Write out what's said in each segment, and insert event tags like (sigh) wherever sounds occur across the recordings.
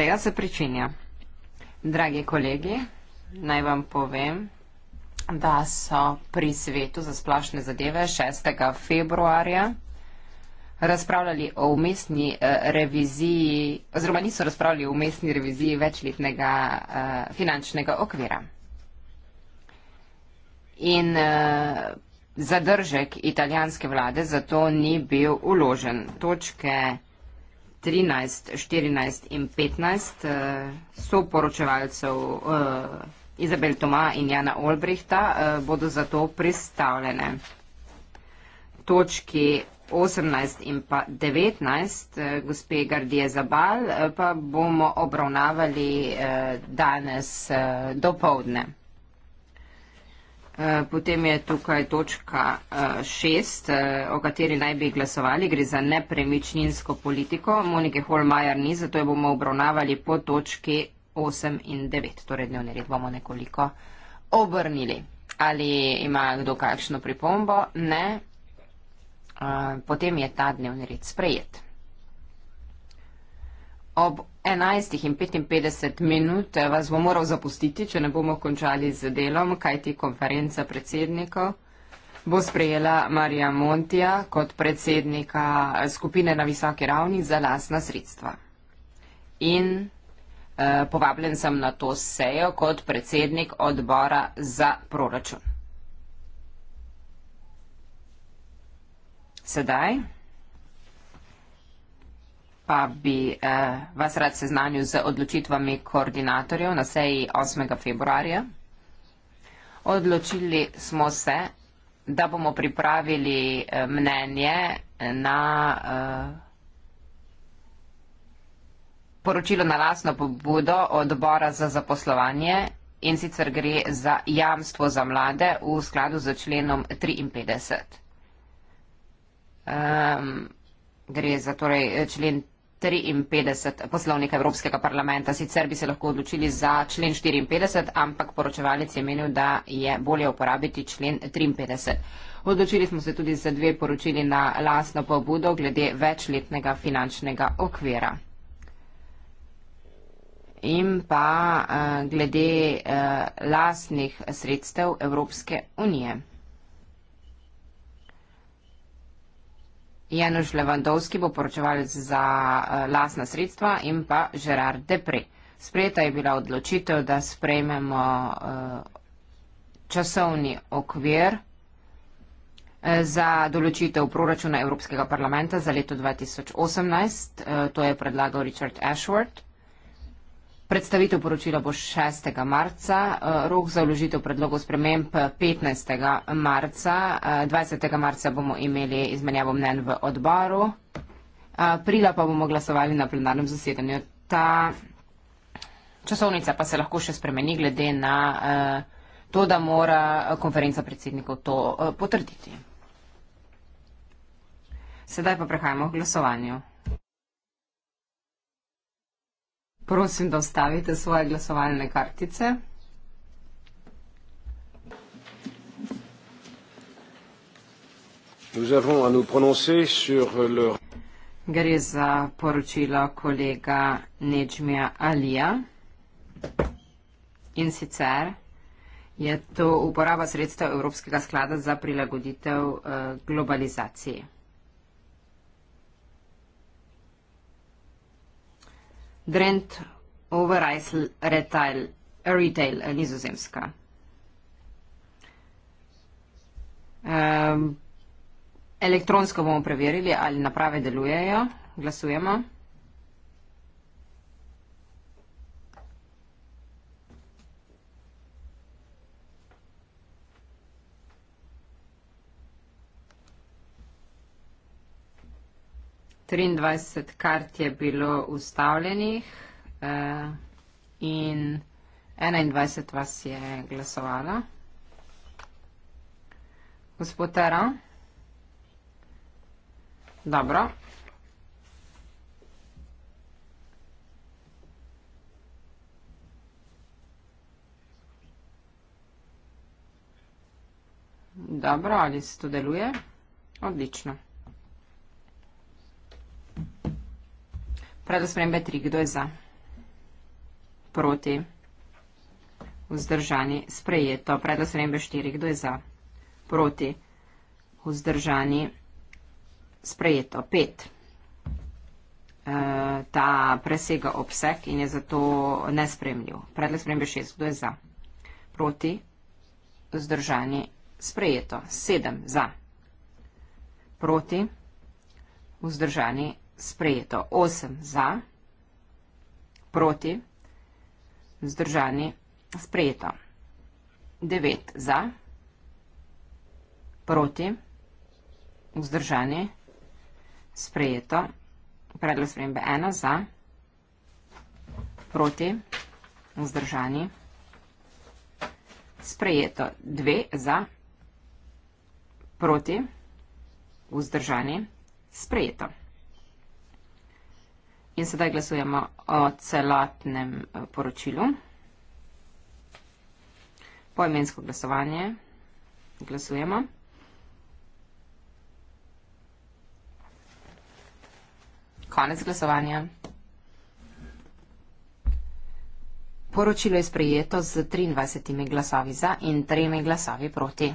Seja se pričinja. Dragi kolegi, naj vam povem, da so pri svetu za splašne zadeve 6. februarja razpravljali o umestni eh, reviziji, oziroma niso razpravljali o umestni reviziji večletnega eh, finančnega okvira. In eh, zadržek italijanske vlade zato ni bil uložen. Točke 13, 14 in 15 uh, eh, soporočevalcev uh, Izabel Toma in Jana Olbrihta uh, bodo zato pristavljene. Točki 18 in pa 19 uh, gospe Gardije Zabal uh, pa bomo obravnavali uh, danes uh, do povdne. Eh, potem je tukaj točka eh, šest, eh, o kateri naj bi glasovali. Gre za nepremičninsko politiko. Monike Holmajer ni, zato jo bomo obravnavali po točki 8 in 9. Torej dnevni red bomo nekoliko obrnili. Ali ima kdo kakšno pripombo? Ne. Potem je ta dnevni red sprejet. Ob 18.00. 11 in 55 minut vas bomo morali zapustiti, če ne bomo končali z delom, kajti konferenca predsednikov bo sprejela Marija Montija kot predsednika skupine na visoki ravni za lasna sredstva. In eh, povabljen sem na to sejo kot predsednik odbora za proračun. Sedaj pa bi eh, vas rad seznanil z odločitvami koordinatorjev na seji 8. februarja. Odločili smo se, da bomo pripravili eh, mnenje na eh, poročilo na lasno pobudo odbora za zaposlovanje in sicer gre za jamstvo za mlade v skladu z členom 53. Um, ehm, gre za torej eh, člen 53 poslovnika Evropskega parlamenta. Sicer bi se lahko odločili za člen 54, ampak poročevalec je menil, da je bolje uporabiti člen 53. Odločili smo se tudi za dve poročili na lasno pobudo glede večletnega finančnega okvira. In pa uh, glede uh, eh, lasnih sredstev Evropske unije. Januš Levandovski bo poročevalec za eh, lasna sredstva in pa Gerard Depre. Sprejeta je bila odločitev, da sprejmemo eh, časovni okvir eh, za določitev proračuna Evropskega parlamenta za leto 2018. To je predlagal Richard Ashworth. Predstavitev poročila bo 6. marca, eh, rok za vložitev predlogov sprememb 15. marca. 20. Eh, marca bomo imeli izmenjavo mnen v odboru, eh, aprila pa bomo glasovali na plenarnem zasedanju. Ta časovnica pa se lahko še spremeni glede na to, da mora konferenca predsednikov to potrditi. Sedaj pa prehajamo k glasovanju. Prosim, da ostavite svoje glasovalne kartice. Nous avons à nous prononcer sur le... Gre za poročilo kolega Nečmija Alija. In sicer je to uporaba sredstev Evropskega sklada za prilagoditev eh, globalizaciji. Drent Overijssel Retail, Retail Nizozemska. Um, elektronsko bomo preverili, ali naprave delujejo. Glasujemo. 23 kart je bilo ustavljenih uh, in 21 vas je glasovalo. Gospod Tero? Dobro. Dobro, ali se to deluje? Odlično. Predlog spremembe 3. Kdo je za? Proti? Vzdržani? Sprejeto. Predlog spremembe 4. Kdo je za? Proti? Vzdržani? Sprejeto. 5. E, ta presega obseg in je zato nespremljiv. Predlog spremembe 6. Kdo je za? Proti? Vzdržani? Sprejeto. 7. Za? Proti? Vzdržani? sprejeto 8 za, proti, vzdržani, sprejeto 9 za, proti, vzdržani, sprejeto, predlog spremembe 1 za, proti, vzdržani, sprejeto 2 za, proti, vzdržani, sprejeto. In sedaj glasujemo o celotnem eh, poročilu. Poimensko glasovanje. Glasujemo. Konec glasovanja. Poročilo je sprejeto z 23 glasovi za in 3 glasovi proti.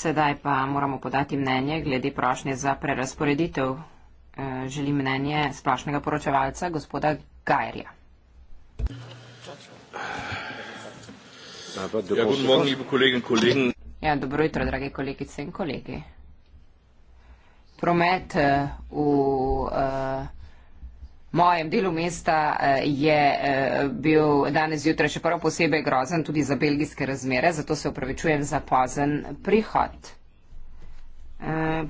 Sedaj pa moramo podati mnenje glede prošnje za prerasporeditev. Eh, Želim mnenje splošnega poročevalca, gospoda Gajerja. Ja, dobro, morgen, kolegi kolegi. Ja, dobro jutro, dragi kolegice in kolegi. Promet eh, v. Uh, mojem delu mesta eh, je eh, bil danes jutra še prav posebej grozen tudi za belgijske razmere, zato se upravičujem za pozen prihod. Eh,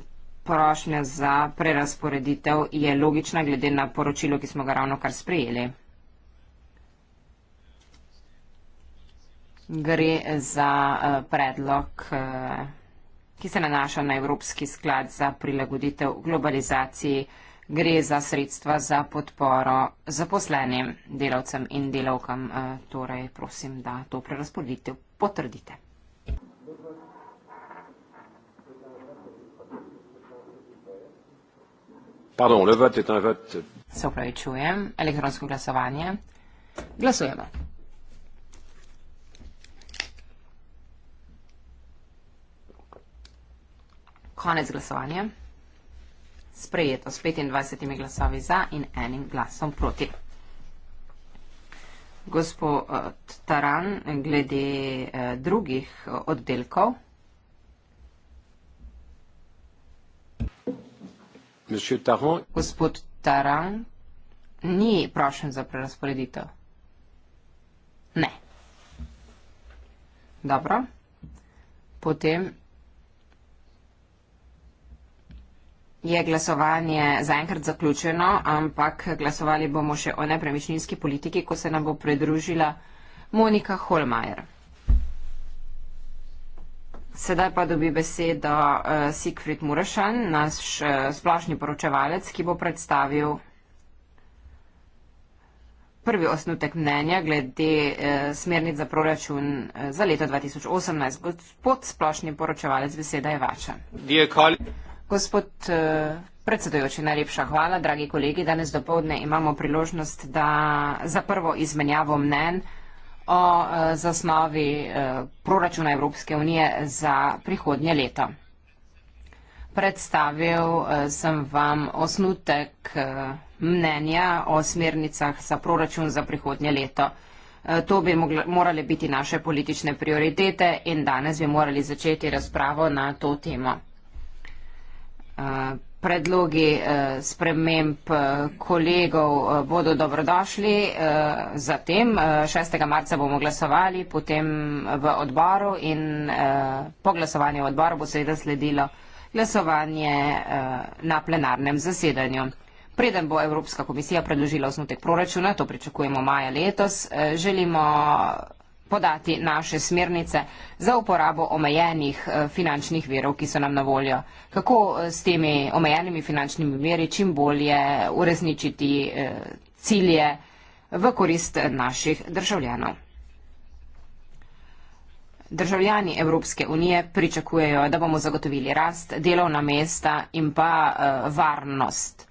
prošnja za prerasporeditev je logična glede na poročilo, ki smo ga ravno kar sprejeli. Gre za predlog, ki se nanaša na Evropski sklad za prilagoditev globalizaciji gre za sredstva za podporo zaposlenim delavcem in delavkam. Eh, torej, prosim, da to prerasporeditev potrdite. Pardon, le vote je un vote. Se upravičujem, elektronsko glasovanje. Glasujemo. Konec glasovanja sprejeto s 25 glasovi za in enim glasom proti. Gospod eh, Taran, glede eh, drugih eh, oddelkov. Gospod Taran ni prošen za prerasporeditev. Ne. Dobro. Potem je glasovanje zaenkrat zaključeno, ampak glasovali bomo še o nepremičninski politiki, ko se nam bo pridružila Monika Holmajer. Sedaj pa dobi besedo eh, Sigfrid Murašan, naš eh, splošni poročevalec, ki bo predstavil prvi osnutek mnenja glede eh, smernic za proračun za leto 2018. Gospod splošni poročevalec, beseda je vaša. Gospod eh, predsedujoči, najlepša hvala. Dragi kolegi, danes do povdne imamo priložnost, da za prvo izmenjavo mnen o eh, zasnovi eh, proračuna Evropske unije za prihodnje leto. Predstavil sem vam osnutek mnenja o smernicah za proračun za prihodnje leto. To bi morale biti naše politične prioritete in danes bi morali začeti razpravo na to temo. Eh, predlogi eh, sprememb eh, kolegov bodo dobrodošli. Zatem 6. marca bomo glasovali, potem v odboru in po glasovanju v odboru bo seveda sledilo glasovanje na plenarnem zasedanju. Preden bo Evropska komisija predložila osnutek proračuna, to pričakujemo maja letos, želimo podati naše smernice za uporabo omejenih eh, finančnih verov, ki so nam na voljo. Kako eh, s temi omejenimi finančnimi veri čim bolje urezničiti eh, cilje v korist naših državljanov. Državljani Evropske unije pričakujejo, da bomo zagotovili rast, delovna mesta in pa varnost.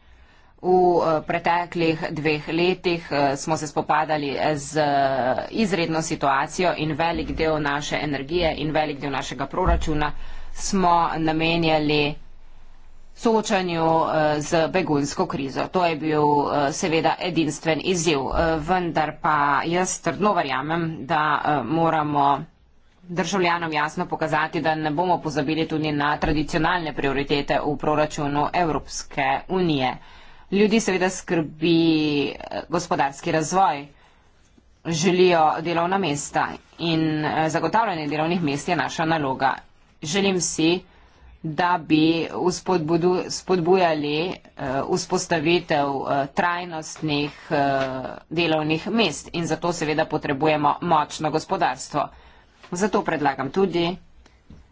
V eh, preteklih dveh letih eh, smo se spopadali z eh, izredno situacijo in velik del naše energije in velik del našega proračuna smo namenjali soočanju z begunsko krizo. To je bil seveda edinstven izziv, vendar pa jaz trdno verjamem, da moramo državljanom jasno pokazati, da ne bomo pozabili tudi na tradicionalne prioritete v proračunu Evropske unije. Ljudi seveda skrbi eh, gospodarski razvoj, želijo delovna mesta in eh, zagotavljanje delovnih mest je naša naloga. Želim si, da bi spodbujali eh, vzpostavitev trajnostnih delovnih mest in zato seveda potrebujemo močno gospodarstvo. Zato predlagam tudi,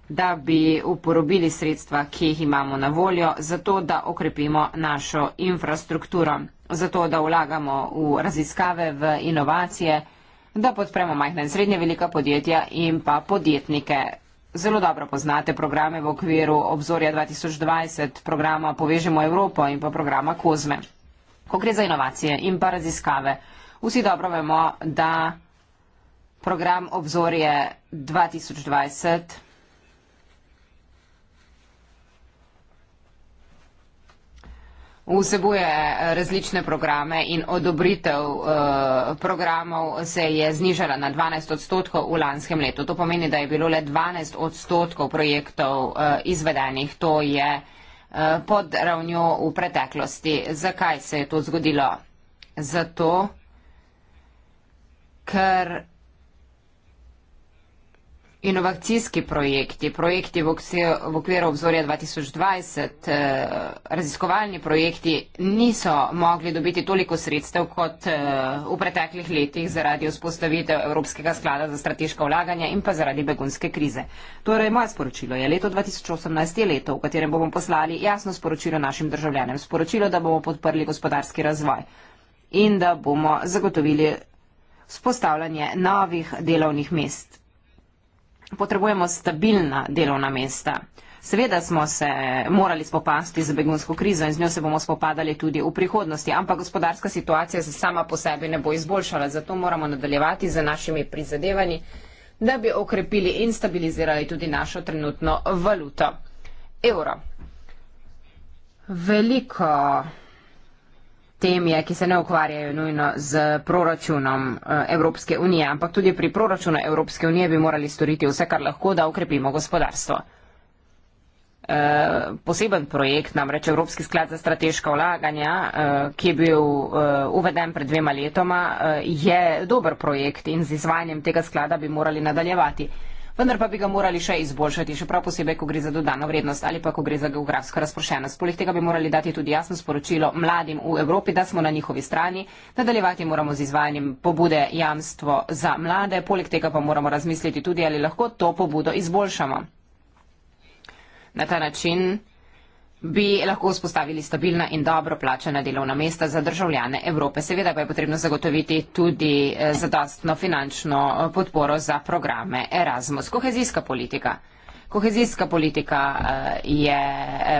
da bi uporobili sredstva, ki jih imamo na voljo, zato da okrepimo našo infrastrukturo, zato da vlagamo v raziskave, v inovacije, da podpremo majhne in srednje velika podjetja in pa podjetnike. Zelo dobro poznate programe v okviru obzorja 2020, programa Povežemo Evropo in pa programa Kozme. Ko gre za inovacije in pa raziskave, vsi dobro vemo, da program obzorje 2020 Vsebuje eh, različne programe in odobritev eh, programov se je znižala na 12 odstotkov v lanskem letu. To pomeni, da je bilo le 12 odstotkov projektov eh, izvedenih. To je pod ravnjo v preteklosti. Zakaj se je to zgodilo? Zato, ker inovacijski projekti, projekti v okviru obzorja 2020, eh, raziskovalni projekti niso mogli dobiti toliko sredstev kot eh, v preteklih letih zaradi vzpostavitev Evropskega sklada za strateška vlaganja in pa zaradi begunske krize. Torej, moje sporočilo je, leto 2018 je leto, v katerem bomo poslali jasno sporočilo našim državljanem, sporočilo, da bomo podprli gospodarski razvoj in da bomo zagotovili spostavljanje novih delovnih mest potrebujemo stabilna delovna mesta. Seveda smo se morali spopasti z begunsko krizo in z njo se bomo spopadali tudi v prihodnosti, ampak gospodarska situacija se sama po sebi ne bo izboljšala, zato moramo nadaljevati z našimi prizadevanji, da bi okrepili in stabilizirali tudi našo trenutno valuto. Euro. Veliko teme, ki se ne ukvarjajo nujno z proračunom eh, Evropske unije, ampak tudi pri proračunu Evropske unije bi morali storiti vse, kar lahko, da ukrepimo gospodarstvo. Eh, poseben projekt, namreč Evropski sklad za strateška vlaganja, eh, ki je bil uveden pred dvema letoma, je dober projekt in z izvajanjem tega sklada bi morali nadaljevati vendar pa bi ga morali še izboljšati, še prav posebej, ko gre za dodano vrednost ali pa ko gre za geografsko razpršenost. Poleg tega bi morali dati tudi jasno sporočilo mladim v Evropi, da smo na njihovi strani. Nadaljevati moramo z izvajanjem pobude jamstvo za mlade, poleg tega pa moramo razmisliti tudi, ali lahko to pobudo izboljšamo. Na ta način bi lahko vzpostavili stabilna in dobro plačena delovna mesta za državljane Evrope. Seveda pa je potrebno zagotoviti tudi eh, zadostno finančno eh, podporo za programe Erasmus. Kohezijska politika. Kohezijska politika eh, je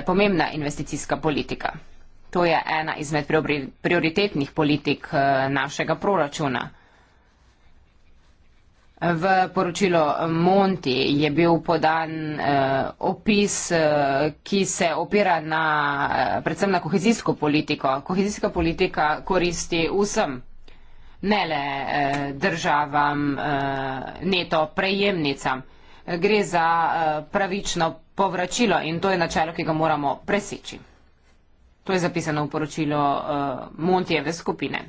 pomembna investicijska politika. To je ena izmed prioritetnih politik našega proračuna. V poročilo Monti je bil podan eh, opis, eh, ki se opira na, eh, predvsem na kohezijsko politiko. Kohezijska politika koristi vsem, ne le eh, državam, eh, neto prejemnicam. Gre za eh, pravično povračilo in to je načelo, ki ga moramo preseči. To je zapisano v poročilo eh, Montijeve skupine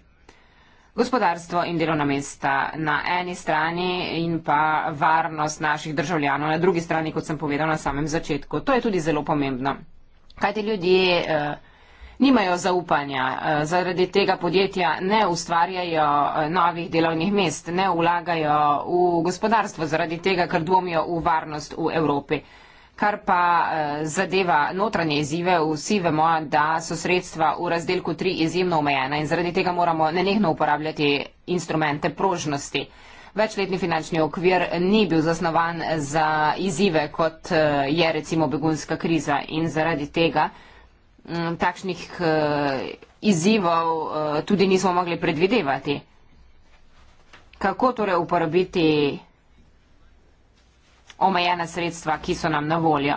gospodarstvo in delovna mesta na eni strani in pa varnost naših državljanov na drugi strani, kot sem povedal na samem začetku. To je tudi zelo pomembno. Kaj ti ljudje eh, nimajo zaupanja, eh, zaradi tega podjetja ne ustvarjajo eh, novih delovnih mest, ne ulagajo v gospodarstvo, zaradi tega, ker dvomijo v varnost v Evropi. Kar pa eh, zadeva notranje izzive, vsi vemo, da so sredstva v razdelku 3 izjemno omejena in zaradi tega moramo nenehno uporabljati instrumente prožnosti. Večletni finančni okvir ni bil zasnovan za izzive, kot eh, je recimo begunska kriza in zaradi tega mm, takšnih eh, izzivov tudi nismo mogli predvidevati. Kako torej uporabiti omejene sredstva, ki so nam na voljo.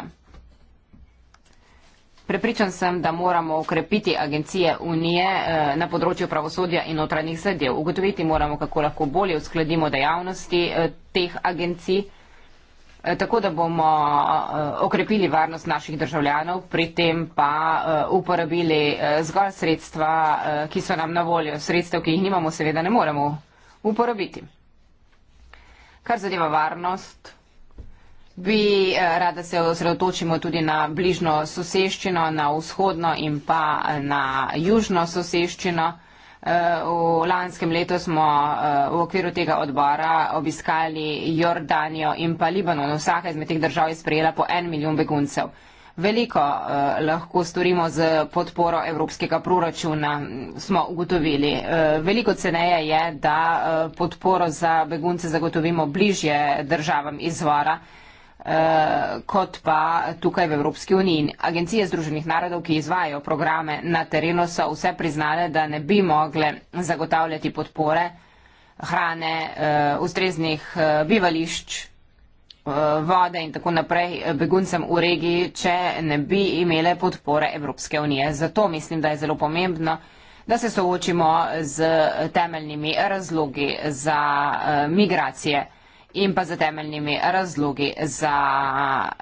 Prepričan sem, da moramo ukrepiti agencije Unije eh, na področju pravosodja in notranjih zadev. Ugotoviti moramo, kako lahko bolje uskladimo dejavnosti eh, teh agencij, eh, tako da bomo okrepili varnost naših državljanov, pri tem pa uporabili zgolj sredstva, ki so nam na voljo. Sredstev, ki jih nimamo, seveda ne moremo uporabiti. Kar zadeva varnost, Bi eh, rada se osredotočimo tudi na bližno soseščino, na vzhodno in pa eh, na južno soseščino. Eh, v lanskem letu smo v okviru tega odbora obiskali Jordanijo in pa Libanon. Vsaka izmed teh držav je sprejela po en milijon beguncev. Veliko lahko storimo z podporo evropskega proračuna, smo ugotovili. Veliko ceneje je, da podporo za begunce zagotovimo bližje državam izvora Eh, kot pa tukaj v Evropski uniji. In agencije Združenih narodov, ki izvajo programe na terenu, so vse priznale, da ne bi mogle zagotavljati podpore hrane, eh, ustreznih eh, bivališč, vode in tako naprej beguncem v regiji, če ne bi imele podpore Evropske unije. Zato mislim, da je zelo pomembno, da se soočimo z temeljnimi razlogi za migracije in pa za temeljnimi razlogi za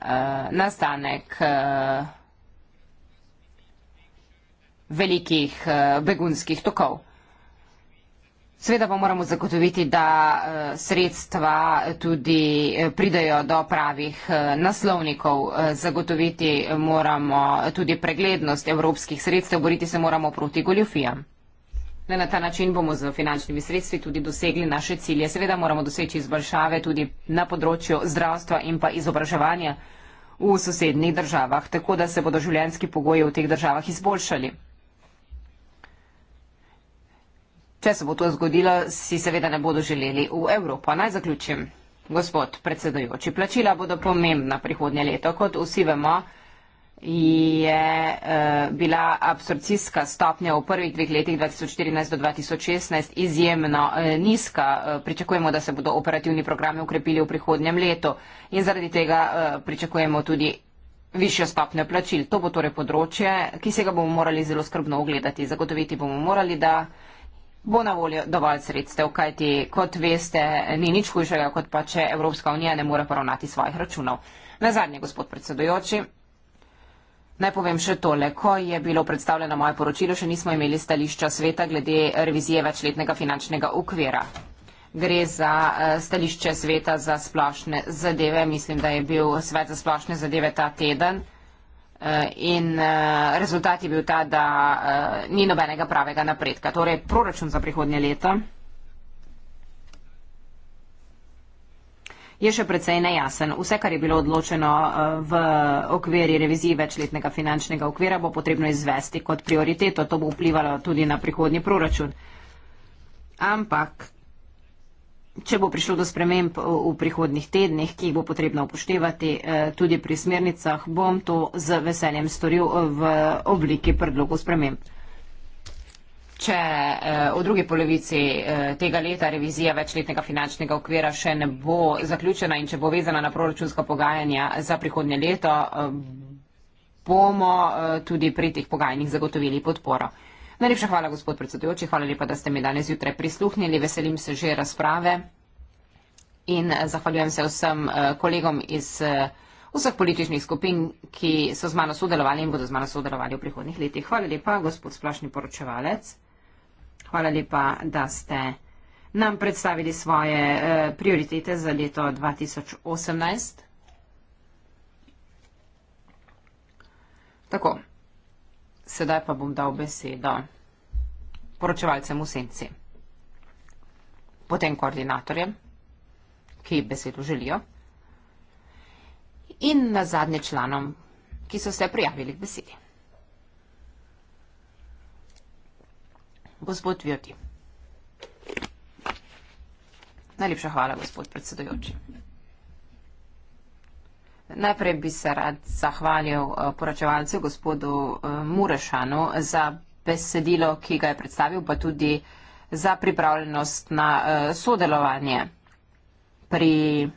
uh, nastanek uh, velikih uh, begunskih tokov. Sveda pa moramo zagotoviti, da sredstva tudi pridajo do pravih naslovnikov. Zagotoviti moramo tudi preglednost evropskih sredstev, boriti se moramo proti goljufijam. Le na ta način bomo z finančnimi sredstvi tudi dosegli naše cilje. Seveda moramo doseči izboljšave tudi na področju zdravstva in pa izobraževanja v sosednjih državah, tako da se bodo življenski pogoji v teh državah izboljšali. Če se bo to zgodilo, si seveda ne bodo želeli v Evropo. Naj zaključim, gospod predsedojoči. Plačila bodo pomembna prihodnje leto, kot vsi vemo je uh, bila absorpcijska stopnja v prvih dveh letih 2014 do 2016 izjemno uh, nizka. Uh, pričakujemo, da se bodo operativni programi ukrepili v prihodnjem letu in zaradi tega uh, pričakujemo tudi višjo stopnjo plačil. To bo torej področje, ki se ga bomo morali zelo skrbno ogledati. Zagotoviti bomo morali, da bo na voljo dovolj sredstev, kajti, kot veste, ni nič hujšega, kot pa če Evropska unija ne more poravnati svojih računov. Na zadnje, gospod predsedujoči. Naj povem še tole. Ko je bilo predstavljeno moje poročilo, še nismo imeli stališča sveta glede revizije večletnega finančnega ukvira. Gre za eh, stališče sveta za splošne zadeve. Mislim, da je bil svet za splošne zadeve ta teden. Eh, in eh, rezultat je bil ta, da ni nobenega pravega napredka. Torej, proračun za prihodnje leto. je še precej nejasen. Vse, kar je bilo odločeno eh, v okviri revizije večletnega finančnega okvira, bo potrebno izvesti kot prioriteto. To bo vplivalo tudi na prihodnji proračun. Ampak. Če bo prišlo do sprememb eh, v prihodnih tednih, ki jih bo potrebno upoštevati eh, tudi pri smernicah, bom to z veseljem storil v obliki predlogov sprememb. Če eh, v drugi polovici eh, tega leta revizija večletnega finančnega okvira še ne bo zaključena in če bo vezana na proračunsko pogajanja za prihodnje leto, eh, bomo tudi pri teh pogajanjih zagotovili podporo. Najlepša hvala, gospod predsedujoči, hvala lepa, da ste mi danes jutraj prisluhnili, veselim se že razprave in zahvaljujem se vsem kolegom iz vseh političnih skupin, ki so z mano sodelovali in bodo z mano sodelovali v prihodnih letih. Hvala lepa, gospod splašni poročevalec. Hvala lepa, da ste nam predstavili svoje eh, prioritete za leto 2018. Tako, sedaj pa bom dal besedo poročevalcem v senci, potem koordinatorjem, ki besedo želijo, in na zadnje članom, ki so se prijavili k besedi. gospod Vjoti. Najlepša hvala, gospod predsedojoči. Najprej bi se rad zahvalil eh, poračevalcu gospodu eh, Murešanu za besedilo, ki ga je predstavil, pa tudi za pripravljenost na eh, sodelovanje pri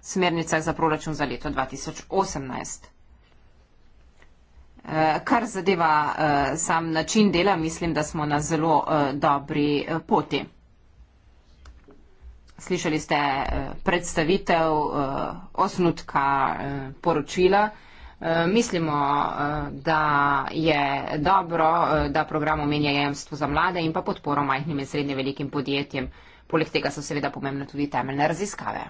smernicah za proračun za leto 2018. Eh, kar zadeva eh, sam način dela, mislim, da smo na zelo eh, dobri poti. Slišali ste predstavitev osnutka poročila. Mislimo, da je dobro, da program omenja jemstvo za mlade in pa podporo majhnim in srednje velikim podjetjem. Poleg tega so seveda pomembne tudi temeljne raziskave.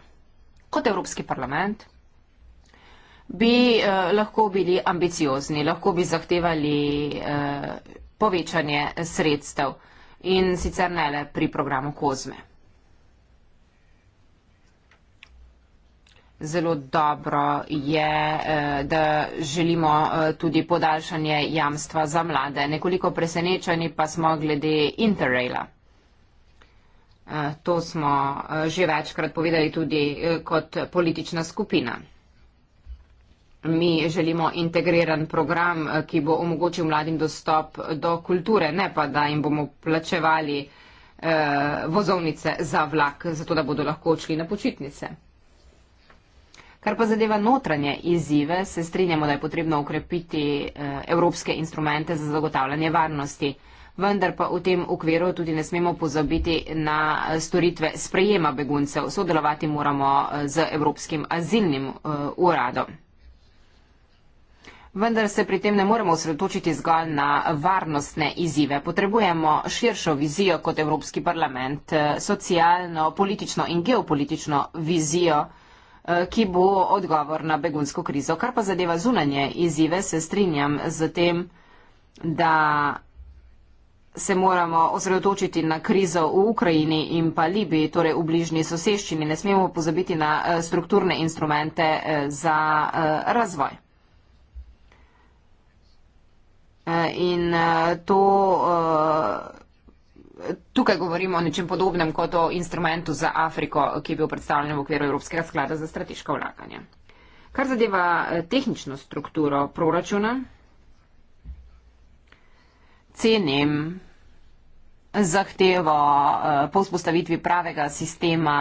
Kot Evropski parlament bi eh, lahko bili ambiciozni, lahko bi zahtevali eh, povečanje sredstev in sicer ne le pri programu Kozme. Zelo dobro je, eh, da želimo eh, tudi podaljšanje jamstva za mlade. Nekoliko presenečeni pa smo glede Interraila. Eh, to smo že večkrat povedali tudi kot politična skupina mi želimo integriran program, eh, ki bo omogočil mladim dostop do kulture, ne pa da jim bomo plačevali eh, vozovnice za vlak, zato da bodo lahko odšli na počitnice. Kar pa zadeva notranje izzive, se strinjamo, da je potrebno ukrepiti eh, evropske instrumente za zagotavljanje varnosti. Vendar pa v tem okviru tudi ne smemo pozabiti na eh, storitve sprejema beguncev. Sodelovati moramo z Evropskim azilnim uradom vendar se pri tem ne moremo osredotočiti zgolj na varnostne izzive. Potrebujemo širšo vizijo kot Evropski parlament, eh, socialno, politično in geopolitično vizijo, eh, ki bo odgovor na begunsko krizo. Kar pa zadeva zunanje izzive, se strinjam z tem, da se moramo osredotočiti na krizo v Ukrajini in pa Libiji, torej v bližnji soseščini. Ne smemo pozabiti na eh, strukturne instrumente za razvoj. Eh, in eh, to, eh, tukaj govorimo o nečem podobnem kot o instrumentu za Afriko, ki je bil predstavljen v okviru Evropskega sklada za strateško vlaganje. Kar zadeva tehnično strukturo proračuna, cenim zahtevo po vzpostavitvi pravega sistema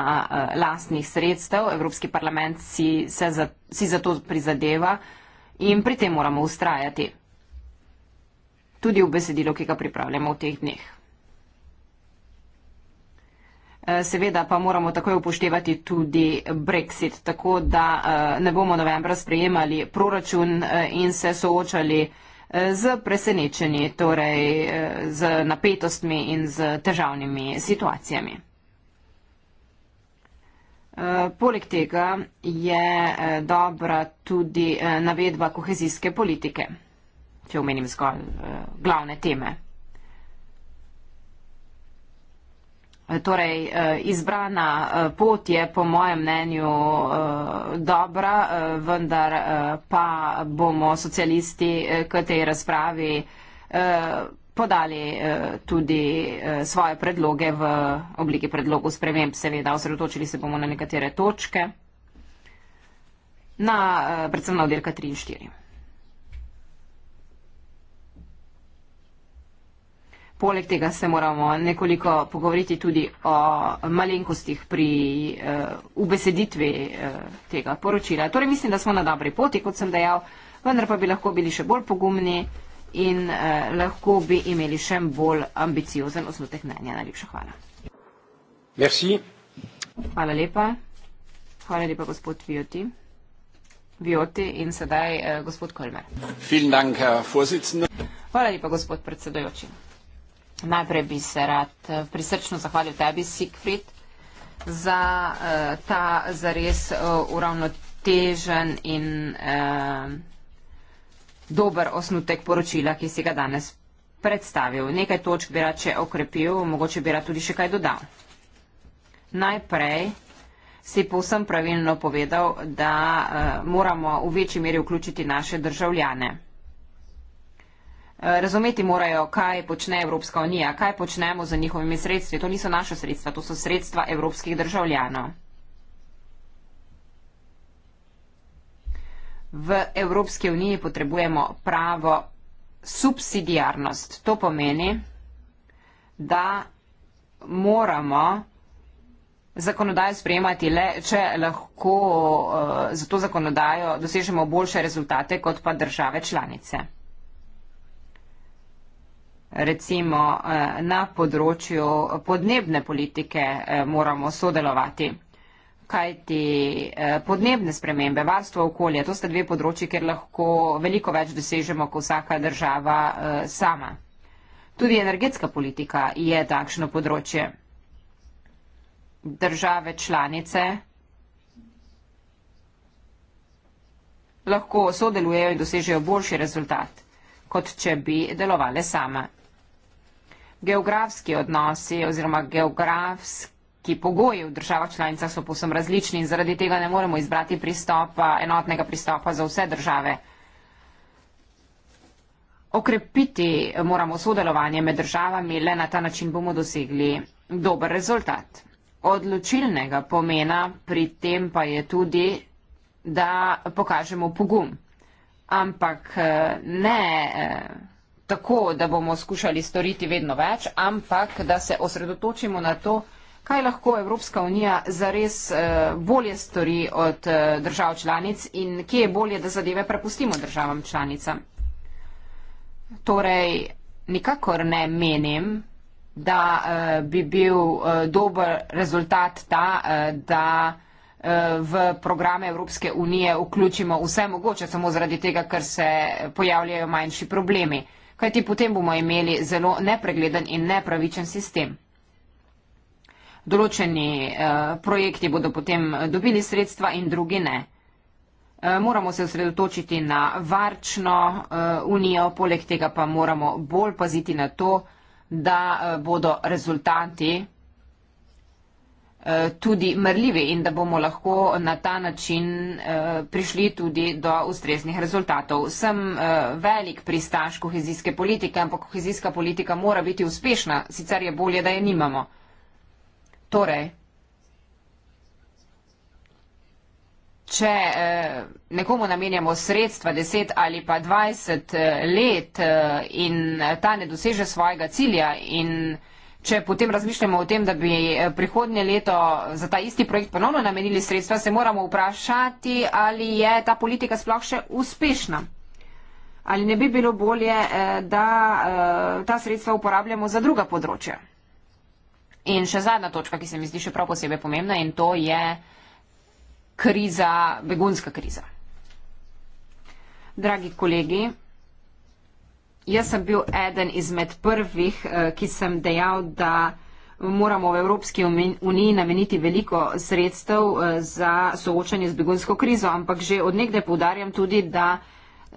lastnih sredstev. Evropski parlament si, za, si za to prizadeva in pri tem moramo ustrajati tudi v besedilo, ki ga pripravljamo v teh dneh. Eh, seveda pa moramo takoj upoštevati tudi Brexit, tako da eh, ne bomo novembra sprejemali proračun eh, in se soočali z presenečenji, torej z napetostmi in z težavnimi situacijami. Poleg tega je dobra tudi navedba kohezijske politike če omenim zgolj uh, glavne teme. Eh, torej, eh, izbrana pot je po mojem mnenju dobra, vendar pa bomo socialisti k tej razpravi podali tudi svoje predloge v obliki predlogov sprememb. Seveda, osredotočili se bomo na nekatere točke, na, predvsem na oddelka 3 in 4. Poleg tega se moramo nekoliko pogovoriti tudi o malenkostih pri uh, ubeseditvi uh, tega poročila. Torej mislim, da smo na dobri poti, kot sem dejal, vendar pa bi lahko bili še bolj pogumni in uh, lahko bi imeli še bolj ambiciozen osnutek mnenja. Najlepša hvala. Merci. Hvala lepa. Hvala lepa, gospod Vioti. Vioti in sedaj eh, gospod Kolmer. Dank, Hvala lepa, gospod predsedojoči. Najprej bi se rad eh, prisrčno zahvalil tebi, Sigfrid, za uh, ta zares uh, uravnotežen in uh, dober osnutek poročila, ki si ga danes predstavil. Nekaj točk bi rad še okrepil, mogoče bi rad tudi še kaj dodal. Najprej si povsem pravilno povedal, da uh, moramo v večji meri vključiti naše državljane. Eh, razumeti morajo, kaj počne Evropska unija, kaj počnemo z njihovimi sredstvi. To niso naše sredstva, to so sredstva evropskih državljanov. V Evropski uniji potrebujemo pravo subsidijarnost. To pomeni, da moramo zakonodajo sprejemati le, če lahko uh, za to zakonodajo dosežemo boljše rezultate kot pa države članice recimo eh, na področju podnebne politike eh, moramo sodelovati. Kajti eh, podnebne spremembe, varstvo okolja, to sta dve področji, kjer lahko veliko več dosežemo kot vsaka država sama. Tudi energetska politika je takšno področje. Države članice lahko sodelujejo in dosežejo boljši rezultat, kot če bi delovali sama geografski odnosi oziroma geografski pogoji v državah članicah so povsem različni in zaradi tega ne moremo izbrati pristopa, enotnega pristopa za vse države. Okrepiti moramo sodelovanje med državami, le na ta način bomo dosegli dober rezultat. Odločilnega pomena pri tem pa je tudi, da pokažemo pogum. Ampak eh, ne eh, tako, da bomo skušali storiti vedno več, ampak da se osredotočimo na to, kaj lahko Evropska unija zares eh, bolje stori od eh, držav članic in kje je bolje, da zadeve prepustimo državam članicam. Torej, nikakor ne menim, da eh, bi bil dober rezultat ta, da v programe Evropske unije vključimo vse mogoče, samo zaradi tega, ker se pojavljajo manjši problemi kajti potem bomo imeli zelo nepregleden in nepravičen sistem. Določeni eh, projekti bodo potem dobili sredstva in drugi ne. Eh, moramo se osredotočiti na varčno eh, unijo, poleg tega pa moramo bolj paziti na to, da bodo rezultati Eh, tudi mrljivi in da bomo lahko na ta način eh, prišli tudi do ustreznih rezultatov. Sem eh, velik pristaš kohezijske politike, ampak kohezijska politika mora biti uspešna, sicer je bolje, da je nimamo. Torej, če nekomu namenjamo sredstva 10 ali pa 20 let in ta ne doseže svojega cilja in Če potem razmišljamo o tem, da bi eh, prihodnje leto za ta isti projekt ponovno namenili sredstva, se moramo vprašati, ali je ta politika sploh še uspešna. Ali ne bi bilo bolje, eh, da eh, ta sredstva uporabljamo za druga področja. In še zadnja točka, ki se mi zdi še prav posebej pomembna in to je kriza, begunska kriza. Dragi kolegi, jaz sem bil eden izmed prvih, eh, ki sem dejal, da moramo v Evropski uniji nameniti veliko sredstev eh, za soočanje z begunsko krizo, ampak že odnegde povdarjam tudi, da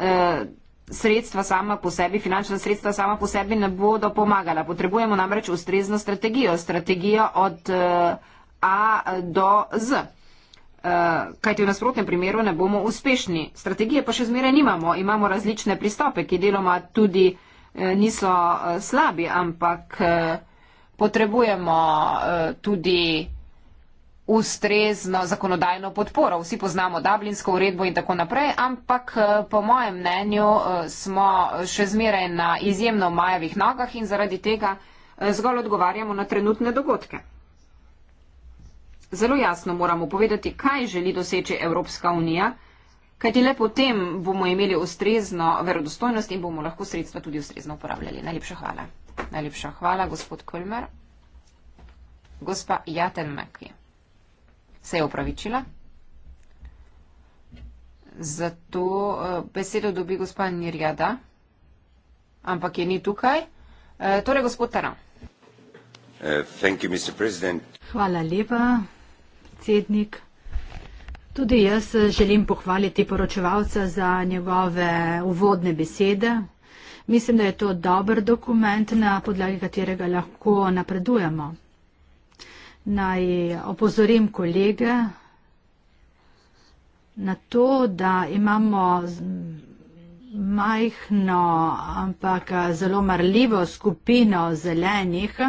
eh, sredstva sama po sebi, finančna sredstva sama po sebi ne bodo pomagala. Potrebujemo namreč ustrezno strategijo, strategijo od A do Z. Eh, kajti v nasprotnem primeru ne bomo uspešni. Strategije pa še zmeraj nimamo. Imamo različne pristope, ki deloma tudi eh, niso eh, slabi, ampak potrebujemo tudi ustrezno zakonodajno podporo. Vsi poznamo Dublinsko uredbo in tako naprej, ampak po mojem mnenju smo še zmeraj na izjemno majavih nogah in zaradi tega zgolj odgovarjamo na trenutne dogodke zelo jasno moramo povedati, kaj želi doseči Evropska unija, kajti le potem bomo imeli ustrezno verodostojnost in bomo lahko sredstva tudi ustrezno uporabljali. Najlepša hvala. Najlepša hvala, gospod Kolmer. Gospa Jatelmeki se je upravičila. Zato eh, besedo dobi gospa Nirjada, ampak je ni tukaj. Eh, torej, gospod Taran. Uh, eh, thank you, Mr. President. Hvala lepa, predsednik. Tudi jaz želim pohvaliti poročevalca za njegove uvodne besede. Mislim, da je to dober dokument, na podlagi katerega lahko napredujemo. Naj opozorim kolege na to, da imamo majhno, ampak zelo marljivo skupino zelenih,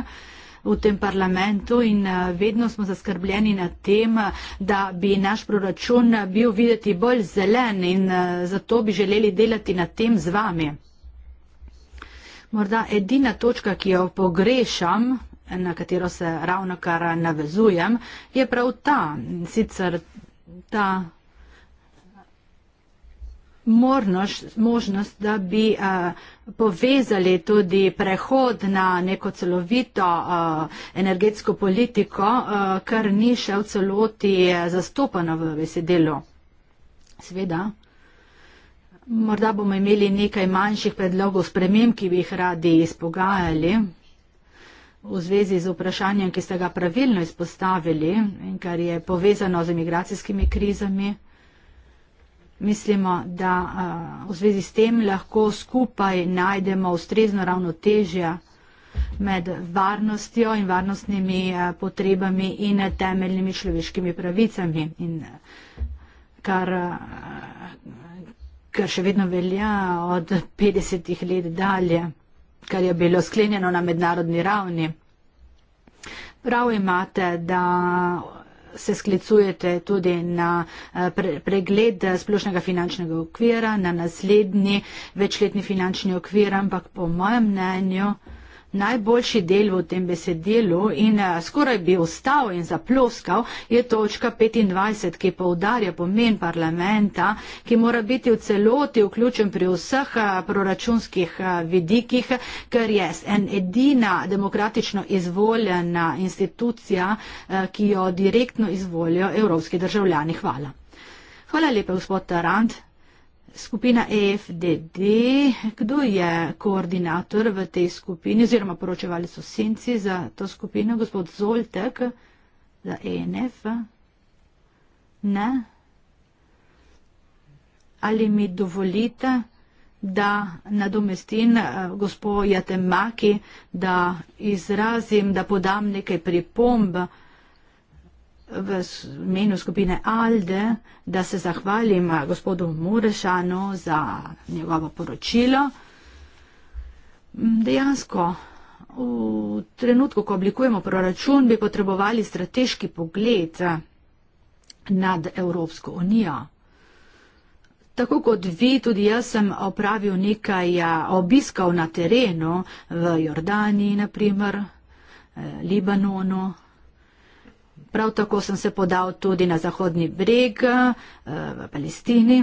v tem parlamentu in eh, vedno smo zaskrbljeni nad tem, da bi naš proračun bil videti bolj zelen in eh, zato bi želeli delati nad tem z vami. Morda edina točka, ki jo pogrešam, na katero se ravno kar navezujem, je prav ta, sicer ta možnost, možnost da bi uh, povezali tudi prehod na neko celovito uh, energetsko politiko, uh, kar ni še v celoti zastopano v besedilu. Sveda, morda bomo imeli nekaj manjših predlogov spremem, ki bi jih radi izpogajali v zvezi z vprašanjem, ki ste ga pravilno izpostavili in kar je povezano z imigracijskimi krizami mislimo, da eh, v zvezi s tem lahko skupaj najdemo ustrezno ravnotežje med varnostjo in varnostnimi eh, potrebami in temeljnimi človeškimi pravicami. In eh, kar, kar še vedno velja od 50 let dalje, kar je bilo sklenjeno na mednarodni ravni. Prav imate, da se sklicujete tudi na eh, pregled eh, splošnega finančnega okvira, na naslednji večletni finančni okvir, ampak po mojem mnenju najboljši del v tem besedilu in eh, skoraj bi ostal in zaploskal, je točka 25, ki poudarja pomen parlamenta, ki mora biti v celoti vključen pri vseh eh, proračunskih eh, vidikih, ker je en edina demokratično izvoljena institucija, ki jo direktno izvolijo evropski državljani. Hvala. Hvala lepa, gospod Tarant. Skupina EFDD, kdo je koordinator v tej skupini oziroma poročevali so senci za to skupino, gospod Zoltek za ENF? Ne? Ali mi dovolite, da nadomestim eh, gospod Jatemaki, da izrazim, da podam nekaj pripomba? v imenu skupine Alde, da se zahvalim eh, gospodu Murešanu za njegovo poročilo. Mm, dejansko, v trenutku, ko oblikujemo proračun, bi potrebovali strateški pogled eh, nad Evropsko unijo. Tako kot vi, tudi jaz sem opravil nekaj eh, obiskov na terenu v Jordani, naprimer, Libanonu, Prav tako sem se podal tudi na Zahodni breg eh, v Palestini.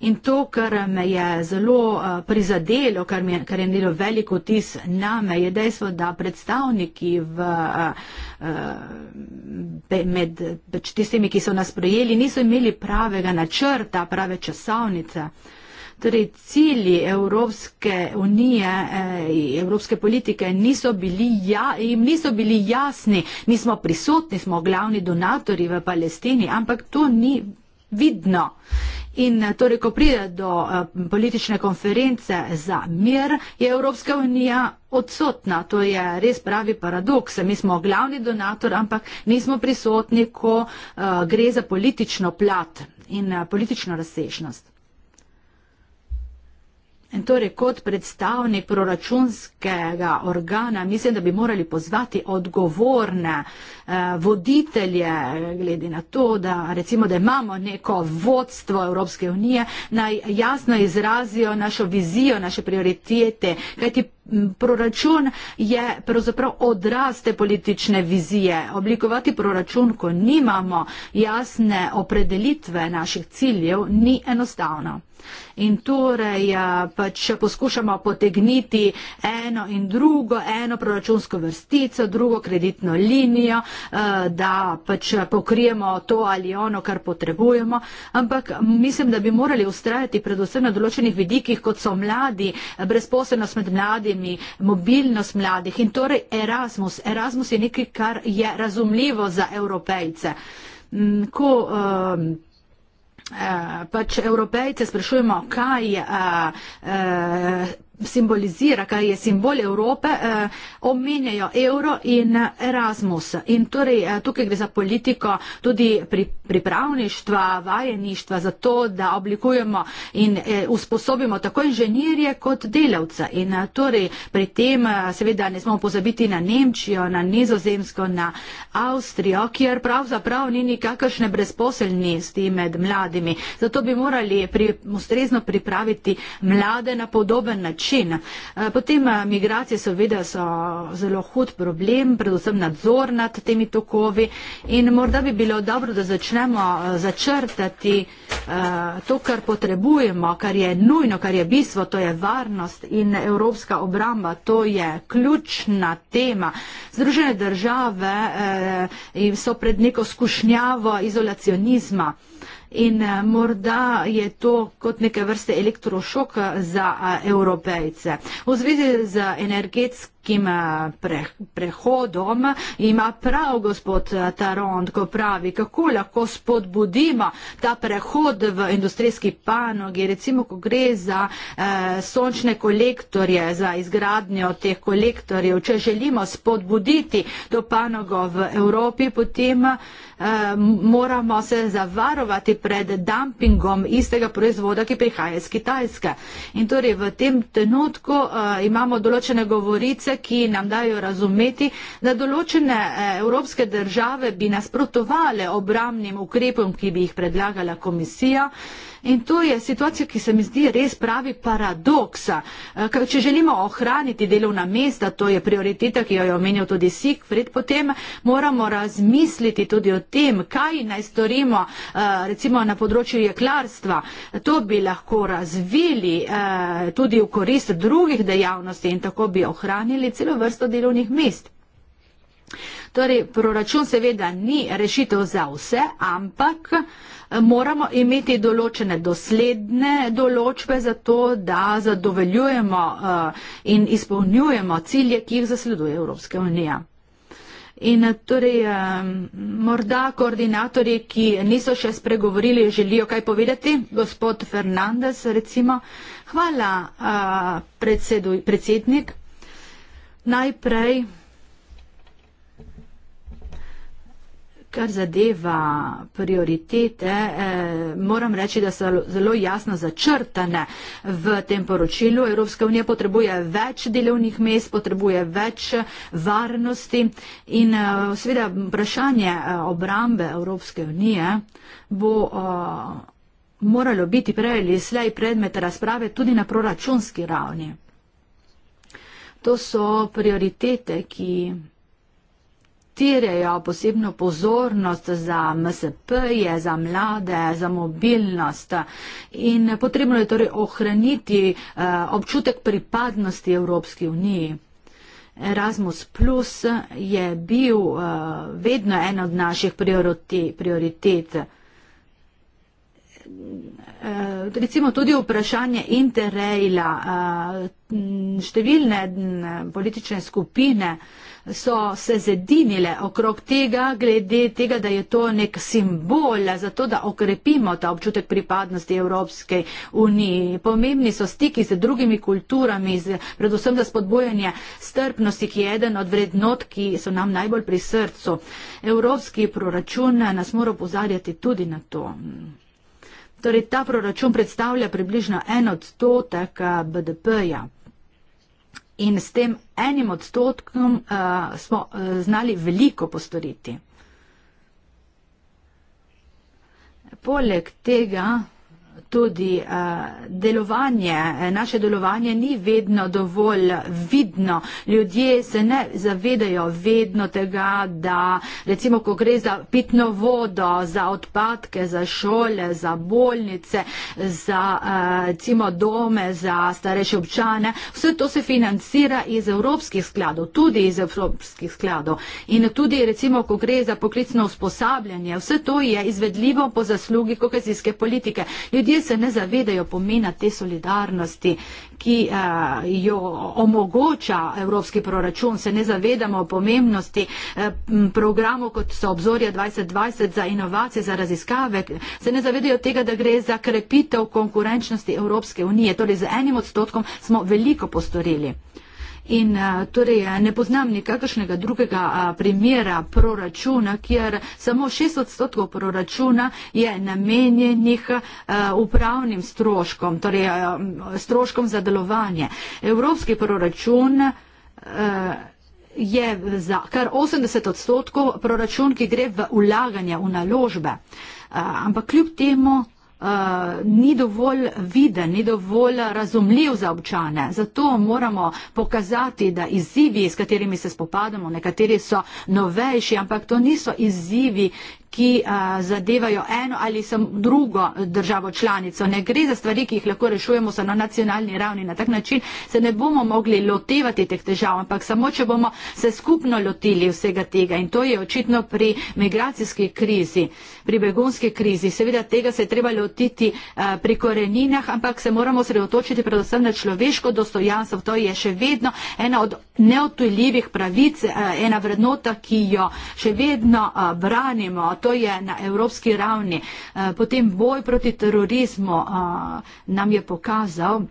In to, kar me je zelo eh, prizadelo, kar, je, kar je naredilo veliko tis name, je dejstvo, da predstavniki v, eh, med pač tistimi, ki so nas prejeli, niso imeli pravega načrta, prave časovnice. Torej, cilji Evropske unije, eh, Evropske politike niso bili, ja, jim niso bili jasni. Mi smo prisotni, smo glavni donatori v Palestini, ampak to ni vidno. In eh, torej, ko pride do eh, politične konference za mir, je Evropska unija odsotna. To je res pravi paradoks. Mi smo glavni donator, ampak nismo prisotni, ko gre za politično plat in politično razsežnost. In torej kot predstavnik proračunskega organa mislim, da bi morali pozvati odgovorne Eh, voditelje, glede na to, da recimo, da imamo neko vodstvo Evropske unije, naj jasno izrazijo našo vizijo, naše prioritete, kajti proračun je pravzaprav odraste politične vizije. Oblikovati proračun, ko nimamo jasne opredelitve naših ciljev, ni enostavno. In torej eh, pač poskušamo potegniti eno in drugo, eno proračunsko vrstico, drugo kreditno linijo, Eh, da pač pokrijemo to ali ono, kar potrebujemo, ampak mislim, da bi morali ustrajati predvsem na določenih vidikih, kot so mladi, brezposobnost med mladimi, mobilnost mladih in torej Erasmus. Erasmus je nekaj, kar je razumljivo za evropejce. Mm, ko, Uh, pač evropejce sprašujemo, kaj uh, uh, simbolizira, kaj je simbol Evrope, eh, omenjajo evro in Erasmus. In torej eh, tukaj gre za politiko tudi pri, pripravništva, vajeništva, zato da oblikujemo in eh, usposobimo tako inženirje kot delavce. In eh, torej pri tem eh, seveda ne smemo pozabiti na Nemčijo, na Nizozemsko, na Avstrijo, kjer pravzaprav ni nikakršne brezposelnosti med mladimi. Zato bi morali pri, ustrezno pripraviti mlade na podoben način način. Eh, potem eh, migracije seveda so zelo hud problem, predvsem nadzor nad temi tokovi in morda bi bilo dobro, da začnemo eh, začrtati to, kar potrebujemo, kar je nujno, kar je bistvo, to je varnost in evropska obramba, to je ključna tema. Združene države so pred neko skušnjavo izolacionizma in eh, morda je to kot neke vrste elektrošok eh, za eh, Evropejce. V zvezi z energetsko velikim pre, prehodom. Ima prav gospod Tarond, ko pravi, kako lahko spodbudimo ta prehod v industrijski panogi, recimo, ko gre za eh, sončne kolektorje, za izgradnjo teh kolektorjev. Če želimo spodbuditi to panogo v Evropi, potem eh, moramo se zavarovati pred dumpingom istega proizvoda, ki prihaja iz Kitajske. In torej v tem trenutku eh, imamo določene govorice, vse, ki nam dajo razumeti, da določene eh, evropske države bi nasprotovale obramnim ukrepom, ki bi jih predlagala komisija. In to je situacija, ki se mi zdi res pravi paradoksa. Eh, če želimo ohraniti delovna mesta, to je prioriteta, ki jo je omenil tudi Sikfred, potem moramo razmisliti tudi o tem, kaj naj storimo eh, recimo na področju jeklarstva. To bi lahko razvili eh, tudi v korist drugih dejavnosti in tako bi ohranili celo vrsto delovnih mest. Torej, proračun seveda ni rešitev za vse, ampak uh, moramo imeti določene dosledne določbe za to, da zadoveljujemo eh, in izpolnjujemo cilje, ki jih zasleduje Evropska unija. In eh, torej, eh, morda koordinatorji, ki niso še spregovorili, želijo kaj povedati. Gospod Fernandez, recimo. Hvala, predsednik. Najprej. Kar zadeva prioritete, eh, moram reči, da so zelo jasno začrtane v tem poročilu. Evropska unija potrebuje več delovnih mest, potrebuje več eh, varnosti in eh, seveda vprašanje eh, obrambe Evropske unije bo. Eh, moralo biti prej ali slej predmet razprave tudi na proračunski ravni. To so prioritete, ki terjajo posebno pozornost za MSP-je, za mlade, za mobilnost. In potrebno je torej ohraniti eh, občutek pripadnosti Evropski uniji. Erasmus Plus je bil eh, vedno en od naših prioritet. Eh, recimo tudi vprašanje interrejla. Številne politične skupine so se zedinile okrog tega, glede tega, da je to nek simbol za to, da okrepimo ta občutek pripadnosti Evropske unije. Pomembni so stiki z drugimi kulturami, z, predvsem za spodbojanje strpnosti, ki je eden od vrednot, ki so nam najbolj pri srcu. Evropski proračun nas mora upozarjati tudi na to. Torej, ta proračun predstavlja približno en odstotek eh, BDP-ja in s tem enim odstotkom uh, smo uh, znali veliko postoriti. Poleg tega, tudi uh, delovanje, eh, naše delovanje ni vedno dovolj vidno. Ljudje se ne zavedajo vedno tega, da recimo, ko gre za pitno vodo, za odpadke, za šole, za bolnice, za uh, recimo dome, za starejše občane, vse to se financira iz evropskih skladov, tudi iz evropskih skladov. In tudi recimo, ko gre za poklicno usposabljanje, vse to je izvedljivo po zaslugi kohezijske politike. Ljudje se ne zavedajo pomena te solidarnosti, ki eh, jo omogoča evropski proračun, se ne zavedamo pomembnosti eh, programov, kot so obzorja 2020 za inovacije, za raziskave, se ne zavedajo tega, da gre za krepitev konkurenčnosti Evropske unije. Torej, z enim odstotkom smo veliko postorili. In torej ne poznam nikakršnega drugega primera proračuna, kjer samo 6 odstotkov proračuna je namenjenih upravnim stroškom, torej stroškom za delovanje. Evropski proračun je za kar 80 odstotkov proračun, ki gre v ulaganje, v naložbe. Ampak kljub temu ni dovolj viden, ni dovolj razumljiv za občane. Zato moramo pokazati, da izzivi, s katerimi se spopadamo, nekateri so novejši, ampak to niso izzivi, ki a, zadevajo eno ali sem drugo državo članico. Ne gre za stvari, ki jih lahko rešujemo samo na nacionalni ravni. Na tak način se ne bomo mogli lotevati teh težav, ampak samo, če bomo se skupno lotili vsega tega. In to je očitno pri migracijski krizi, pri begunski krizi. Seveda tega se je treba lotiti a, pri koreninah, ampak se moramo sredotočiti predvsem na človeško dostojanstvo. To je še vedno ena od neotujljivih pravic, a, ena vrednota, ki jo še vedno a, branimo to je na evropski ravni. Eh, potem boj proti terorizmu eh, nam je pokazal,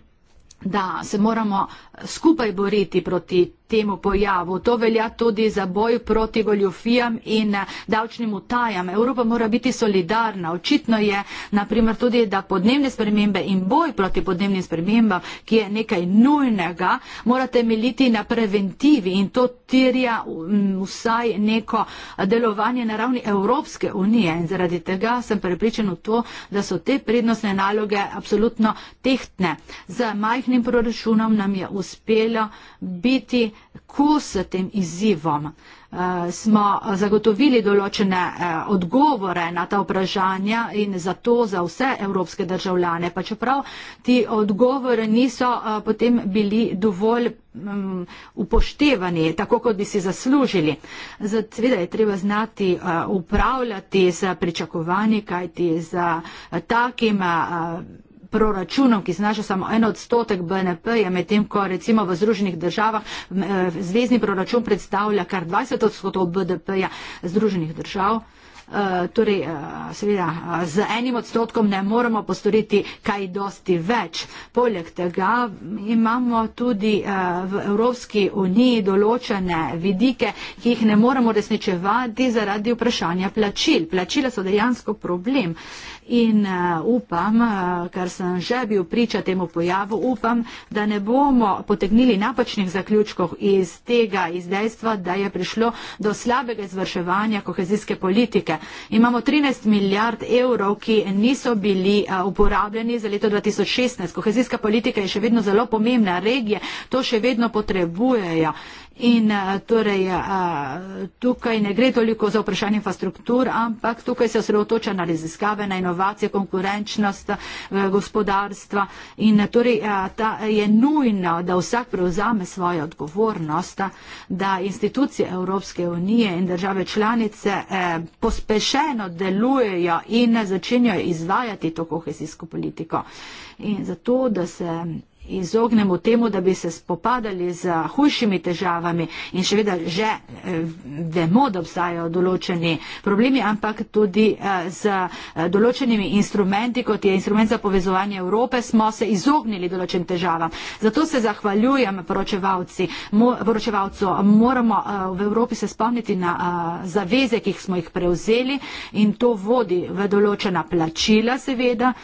da se moramo skupaj boriti proti terorizmu temu pojavu. To velja tudi za boj proti goljofijam in eh, davčnim utajam. Evropa mora biti solidarna. Očitno je, naprimer, tudi, da podnebne spremembe in boj proti podnebnim spremembam, ki je nekaj nujnega, mora temeljiti na preventivi in to tirja mm, vsaj neko delovanje na ravni Evropske unije. In zaradi tega sem prepričan v to, da so te prednostne naloge absolutno tehtne. Z majhnim proračunom nam je uspelo biti kos tem izzivom. Eh, smo zagotovili določene eh, odgovore na ta vprašanja in zato za vse evropske državljane, pa čeprav ti odgovore niso eh, potem bili dovolj mm, upoštevani, tako kot bi si zaslužili. Seveda je treba znati upravljati z pričakovanji, kajti z takim proračunom, ki znaša samo en odstotek BNP, je medtem, ko recimo v Združenih državah eh, zvezdni proračun predstavlja kar 20 odstotkov BNP-ja Združenih držav. Eh, torej, eh, seveda, eh, z enim odstotkom ne moremo postoriti kaj dosti več. Poleg tega imamo tudi v Evropski uniji določene vidike, ki jih ne moremo resničevati zaradi vprašanja plačil. Plačila so dejansko problem. In upam, ker sem že bil priča temu pojavu, upam, da ne bomo potegnili napačnih zaključkov iz tega, iz dejstva, da je prišlo do slabega izvrševanja kohezijske politike imamo 13 milijard evrov, ki niso bili uporabljeni za leto 2016. Kohezijska politika je še vedno zelo pomembna, regije to še vedno potrebujejo. In torej tukaj ne gre toliko za vprašanje infrastruktur, ampak tukaj se osredotoča na raziskave, na inovacije, konkurenčnost gospodarstva. In torej ta je nujno, da vsak prevzame svojo odgovornost, da institucije Evropske unije in države članice pospešeno delujejo in začenjajo izvajati to kohezijsko politiko. In zato, da se izognemo temu, da bi se spopadali z hujšimi težavami in seveda že eh, vemo, da obstajajo določeni problemi, ampak tudi eh, z eh, določenimi instrumenti, kot je instrument za povezovanje Evrope, smo se izognili določenim težavam. Zato se zahvaljujem poročevalcu. Moramo v Evropi se spomniti na zaveze, ki smo jih prevzeli in to vodi v določena plačila seveda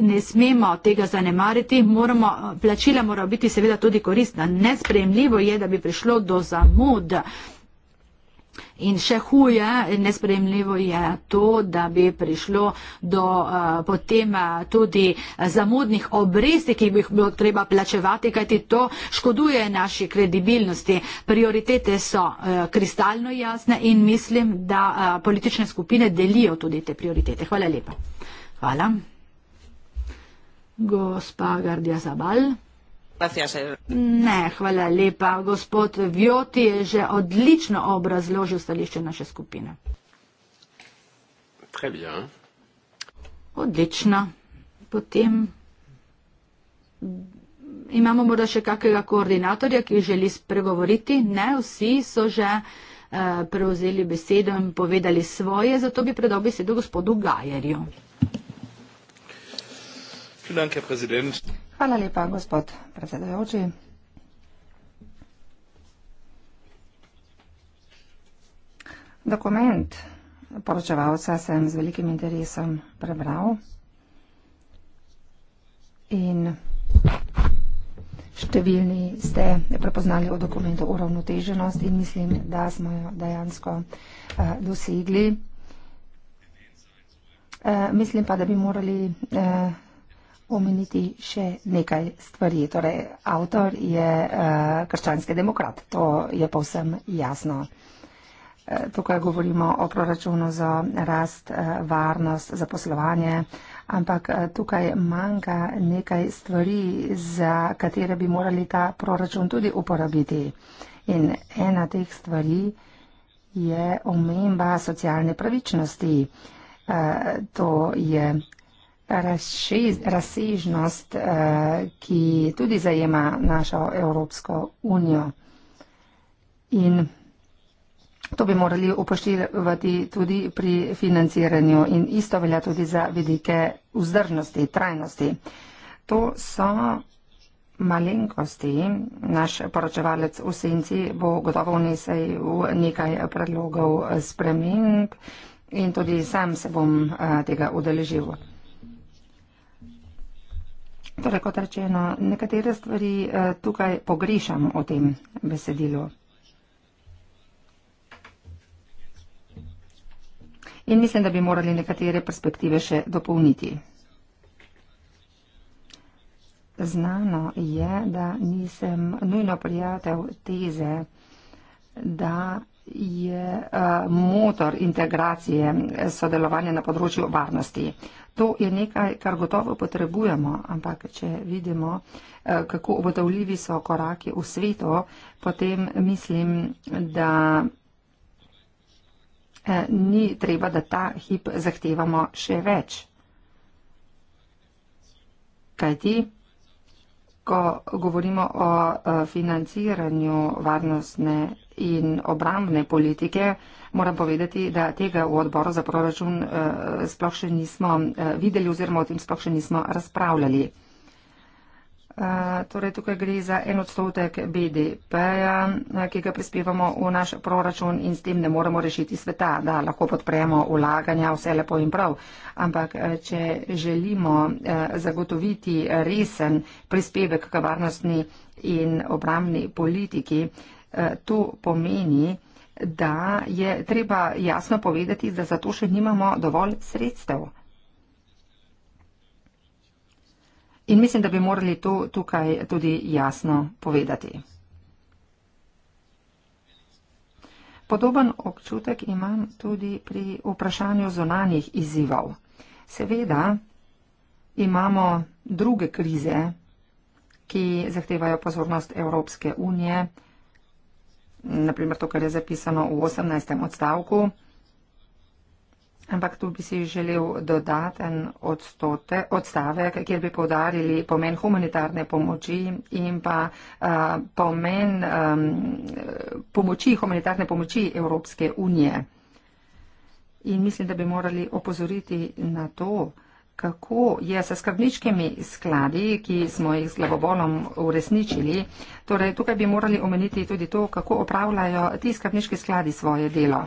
ne smemo tega zanemariti, moramo, plačila morajo biti seveda tudi koristna. Nespremljivo je, da bi prišlo do zamud. In še huje, nespremljivo je to, da bi prišlo do uh, potem tudi zamudnih obresti, ki bi jih bilo treba plačevati, kajti to škoduje naši kredibilnosti. Prioritete so uh, kristalno jasne in mislim, da uh, politične skupine delijo tudi te prioritete. Hvala lepa. Hvala. Gospa Gardia Zabal. Eh. Ne, hvala lepa. Gospod Vjoti je že odlično obrazložil stališče naše skupine. Odlično. Potem imamo morda še kakega koordinatorja, ki želi spregovoriti. Ne, vsi so že uh, prevzeli besedo in povedali svoje, zato bi predal besedo gospodu Gajerju. Hvala lepa, gospod predsedajoči. Dokument poročevalca sem z velikim interesom prebral in številni ste prepoznali v dokumentu uravnoteženost in mislim, da smo jo dejansko uh, dosegli. Uh, mislim pa, da bi morali uh, omeniti še nekaj stvari. Torej, avtor je uh, krščanski demokrat, to je povsem jasno. Eh, tukaj govorimo o proračunu za rast, eh, varnost, zaposlovanje, ampak tukaj manjka nekaj stvari, za katere bi morali ta proračun tudi uporabiti. In ena teh stvari je omemba socialne pravičnosti. To je razsežnost, eh, ki tudi zajema našo Evropsko unijo. In to bi morali upoštevati tudi pri financiranju in isto velja tudi za vidike vzdržnosti, trajnosti. To so malenkosti. Naš poročevalec v senci bo gotovo vnesel v nekaj predlogov sprememb. In tudi sam se bom eh, tega udeležil. Torej, kot rečeno, nekatere stvari eh, tukaj pogrišam o tem besedilu. In mislim, da bi morali nekatere perspektive še dopolniti. Znano je, da nisem nujno prijatelj teze, da je eh, motor integracije eh, sodelovanja na področju varnosti. To je nekaj, kar gotovo potrebujemo, ampak če vidimo, eh, kako obotavljivi so koraki v svetu, potem mislim, da ni treba, da ta hip zahtevamo še več. Kajti? ko govorimo o eh, financiranju varnostne in obrambne politike, moram povedati, da tega v odboru za proračun eh, sploh še nismo eh, videli oziroma o tem sploh še nismo razpravljali. Eh, torej tukaj gre za en odstotek BDP-ja, eh, ki ga prispevamo v naš proračun in s tem ne moremo rešiti sveta, da lahko podpremo ulaganja, vse lepo in prav. Ampak eh, če želimo zagotoviti resen prispevek k varnostni in obramni politiki, to pomeni, da je treba jasno povedati, da za to še nimamo dovolj sredstev. In mislim, da bi morali to tukaj tudi jasno povedati. Podoben občutek imam tudi pri vprašanju zonanjih izzivov. Seveda imamo druge krize, ki zahtevajo pozornost Evropske unije, naprimer to, kar je zapisano v 18. odstavku Ampak tu bi si želel dodaten odstote, odstavek, kjer bi podarili pomen humanitarne pomoči in pa uh, pomen um, pomoči, humanitarne pomoči Evropske unije. In mislim, da bi morali opozoriti na to, kako je s skrbničkimi skladi, ki smo jih z glavobolom uresničili. Torej, tukaj bi morali omeniti tudi to, kako opravljajo ti skrbniški skladi svoje delo.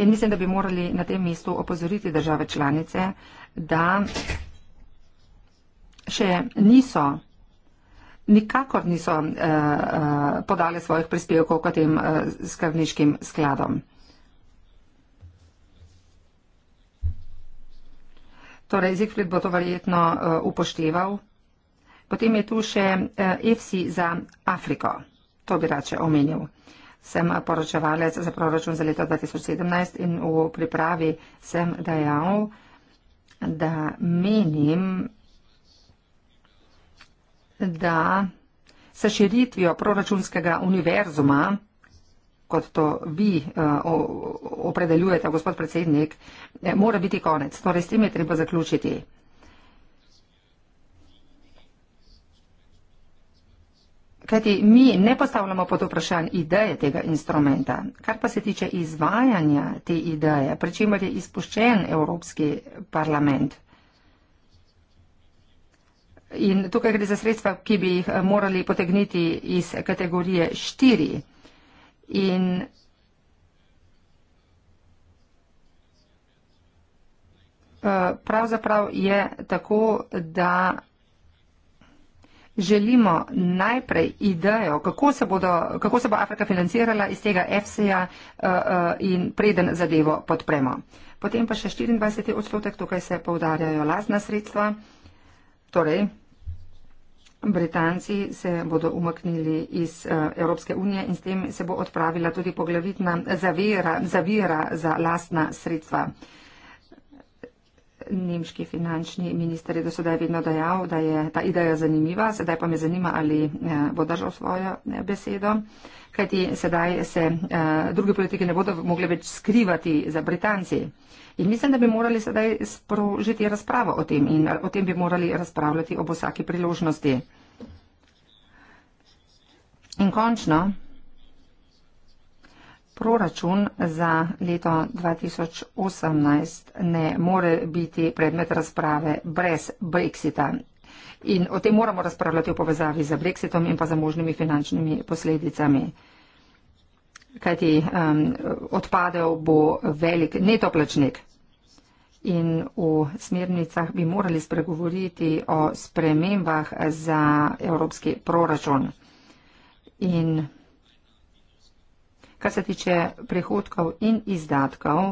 In mislim, da bi morali na tem mestu opozoriti države članice, da še niso, nikakor niso uh, uh, podale svojih prispevkov k tem uh, skrbniškim skladom. Torej, Zigfried bo to verjetno uh, upošteval. Potem je tu še uh, EFSI za Afriko. To bi rače omenil. Uh, sem poročevalec za proračun za leto 2017 in v pripravi sem dejal, da menim, da sa širitvijo proračunskega univerzuma, kot to vi eh, opredeljujete, gospod predsednik, eh, mora biti konec. Torej, s tem je treba zaključiti. Kajti mi ne postavljamo pod vprašanje ideje tega instrumenta. Kar pa se tiče izvajanja te ideje, pri čemer je izpuščen Evropski parlament. In tukaj gre za sredstva, ki bi jih eh, morali potegniti iz kategorije 4. In eh, pravzaprav je tako, da želimo najprej idejo, kako se, bodo, kako se bo Afrika financirala iz tega FC-ja uh, eh, uh, eh, in preden zadevo podpremo. Potem pa še 24 odstotek, tukaj se povdarjajo lasna sredstva. Torej, Britanci se bodo umaknili iz uh, Evropske unije in s tem se bo odpravila tudi poglavitna zavira, zavira za lastna sredstva. Uh, Nemški finančni minister je do sedaj vedno dejal, da je ta ideja zanimiva, sedaj pa me zanima, ali eh, bo držal svojo eh, besedo, kajti sedaj se eh, druge politike ne bodo mogle več skrivati za Britanci. In mislim, da bi morali sedaj sprožiti razpravo o tem in o tem bi morali razpravljati ob vsaki priložnosti. In končno proračun za leto 2018 ne more biti predmet razprave brez Brexita. In o tem moramo razpravljati v povezavi z Brexitom in pa za možnimi finančnimi posledicami. Kajti um, odpadev bo velik netoplačnik. In v smernicah bi morali spregovoriti o spremembah za evropski proračun. In Kar se tiče prihodkov in izdatkov,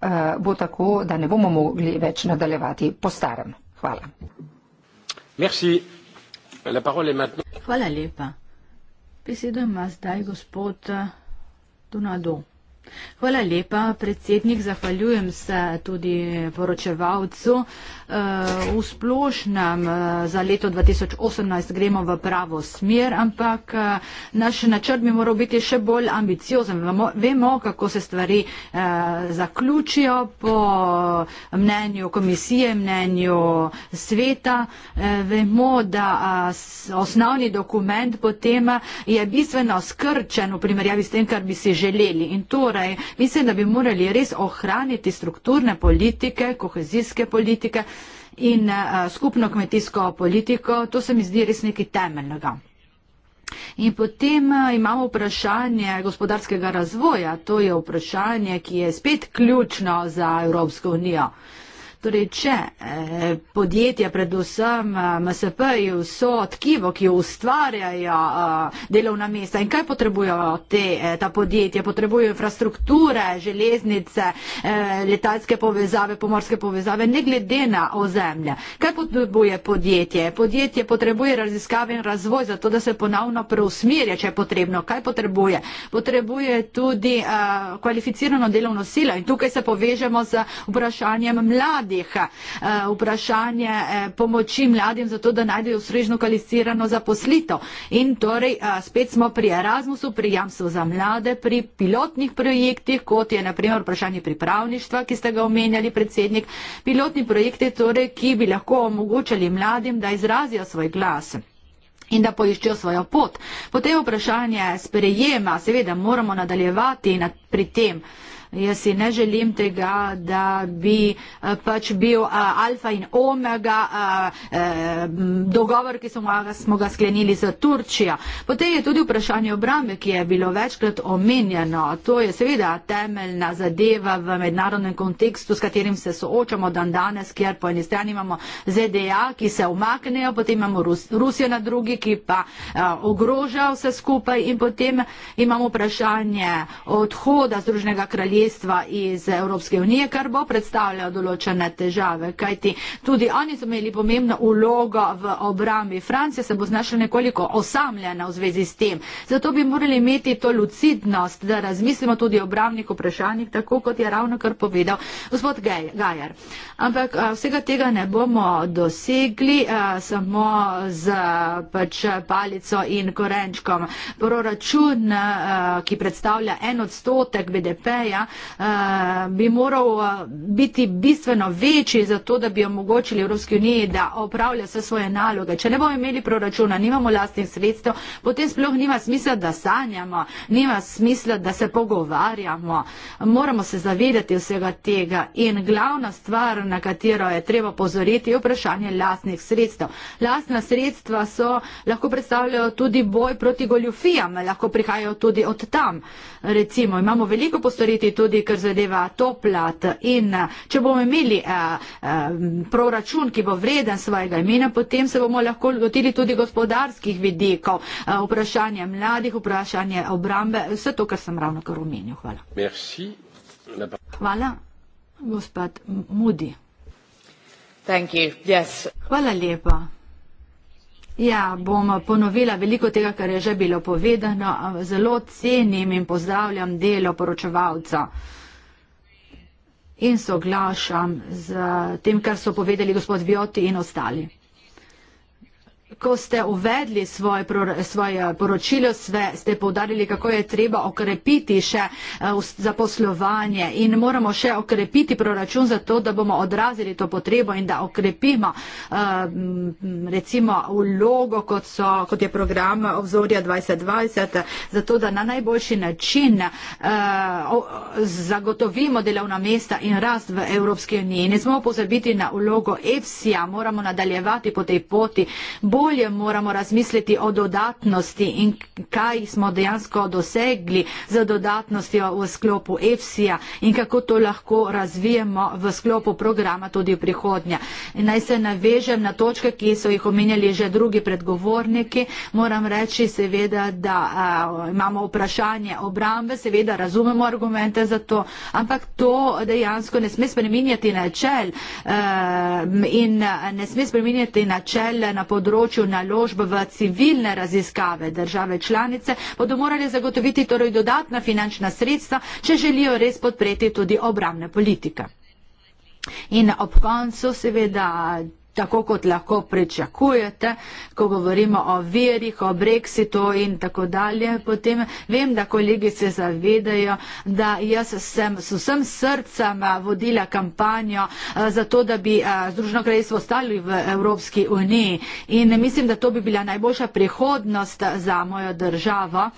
eh, bo tako, da ne bomo mogli več nadaljevati po starem. Hvala. Hvala lepa. Besedo ima zdaj gospod eh, Donado. Hvala lepa, predsednik. Zahvaljujem se tudi poročevalcu. Uh, uh, v splošnem uh, za leto 2018 gremo v pravo smer, ampak uh, naš načrt bi moral biti še bolj ambiciozen. Vemo, vemo kako se stvari uh, zaključijo po mnenju komisije, mnenju sveta. Uh, vemo, da uh, osnovni dokument potem je bistveno skrčen v primerjavi s tem, kar bi si želeli. In torej, mislim, da bi morali res ohraniti strukturne politike, kohezijske politike, in uh, skupno kmetijsko politiko. To se mi zdi res nekaj temeljnega. In potem eh, imamo vprašanje gospodarskega razvoja. To je vprašanje, ki je spet ključno za Evropsko unijo. Uh, Torej, če eh, podjetja, predvsem eh, MSP-ji, so tkivo, ki ustvarjajo eh, delovna mesta in kaj potrebujo te, eh, ta podjetja, potrebujo infrastrukture, železnice, eh, letalske povezave, pomorske povezave, ne glede na ozemlje. Kaj potrebuje podjetje? Podjetje potrebuje raziskave in razvoj, zato da se ponovno preusmerja, če je potrebno. Kaj potrebuje? Potrebuje tudi eh, kvalificirano delovno silo in tukaj se povežemo z vprašanjem mladih mladih. Eh, vprašanje eh, pomoči mladim za to, da najdejo srežno kvalificirano zaposlito. In torej eh, spet smo pri Erasmusu, pri jamstvu za mlade, pri pilotnih projektih, kot je naprimer vprašanje pripravništva, ki ste ga omenjali, predsednik. Pilotni projekti torej, ki bi lahko omogočali mladim, da izrazijo svoj glas in da poiščejo svojo pot. Potem vprašanje sprejema, seveda moramo nadaljevati pri tem jaz si ne želim tega, da bi eh, pač bil eh, alfa in omega eh, dogovor, ki smo ga sklenili za Turčijo. Potem je tudi vprašanje obrambe, ki je bilo večkrat omenjeno. To je seveda temeljna zadeva v mednarodnem kontekstu, s katerim se soočamo dan danes, kjer po eni strani imamo ZDA, ki se omaknejo, potem imamo Rusijo na drugi, ki pa ogroža vse skupaj in potem imamo vprašanje odhoda Združnega kraljestva sredstva iz Evropske unije, kar bo predstavljalo določene težave, kajti tudi oni so imeli pomembno ulogo v obrambi. Francija se bo znašla nekoliko osamljena v zvezi s tem. Zato bi morali imeti to lucidnost, da razmislimo tudi o obramnih vprašanjih, tako kot je ravno kar povedal gospod Gajar. Ampak eh, vsega tega ne bomo dosegli eh, samo z pač palico in korenčkom. Proračun, eh, ki predstavlja en odstotek BDP-ja, Eh, bi moral eh, biti bistveno večji za to, da bi omogočili Evropski uniji, da opravlja vse svoje naloge. Če ne bomo imeli proračuna, nimamo lastnih sredstev, potem sploh nima smisla, da sanjamo, nima smisla, da se pogovarjamo. Moramo se zavedati vsega tega in glavna stvar, na katero je treba pozoriti, je vprašanje lastnih sredstev. Lastna sredstva so, lahko predstavljajo tudi boj proti goljufijam, lahko prihajajo tudi od tam. Recimo, imamo veliko postoriti tudi tudi kar zadeva to plat in eh, če bomo imeli a, eh, a, eh, proračun, ki bo vreden svojega imena, potem se bomo lahko lotili tudi gospodarskih vidikov, a, vprašanje mladih, vprašanje obrambe, vse to, kar sem ravno kar omenil. Hvala. Merci. Hvala, gospod Mudi. Yes. Hvala lepa. Ja, bom ponovila veliko tega, kar je že bilo povedano. Zelo cenim in pozdravljam delo poročevalca in soglašam z tem, kar so povedali gospod Vjoti in ostali ko ste uvedli svoje, pro, svoje poročilo, sve, ste povdarili, kako je treba okrepiti še eh, zaposlovanje in moramo še okrepiti proračun za to, da bomo odrazili to potrebo in da okrepimo eh, recimo vlogo, kot, so, kot je program obzorja 2020, zato da na najboljši način eh, zagotovimo delovna mesta in rast v Evropski uniji. Ne smemo pozabiti na vlogo EFSI-ja, moramo nadaljevati po tej poti. Bo bolje moramo razmisliti o dodatnosti in kaj smo dejansko dosegli z dodatnostjo v sklopu EFSI-ja in kako to lahko razvijemo v sklopu programa tudi v prihodnje. In naj se navežem na točke, ki so jih omenjali že drugi predgovorniki. Moram reči seveda, da a, imamo vprašanje obrambe, seveda razumemo argumente za to, ampak to dejansko ne sme spreminjati načel a, in ne sme spreminjati načel na področju področju naložb v civilne raziskave. Države članice bodo morali zagotoviti torej dodatna finančna sredstva, če želijo res podpreti tudi obramne politike. In ob koncu seveda tako kot lahko prečakujete, ko govorimo o verih, o brexitu in tako dalje. Potem vem, da kolegi se zavedajo, da jaz sem s vsem srcem eh, vodila kampanjo eh, za to, da bi eh, Združeno kraljestvo ostali v Evropski uniji in mislim, da to bi bila najboljša prihodnost za mojo državo.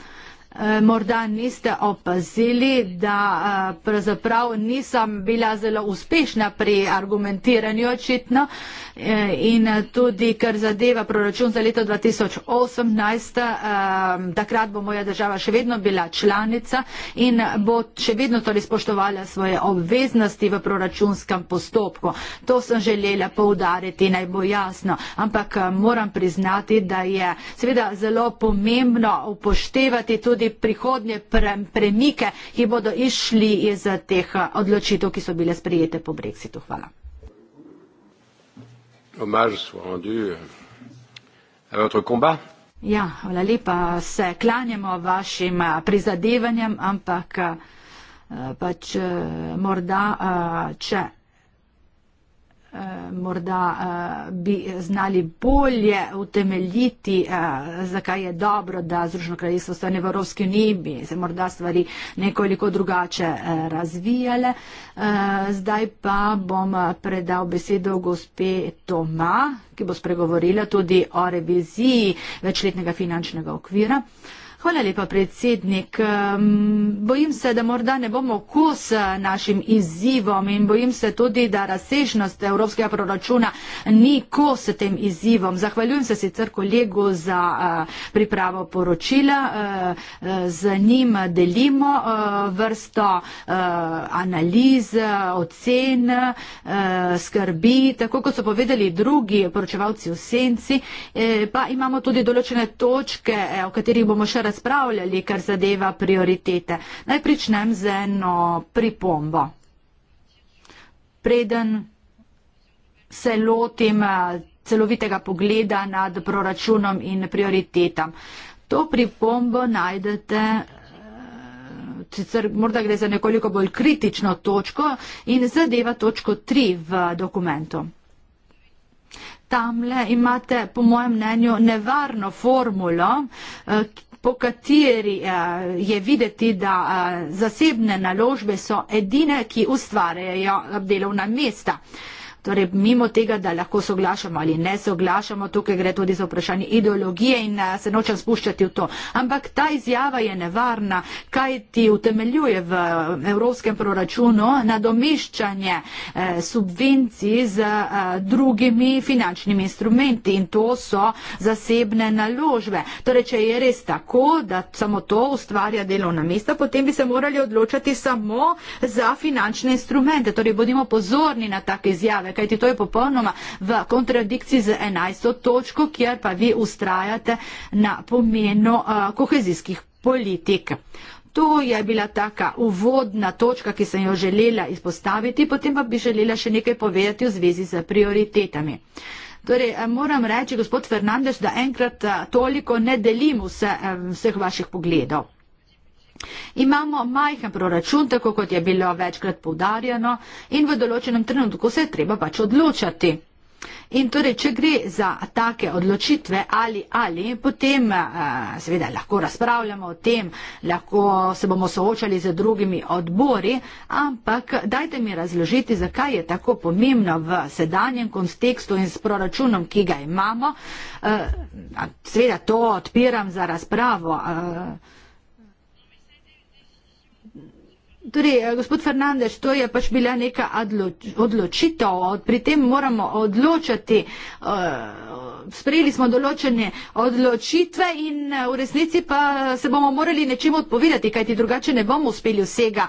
Eh, morda niste opazili, da eh, pravzaprav nisem bila zelo uspešna pri argumentiranju očitno eh, in tudi, ker zadeva proračun za leto 2018, takrat bo moja država še vedno bila članica in bo še vedno torej spoštovala svoje obveznosti v proračunskem postopku. To sem želela poudariti, naj bo jasno, ampak moram priznati, da je seveda zelo pomembno upoštevati tudi tudi prihodnje premike, ki bodo išli iz teh eh, odločitev, ki so bile sprejete po brexitu. Hvala. Eh, ja, hvala lepa. Se klanjamo vašim eh, prizadevanjem, ampak pač morda če. Eh, morda eh, bi znali bolje utemeljiti, eh, zakaj je dobro, da Združeno kraljestvo ostane v Evropski uniji, bi se morda stvari nekoliko drugače razvijale. Zdaj pa bom predal besedo gospe Toma, ki bo spregovorila tudi o reviziji večletnega finančnega okvira. Hvala lepa, predsednik. Bojim se, da morda ne bomo kos eh, našim izzivom in bojim se tudi, da razsežnost evropskega proračuna ni kos tem izzivom. Zahvaljujem se sicer kolegu za eh, pripravo poročila. Eh, z njim delimo vrsto analiz, ocen, skrbi, tako kot so povedali drugi poročevalci v senci, pa imamo tudi določene točke, o katerih bomo še razsežili razpravljali, kar zadeva prioritete. Naj pričnem z eno pripombo. Preden se lotim eh, celovitega pogleda nad proračunom in prioritetam. To pripombo najdete, eh, sicer morda gre za nekoliko bolj kritično točko in zadeva točko 3 v dokumentu. Tamle imate, po mojem mnenju, nevarno formulo, eh, po kateri eh, je videti, da eh, zasebne naložbe so edine, ki ustvarjajo eh, delovna mesta. Torej, mimo tega, da lahko soglašamo ali ne soglašamo, tukaj gre tudi za vprašanje ideologije in eh, se nočem spuščati v to. Ampak ta izjava je nevarna, kaj ti utemeljuje v eh, evropskem proračunu nadomiščanje eh, subvencij z eh, drugimi finančnimi instrumenti in to so zasebne naložbe. Torej, če je res tako, da samo to ustvarja delovna mesta, potem bi se morali odločati samo za finančne instrumente. Torej, bodimo pozorni na take izjave kajti to je popolnoma v kontradikciji z 11. točko, kjer pa vi ustrajate na pomenu eh, kohezijskih politik. To je bila taka uvodna točka, ki sem jo želela izpostaviti, potem pa bi želela še nekaj povedati v zvezi z prioritetami. Torej, eh, moram reči, gospod Fernandez, da enkrat eh, toliko ne delim vse, vseh vaših pogledov. Imamo majhen proračun, tako kot je bilo večkrat povdarjeno in v določenem trenutku se je treba pač odločati. In torej, če gre za take odločitve ali ali, potem eh, seveda lahko razpravljamo o tem, lahko se bomo soočali z drugimi odbori, ampak dajte mi razložiti, zakaj je tako pomembno v sedanjem kontekstu in s proračunom, ki ga imamo. Eh, seveda to odpiram za razpravo. Eh, Torej, eh, gospod Fernandez, to je pač bila neka odločitev, pri tem moramo odločati, eh, sprejeli smo določene odločitve in eh, v resnici pa se bomo morali nečemu odpovedati, kajti drugače ne bomo uspeli vsega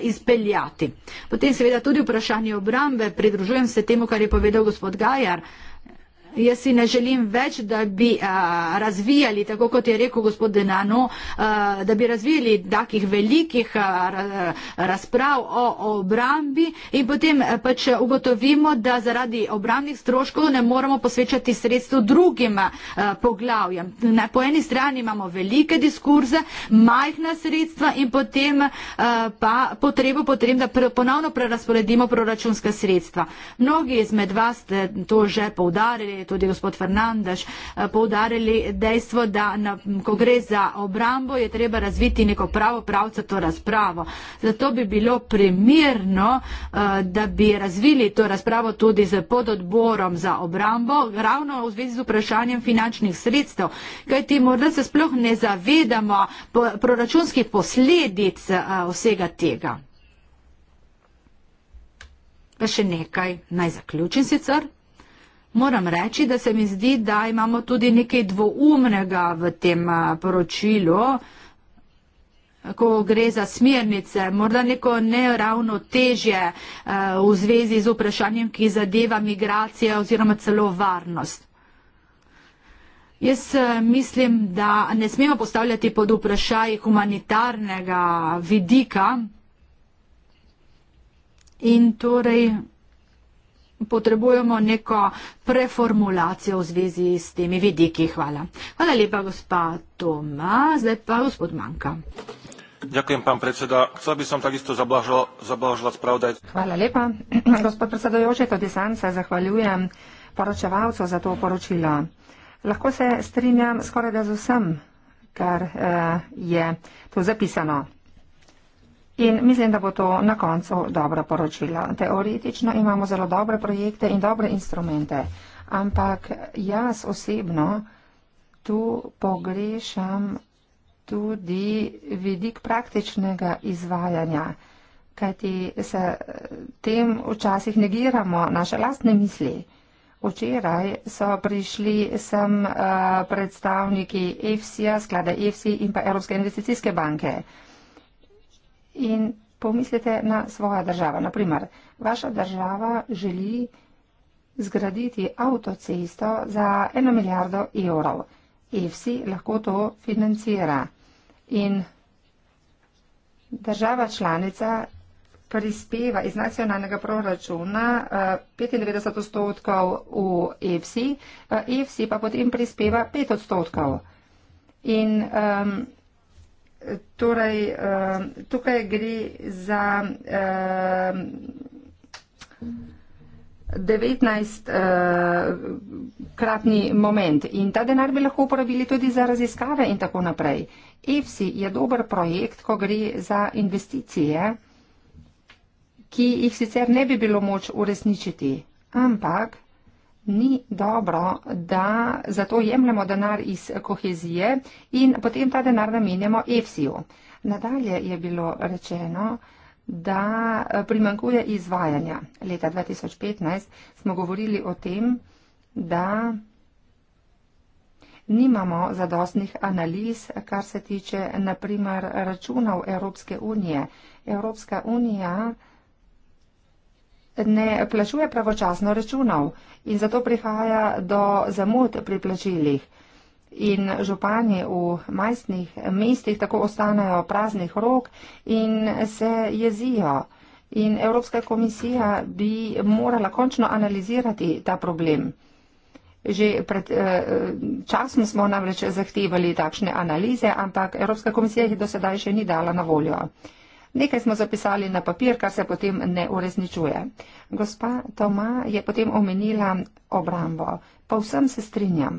izpeljati. Potem seveda tudi vprašanje obrambe, pridružujem se temu, kar je povedal gospod Gajar. Jaz si ne želim več, da bi uh, razvijali, tako kot je rekel gospod Denano, uh, da bi razvijali takih velikih uh, razprav o obrambi in potem uh, pač ugotovimo, da zaradi obrambnih stroškov ne moramo posvečati sredstvo drugim uh, poglavjem. Na, po eni strani imamo velike diskurze, majhna sredstva in potem uh, pa potrebo potrebno, da ponovno prerasporedimo proračunska sredstva. Mnogi izmed vas ste to že poudarili, tudi gospod Fernandeš eh, poudarili dejstvo, da na, ko gre za obrambo, je treba razviti neko pravo pravce to razpravo. Zato bi bilo primirno, eh, da bi razvili to razpravo tudi z pododborom za obrambo, ravno v zvezi z vprašanjem finančnih sredstev, kajti morda se sploh ne zavedamo proračunskih posledic eh, vsega tega. Pa še nekaj, naj zaključim sicer. Moram reči, da se mi zdi, da imamo tudi nekaj dvoumnega v tem poročilu, ko gre za smernice, morda neko neravno težje v zvezi z vprašanjem, ki zadeva migracije oziroma celo varnost. Jaz mislim, da ne smemo postavljati pod vprašaj humanitarnega vidika in torej potrebujemo neko preformulacijo v zvezi s temi vidiki. Hvala. Hvala lepa, gospa Toma. Zdaj pa gospod Manka. Ďakujem, pán predseda. Chcel by som takisto zablažovať spravdaj. Hvala lepa. (clears throat) Gospod predsedajoče, tudi sam sa zahvaljujem poročevalcu za to poročilo. Lahko se strinjam skoraj da z vsem, kar eh, je tu zapisano. In mislim, da bo to na koncu dobro poročilo. Teoretično imamo zelo dobre projekte in dobre instrumente, ampak jaz osebno tu pogrešam tudi vidik praktičnega izvajanja, kajti se tem včasih negiramo naše lastne misli. Včeraj so prišli sem uh, predstavniki EFSI-ja, sklada EFSI in pa Evropske investicijske banke. Uh, in pomislite na svojo državo. Naprimer, vaša država želi zgraditi avtocesto za eno milijardo evrov. EFSI lahko to financira in država članica prispeva iz nacionalnega proračuna 95 eh, odstotkov v EFSI, EFSI eh, e pa potem prispeva 5 odstotkov. In um, torej, uh, tukaj gre za uh, 19 uh, kratni moment in ta denar bi lahko uporabili tudi za raziskave in tako naprej. EFSI je dober projekt, ko gre za investicije, ki jih sicer ne bi bilo moč uresničiti, ampak ni dobro, da za to jemljemo denar iz kohezije in potem ta denar namenjamo EFSI-ju. Nadalje je bilo rečeno, da eh, primankuje izvajanja. Leta 2015 smo govorili o tem, da nimamo zadostnih analiz, kar se tiče naprimer računov Evropske unije. Evropska unija ne plačuje pravočasno računov in zato prihaja do zamud pri plačilih. In župani v majhnih mestih tako ostanejo praznih rok in se jezijo. In Evropska komisija bi morala končno analizirati ta problem. Že pred eh, časom smo namreč zahtevali takšne analize, ampak Evropska komisija jih do sedaj še ni dala na voljo. Eh, Nekaj smo zapisali na papir, kar se potem ne urezničuje. Gospa Toma je potem omenila obrambo. Povsem se strinjam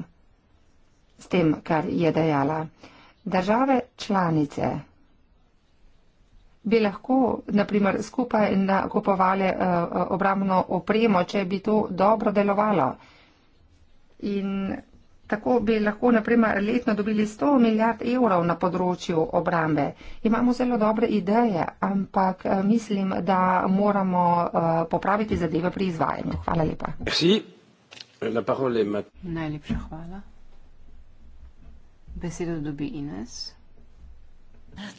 s tem, kar je dejala. Države članice bi lahko, naprimer, skupaj nakupovali eh, eh, obrambno opremo, če bi to dobro delovalo. In Tako bi lahko naprimer, letno dobili 100 milijard evrov na področju obrambe. Imamo zelo dobre ideje, ampak eh, mislim, da moramo eh, popraviti zadeve pri izvajanju. Hvala lepa. Najlepša hvala. Besedo dobi Ines.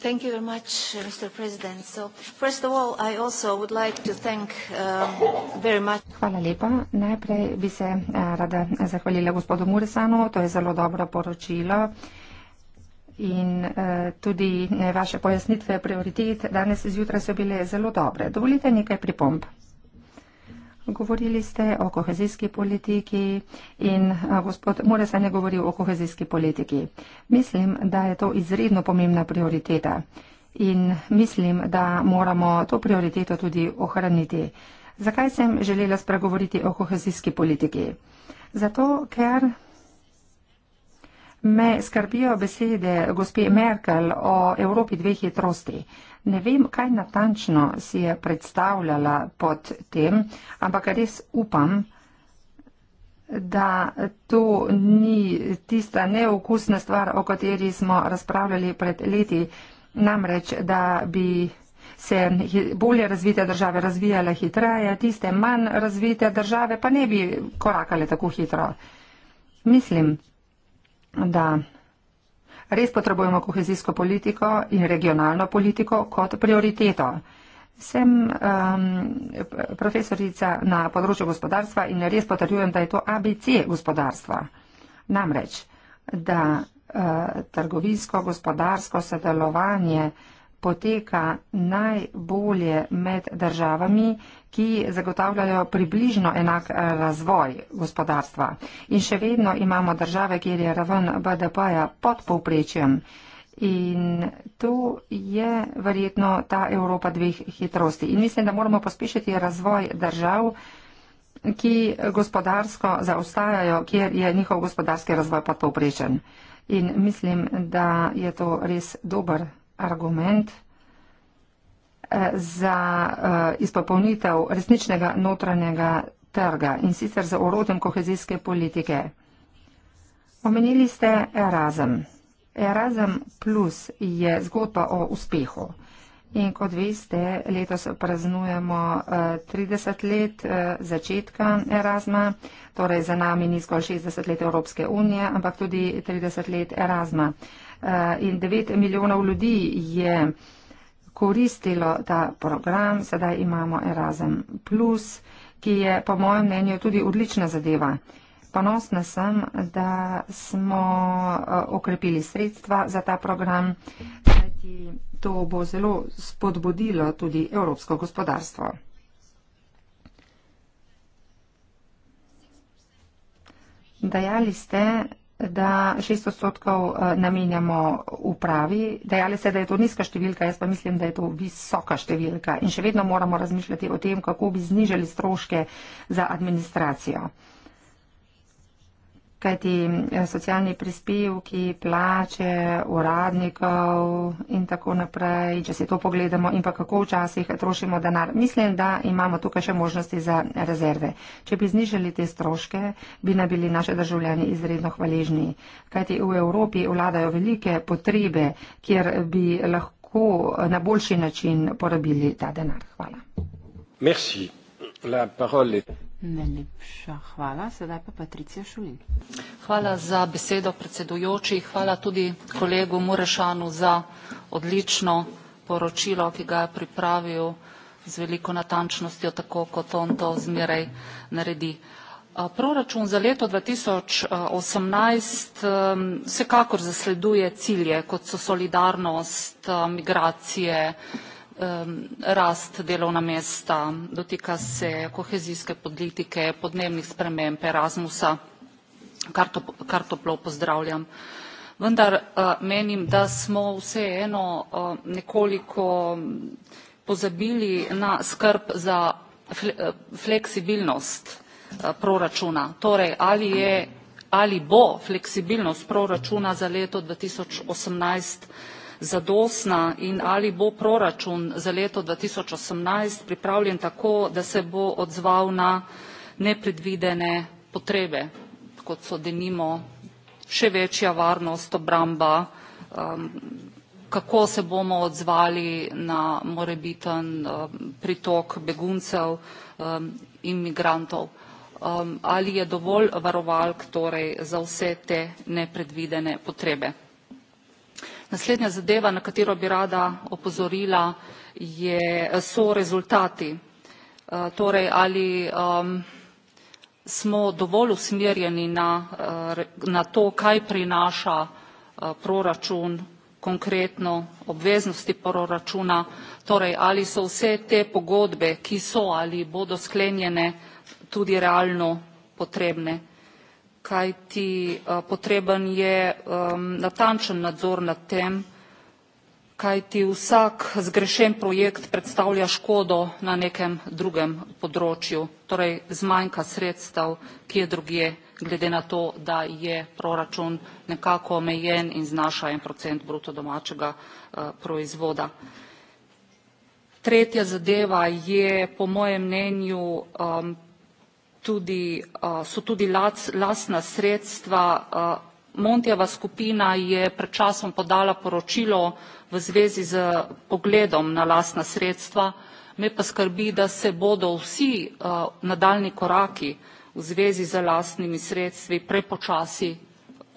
Thank you very much, Mr. President. So, first of all, I also would like to thank uh, very much. Hvala lepa. Najprej bi se eh, rada zahvalila gospodu Muresanu, to je zelo dobro poročilo. In uh, tudi eh, vaše pojasnitve prioritet danes zjutraj so bile zelo dobre. Dovolite nekaj pripomb. Govorili ste o kohezijski politiki in gospod Muresan je govoril o kohezijski politiki. Mislim, da je to izredno pomembna prioriteta in mislim, da moramo to prioriteto tudi ohraniti. Zakaj sem želela spregovoriti o kohezijski politiki? Zato, ker Me skrbijo besede gospe Merkel o Evropi dveh hitrosti. Ne vem, kaj natančno si je predstavljala pod tem, ampak res upam, da to ni tista neokusna stvar, o kateri smo razpravljali pred leti. Namreč, da bi se bolje razvite države razvijale hitreje, tiste manj razvite države pa ne bi korakale tako hitro. Mislim, da res potrebujemo kohezijsko politiko in regionalno politiko kot prioriteto. Sem um, profesorica na področju gospodarstva in res potrjujem, da je to ABC gospodarstva. Namreč, da uh, trgovinsko, gospodarsko sodelovanje poteka najbolje med državami, uh, ki zagotavljajo približno enak eh, razvoj gospodarstva. In še vedno imamo države, kjer je raven BDP-ja pod povprečjem. In tu je verjetno ta Evropa dveh hitrosti. In mislim, da moramo pospešiti razvoj držav, ki gospodarsko zaostajajo, kjer je njihov gospodarski razvoj pod povprečjem. In mislim, da je to res dober argument. Eh, za eh, izpopolnitev resničnega notranjega trga in sicer za orodjem kohezijske politike. Omenili ste Erasm. Erasm plus je zgodba o uspehu. In kot veste, letos praznujemo 30 eh, let začetka Erasma, torej za nami ni zgolj 60 let Evropske unije, ampak tudi 30 let Erasma. In 9 milijonov ljudi je koristilo ta program, sedaj imamo Erasmus Plus, ki je po mojem mnenju tudi odlična zadeva. Ponosna sem, da smo e, okrepili sredstva za ta program, kajti to bo zelo spodbudilo tudi evropsko gospodarstvo. Dajali ste, da 600 odstotkov eh, namenjamo upravi. Dejali ste, da je to nizka številka, jaz pa mislim, da je to visoka številka in še vedno moramo razmišljati o tem, kako bi znižali stroške za administracijo kajti eh, socialni prispevki, plače, uradnikov in tako naprej, če si to pogledamo in pa kako včasih trošimo denar. Mislim, da imamo tukaj še možnosti za rezerve. Če bi znižali te stroške, bi ne bili naše državljani izredno hvaležni, kajti v Evropi vladajo velike potrebe, kjer bi lahko eh, na boljši način porabili ta denar. Hvala. Merci. Najlepša hvala. Sedaj pa Patricija Šulin. Hvala za besedo, predsedujoči. Hvala tudi kolegu Murešanu za odlično poročilo, ki ga je pripravil z veliko natančnostjo, tako kot on to zmeraj naredi. Proračun za leto 2018 vsekakor zasleduje cilje, kot so solidarnost, migracije, rast delovna mesta, dotika se kohezijske politike, podnebnih sprememb Erasmusa, kar, to, kar toplo pozdravljam. Vendar eh, menim, da smo vseeno eh, nekoliko pozabili na skrb za eh, fleksibilnost proračuna. Torej, ali, je, ali bo fleksibilnost proračuna za leto 2018 zadostna in ali bo proračun za leto dva tisoč osemnajst pripravljen tako da se bo odzval na nepredvidene potrebe kot so denimo še večja varnost obramba um, kako se bomo odzvali na morebiten um, pritok beguncev um, in migrantov um, ali je dovolj varovalk torej za vse te nepredvidene potrebe Naslednja zadeva, na katero bi rada opozorila, je, eh, so rezultati. Eh, torej, ali ehm, smo dovolj usmerjeni na, eh, na to, kaj prinaša proračun, konkretno obveznosti proračuna, torej ali so vse te pogodbe, ki so ali bodo sklenjene, tudi realno potrebne kajti eh, potreben je natančen nadzor nad tem, kajti vsak zgrešen projekt predstavlja škodo na nekem drugem področju, torej zmanjka sredstev, ki je drugje, glede na to, da je proračun nekako omejen in znaša en procent bruto domačega eh, proizvoda. Tretja zadeva je po mojem mnenju tudi, eh, so tudi lastna sredstva. Eh, Montijeva skupina je pred časom podala poročilo v zvezi z pogledom na lastna sredstva. Me pa skrbi, da se bodo vsi eh, nadaljni koraki v zvezi z lastnimi sredstvi prepočasi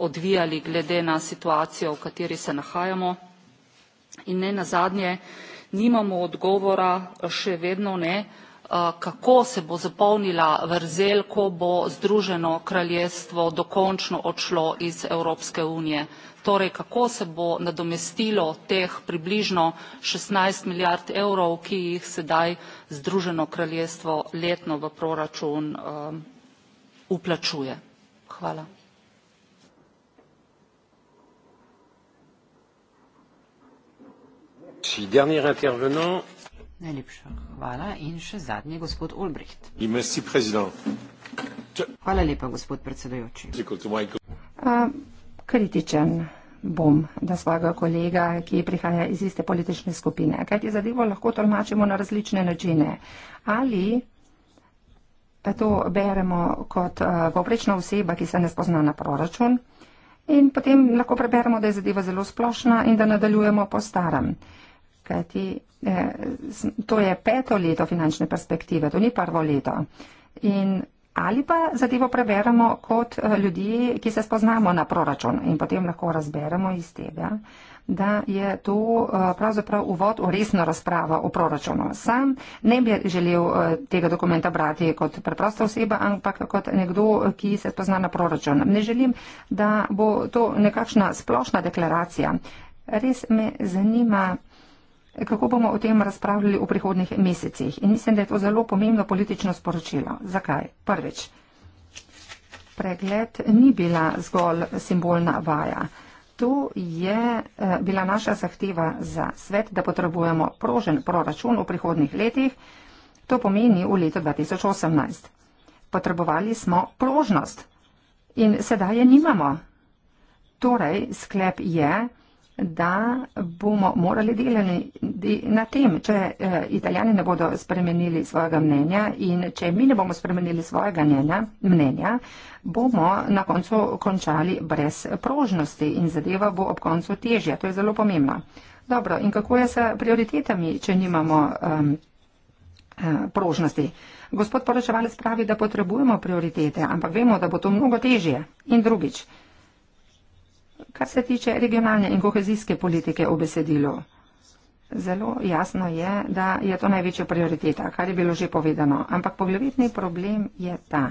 odvijali glede na situacijo, v kateri se nahajamo. In ne nazadnje, nimamo odgovora, še vedno ne, Eh, kako se bo zapolnila vrzel ko bo združeno kraljestvo dokončno odšlo iz evropske unije torej kako se bo nadomestilo teh približno šestnajst milijard evrov ki jih sedaj združeno kraljestvo letno v proračun eh, vplačuje hvala Najlepša hvala. In še zadnji, gospod Olbricht. Hvala lepa, gospod predsedujoči. Kritičen bom do svojega kolega, ki prihaja iz iste politične skupine, kajti zadevo lahko tolmačimo na različne načine. Ali to beremo kot poprečna oseba, ki se ne spozna na proračun in potem lahko preberemo, da je zadeva zelo splošna in da nadaljujemo po starem hkrati, eh, to je peto leto finančne perspektive, to ni prvo leto. In ali pa zadevo preberemo kot eh, ljudi, ki se spoznamo na proračun in potem lahko razberemo iz tega, da je to eh, pravzaprav uvod v resno razpravo o proračunu. Sam ne bi želel eh, tega dokumenta brati kot preprosta oseba, ampak kot nekdo, ki se spozna na proračun. Ne želim, da bo to nekakšna splošna deklaracija. Res me zanima kako bomo o tem razpravljali v prihodnih mesecih. In mislim, da je to zelo pomembno politično sporočilo. Zakaj? Prvič, pregled ni bila zgolj simbolna vaja. To je eh, bila naša zahteva za svet, da potrebujemo prožen proračun v prihodnih letih. To pomeni v letu 2018. Potrebovali smo prožnost in sedaj je nimamo. Torej, sklep je, da bomo morali delati na tem, če eh, italijani ne bodo spremenili svojega mnenja in če mi ne bomo spremenili svojega mnenja, mnenja bomo na koncu končali brez prožnosti in zadeva bo ob koncu težja. To je zelo pomembno. Dobro, in kako je s prioritetami, če nimamo um, prožnosti? Gospod poročevalec pravi, da potrebujemo prioritete, ampak vemo, da bo to mnogo težje. In drugič kar se tiče regionalne in kohezijske politike v besedilu. Zelo jasno je, da je to največja prioriteta, kar je bilo že povedano. Ampak poglavitni problem je ta,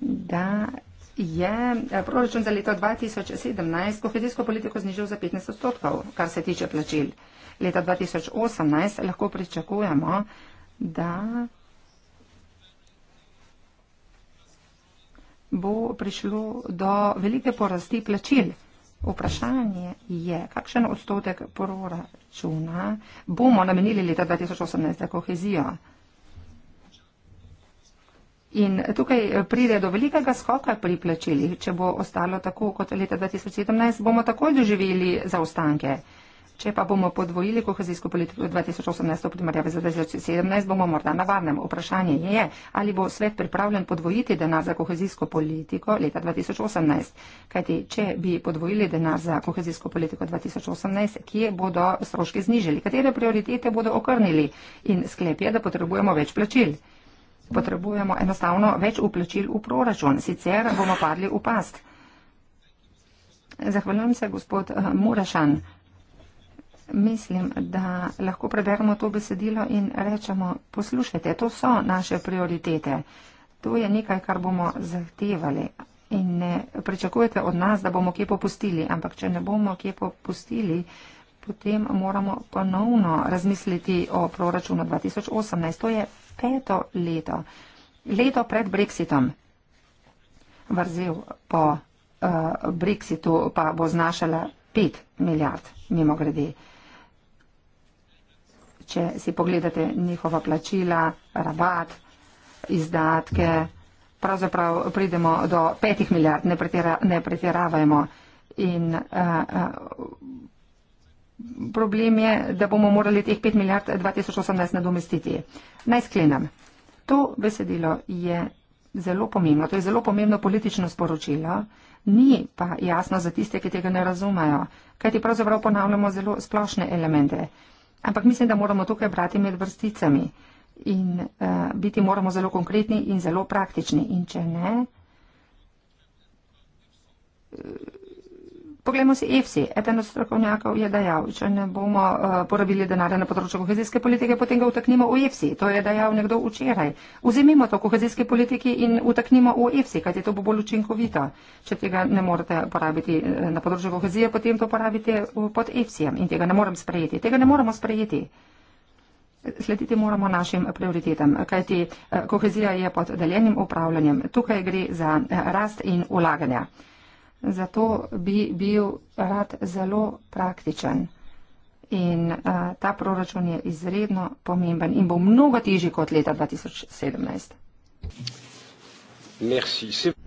da je eh, proračun za leto 2017 kohezijsko politiko znižil za 15 odstotkov, kar se tiče plačil. Leta 2018 lahko pričakujemo, da bo prišlo do velike porasti plačil. Vprašanje je, kakšen odstotek proračuna bomo namenili leta 2018 za kohezijo. In tukaj pride do velikega skoka pri plačilih. Če bo ostalo tako kot leta 2017, bomo takoj doživeli zaostanke. Če pa bomo podvojili kohezijsko politiko 2018 v primerjavi z 2017, bomo morda na varnem. Vprašanje je, ali bo svet pripravljen podvojiti denar za kohezijsko politiko leta 2018. Kajti, če bi podvojili denar za kohezijsko politiko 2018, kje bodo stroške znižili, katere prioritete bodo okrnili in sklep je, da potrebujemo več plačil. Potrebujemo enostavno več uplačil v proračun, sicer bomo padli v past. Zahvaljujem se, gospod eh, Murašan mislim, da lahko preberemo to besedilo in rečemo, poslušajte, to so naše prioritete. To je nekaj, kar bomo zahtevali in ne pričakujete od nas, da bomo kje popustili, ampak če ne bomo kje popustili, potem moramo ponovno razmisliti o proračunu 2018. To je peto leto, leto pred Brexitom. Vrzel po uh, Brexitu pa bo znašala 5 milijard, mimo grede. Uh, če si pogledate njihova plačila, rabat, izdatke, pravzaprav pridemo do petih milijard, ne, pretira, ne pretiravajmo. In uh, problem je, da bomo morali teh pet milijard 2018 nadomestiti. Naj sklenem. To besedilo je zelo pomembno. To je zelo pomembno politično sporočilo. Ni pa jasno za tiste, ki tega ne razumajo, kajti pravzaprav ponavljamo zelo splošne elemente. Uh, Ampak mislim, da moramo tukaj brati med vrsticami in uh, biti moramo zelo konkretni in zelo praktični. In če ne. Uh, Poglejmo si EFSI. Eden od strokovnjakov je dejal, če ne bomo uh, porabili denarja na področju kohezijske politike, potem ga utaknimo v EFSI. To je dejal nekdo včeraj. Vzemimo to kohezijske politike in utaknimo v EFSI, kajti to bo bolj učinkovito. Če tega ne morete porabiti eh, na področju kohezije, potem to porabite eh, pod EFSI-em in tega ne morem sprejeti. Tega ne moremo sprejeti. Slediti moramo našim prioritetam, kajti kohezija je pod deljenim upravljanjem. Tukaj gre za rast in ulaganja. Zato bi bil rad zelo praktičen. In a, ta proračun je izredno pomemben in bo mnogo težji kot leta 2017.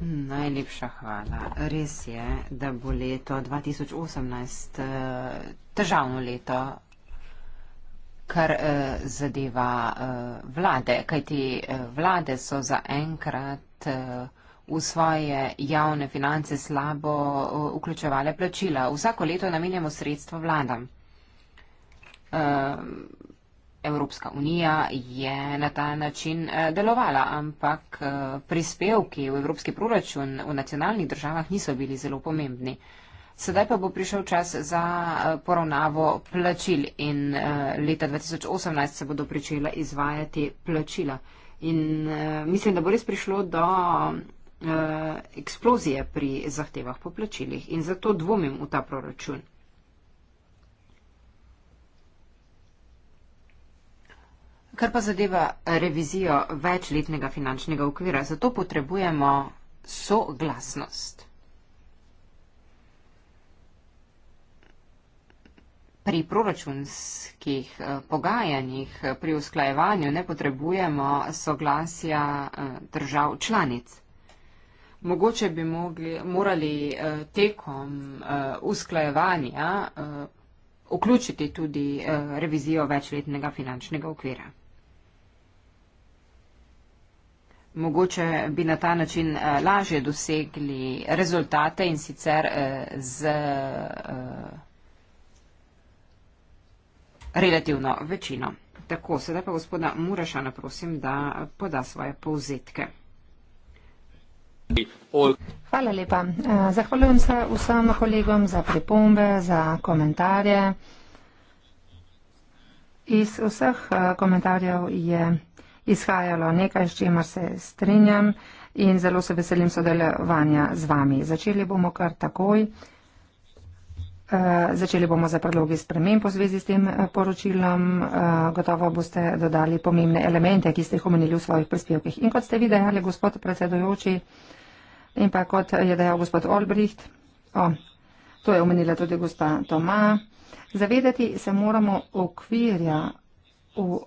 Najlepša hvala. Res je, da bo leto 2018 e, težavno leto, kar a, e, zadeva a, e, vlade, kajti vlade so zaenkrat. A, v svoje javne finance slabo uh, vključevale plačila. Vsako leto namenjamo sredstva vladam. Um, Evropska unija je na ta način uh, delovala, ampak uh, prispevki v evropski proračun v nacionalnih državah niso bili zelo pomembni. Sedaj pa bo prišel čas za poravnavo plačil in leta 2018 se bodo pričela izvajati plačila. In mislim, da bo res prišlo do Eh, eksplozije pri zahtevah po plačilih in zato dvomim v ta proračun. Kar pa zadeva revizijo večletnega finančnega okvira, zato potrebujemo soglasnost. Pri proračunskih eh, pogajanjih, eh, pri usklajevanju ne potrebujemo soglasja držav članic. Mogoče bi mogli, morali eh, tekom eh, usklajevanja eh, vključiti tudi revizijo večletnega finančnega okvira. Mogoče bi na ta način lažje dosegli rezultate in sicer z relativno večino. Tako, sedaj pa gospoda Murašana prosim, da poda svoje povzetke. Hvala lepa. Eh, zahvaljujem se vsem kolegom za pripombe, za komentarje. Iz vseh eh, komentarjev je izhajalo nekaj, s čimer se strinjam in zelo se veselim sodelovanja z vami. Začeli bomo kar takoj. Eh, začeli bomo za predlogi sprememb v zvezi s tem poročilom. Gotovo boste dodali pomembne elemente, ki ste jih omenili v svojih prispevkih. In kot ste vi dejali, gospod predsedojoči, In pa kot je dejal gospod Olbricht, oh, to je omenila tudi gospa Toma, zavedati se moramo okvirja, v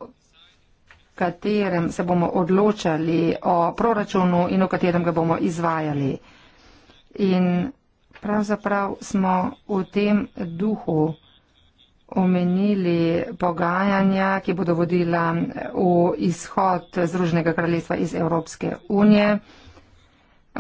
katerem se bomo odločali o proračunu in v katerem ga bomo izvajali. In pravzaprav smo v tem duhu omenili pogajanja, ki bodo vodila v izhod Združenega kraljestva iz Evropske unije.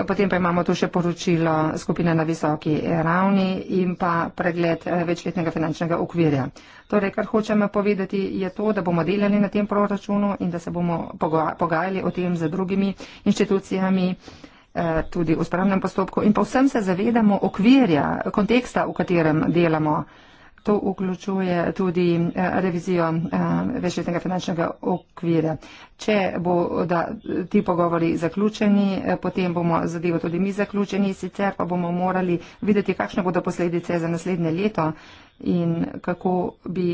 Potem pa imamo tu še poročilo skupine na visoki ravni in pa pregled eh, večletnega finančnega okvirja. Torej, kar hočem povedati, je to, da bomo delali na tem proračunu in da se bomo pogajali o tem z drugimi inštitucijami eh, tudi v spravnem postopku in pa vsem se zavedamo okvirja, konteksta, v katerem delamo. To vključuje tudi eh, revizijo eh, večletnega finančnega okvira. Če bo da, eh, ti pogovori zaključeni, potem bomo zadevo tudi mi zaključeni, sicer pa bomo morali videti, kakšne bodo posledice za naslednje leto in kako bi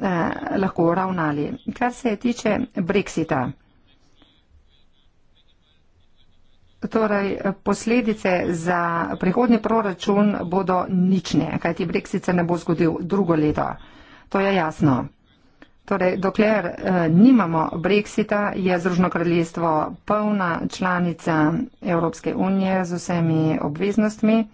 eh, lahko ravnali. Kar se tiče Brexita. Torej, posledice za prihodni proračun bodo nične, kajti Brexit se ne bo zgodil drugo leto. To je jasno. Torej, dokler eh, nimamo Brexita, je Združeno kraljestvo polna članica Evropske unije z vsemi obveznostmi.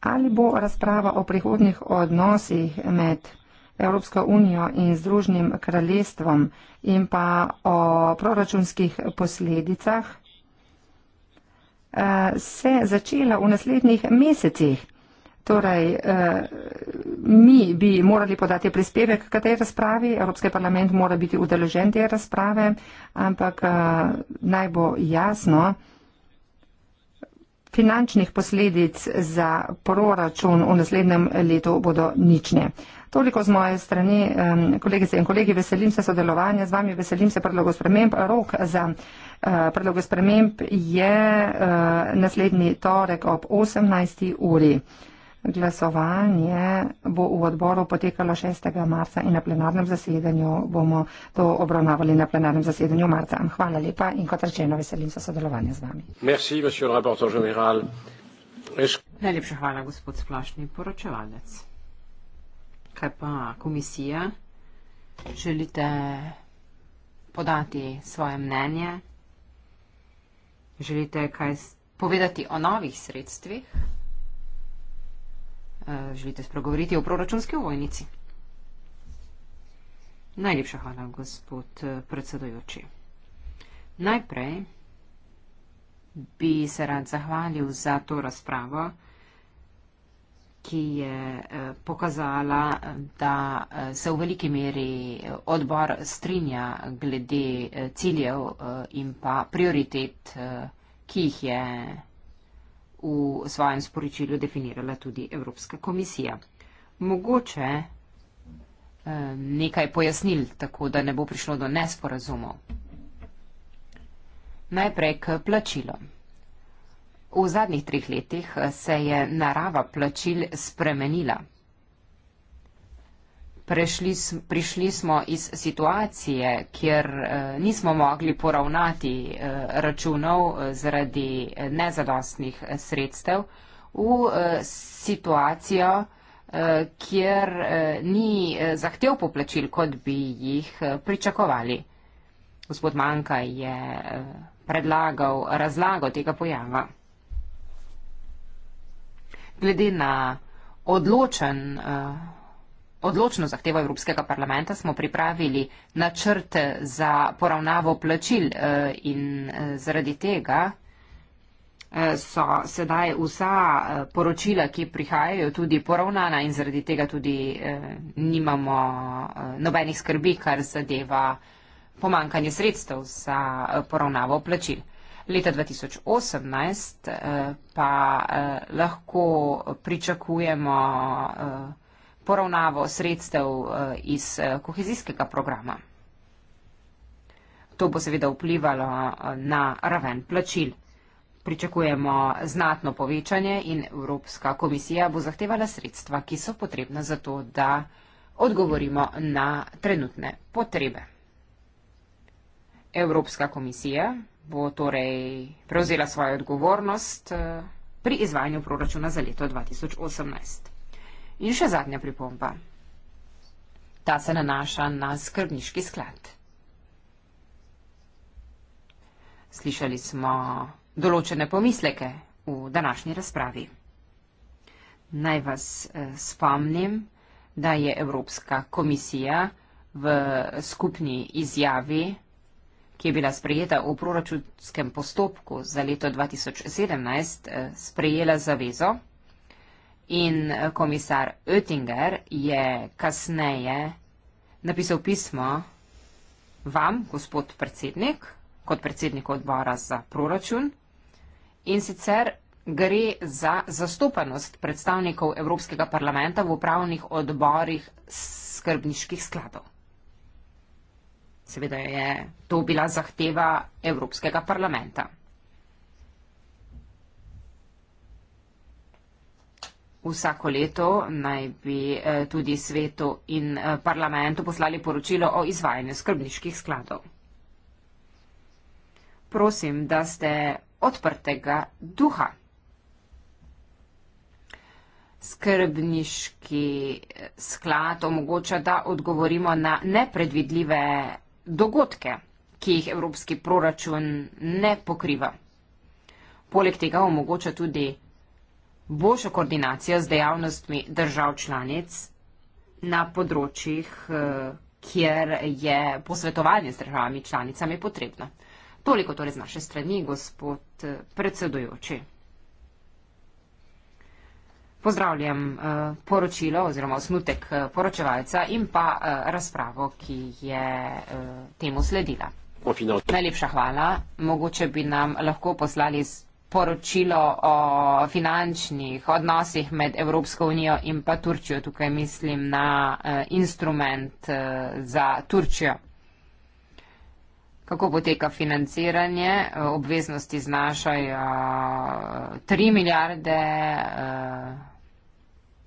Ali bo razprava o prihodnih odnosih med. Evropska unija in Združnim kraljestvom in pa o proračunskih posledicah eh, se začela v naslednjih mesecih. Torej, eh, mi bi morali podati prispevek k tej razpravi, Evropski parlament mora biti udeležen te razprave, ampak eh, naj bo jasno, finančnih posledic za proračun v naslednjem letu bodo nične. Toliko z moje strani, kolegice in kolegi, veselim se sodelovanja z vami, veselim se predlogo sprememb. Rok za eh, predlogo sprememb je eh, naslednji torek ob 18. uri. Glasovanje bo v odboru potekalo 6. marca in na plenarnem zasedanju bomo to obravnavali na plenarnem zasedanju marca. Hvala lepa in kot rečeno, veselim se sodelovanja z vami. Merci, Najlepša hvala, gospod splošni poročevalec. Kaj pa komisija? Želite podati svoje mnenje? Želite kaj povedati o novih sredstvih? Eh, želite spregovoriti o proračunski vojnici. Najlepša hvala, gospod eh, predsedojoči. Najprej bi se rad zahvalil za to razpravo, ki je eh, pokazala, da se v veliki meri odbor strinja glede ciljev in pa prioritet, ki jih je v svojem sporočilu definirala tudi Evropska komisija. Mogoče eh, nekaj pojasnil, tako da ne bo prišlo do nesporazumov. Najprej k plačilo. V zadnjih treh letih eh, se je narava plačil spremenila prešli, prišli smo iz situacije, kjer eh, nismo mogli poravnati eh, računov eh, zaradi nezadostnih eh, sredstev, v eh, situacijo, eh, kjer eh, ni eh, zahtev poplačil, kot bi jih eh, pričakovali. Gospod Manka je eh, predlagal razlago tega pojava. Glede na odločen eh, odločno zahtevo Evropskega parlamenta smo pripravili načrt za poravnavo plačil eh, in eh, zaradi tega eh, so sedaj vsa poročila, ki prihajajo, tudi poravnana in zaradi tega tudi nimamo nobenih skrbi, kar zadeva pomankanje sredstev za poravnavo plačil. Leta 2018 pa lahko pričakujemo poravnavo, poravnavo sredstev eh, iz eh, kohezijskega programa. To bo seveda vplivalo eh, na raven plačil. Pričakujemo znatno povečanje in Evropska komisija bo zahtevala sredstva, ki so potrebna za to, da odgovorimo na trenutne potrebe. Evropska komisija bo torej prevzela svojo odgovornost pri izvajanju proračuna za leto 2018. In še zadnja pripomba. Ta se nanaša na skrbniški sklad. Slišali smo določene pomisleke v današnji razpravi. Naj vas eh, spomnim, da je Evropska komisija v skupni izjavi, ki je bila sprejeta v proračunskem postopku za leto 2017, eh, sprejela zavezo, In eh, komisar Oettinger je kasneje napisal pismo vam, gospod predsednik, kot predsednik odbora za proračun. In sicer gre za zastopanost predstavnikov Evropskega parlamenta v upravnih odborih skrbniških skladov. Seveda je to bila zahteva Evropskega parlamenta. vsako leto naj bi eh, tudi svetu in eh, parlamentu poslali poročilo o izvajanju skrbniških skladov. Prosim, da ste odprtega duha. Skrbniški eh, sklad omogoča, da odgovorimo na nepredvidljive dogodke, ki jih evropski proračun ne pokriva. Poleg tega omogoča tudi boljša koordinacija z dejavnostmi držav članic na področjih, eh, kjer je posvetovanje z državami članicami potrebno. Toliko torej z naše strani, gospod eh, predsedujoči. Pozdravljam eh, poročilo oziroma osnutek poročevalca in pa razpravo, ki je temu sledila. Najlepša hvala. Mogoče bi nam lahko poslali poročilo o finančnih odnosih med Evropsko unijo in pa Turčijo. Tukaj mislim na uh, instrument uh, za Turčijo. Kako poteka financiranje? E, obveznosti znašajo 3 milijarde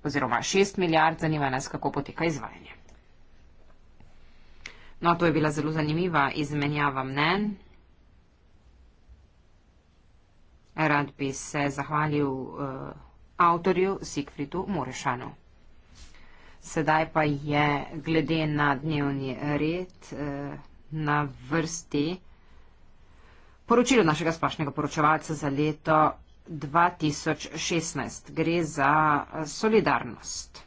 oziroma 6 milijard. Zanima nas, kako poteka izvajanje. No, to je bila zelo zanimiva izmenjava mnen. Rad bi se zahvalil uh, avtorju Sigfridu Morešanu. Sedaj pa je glede na dnevni red uh, na vrsti poročilo našega splašnega poročevalca za leto 2016. Gre za eh, solidarnost.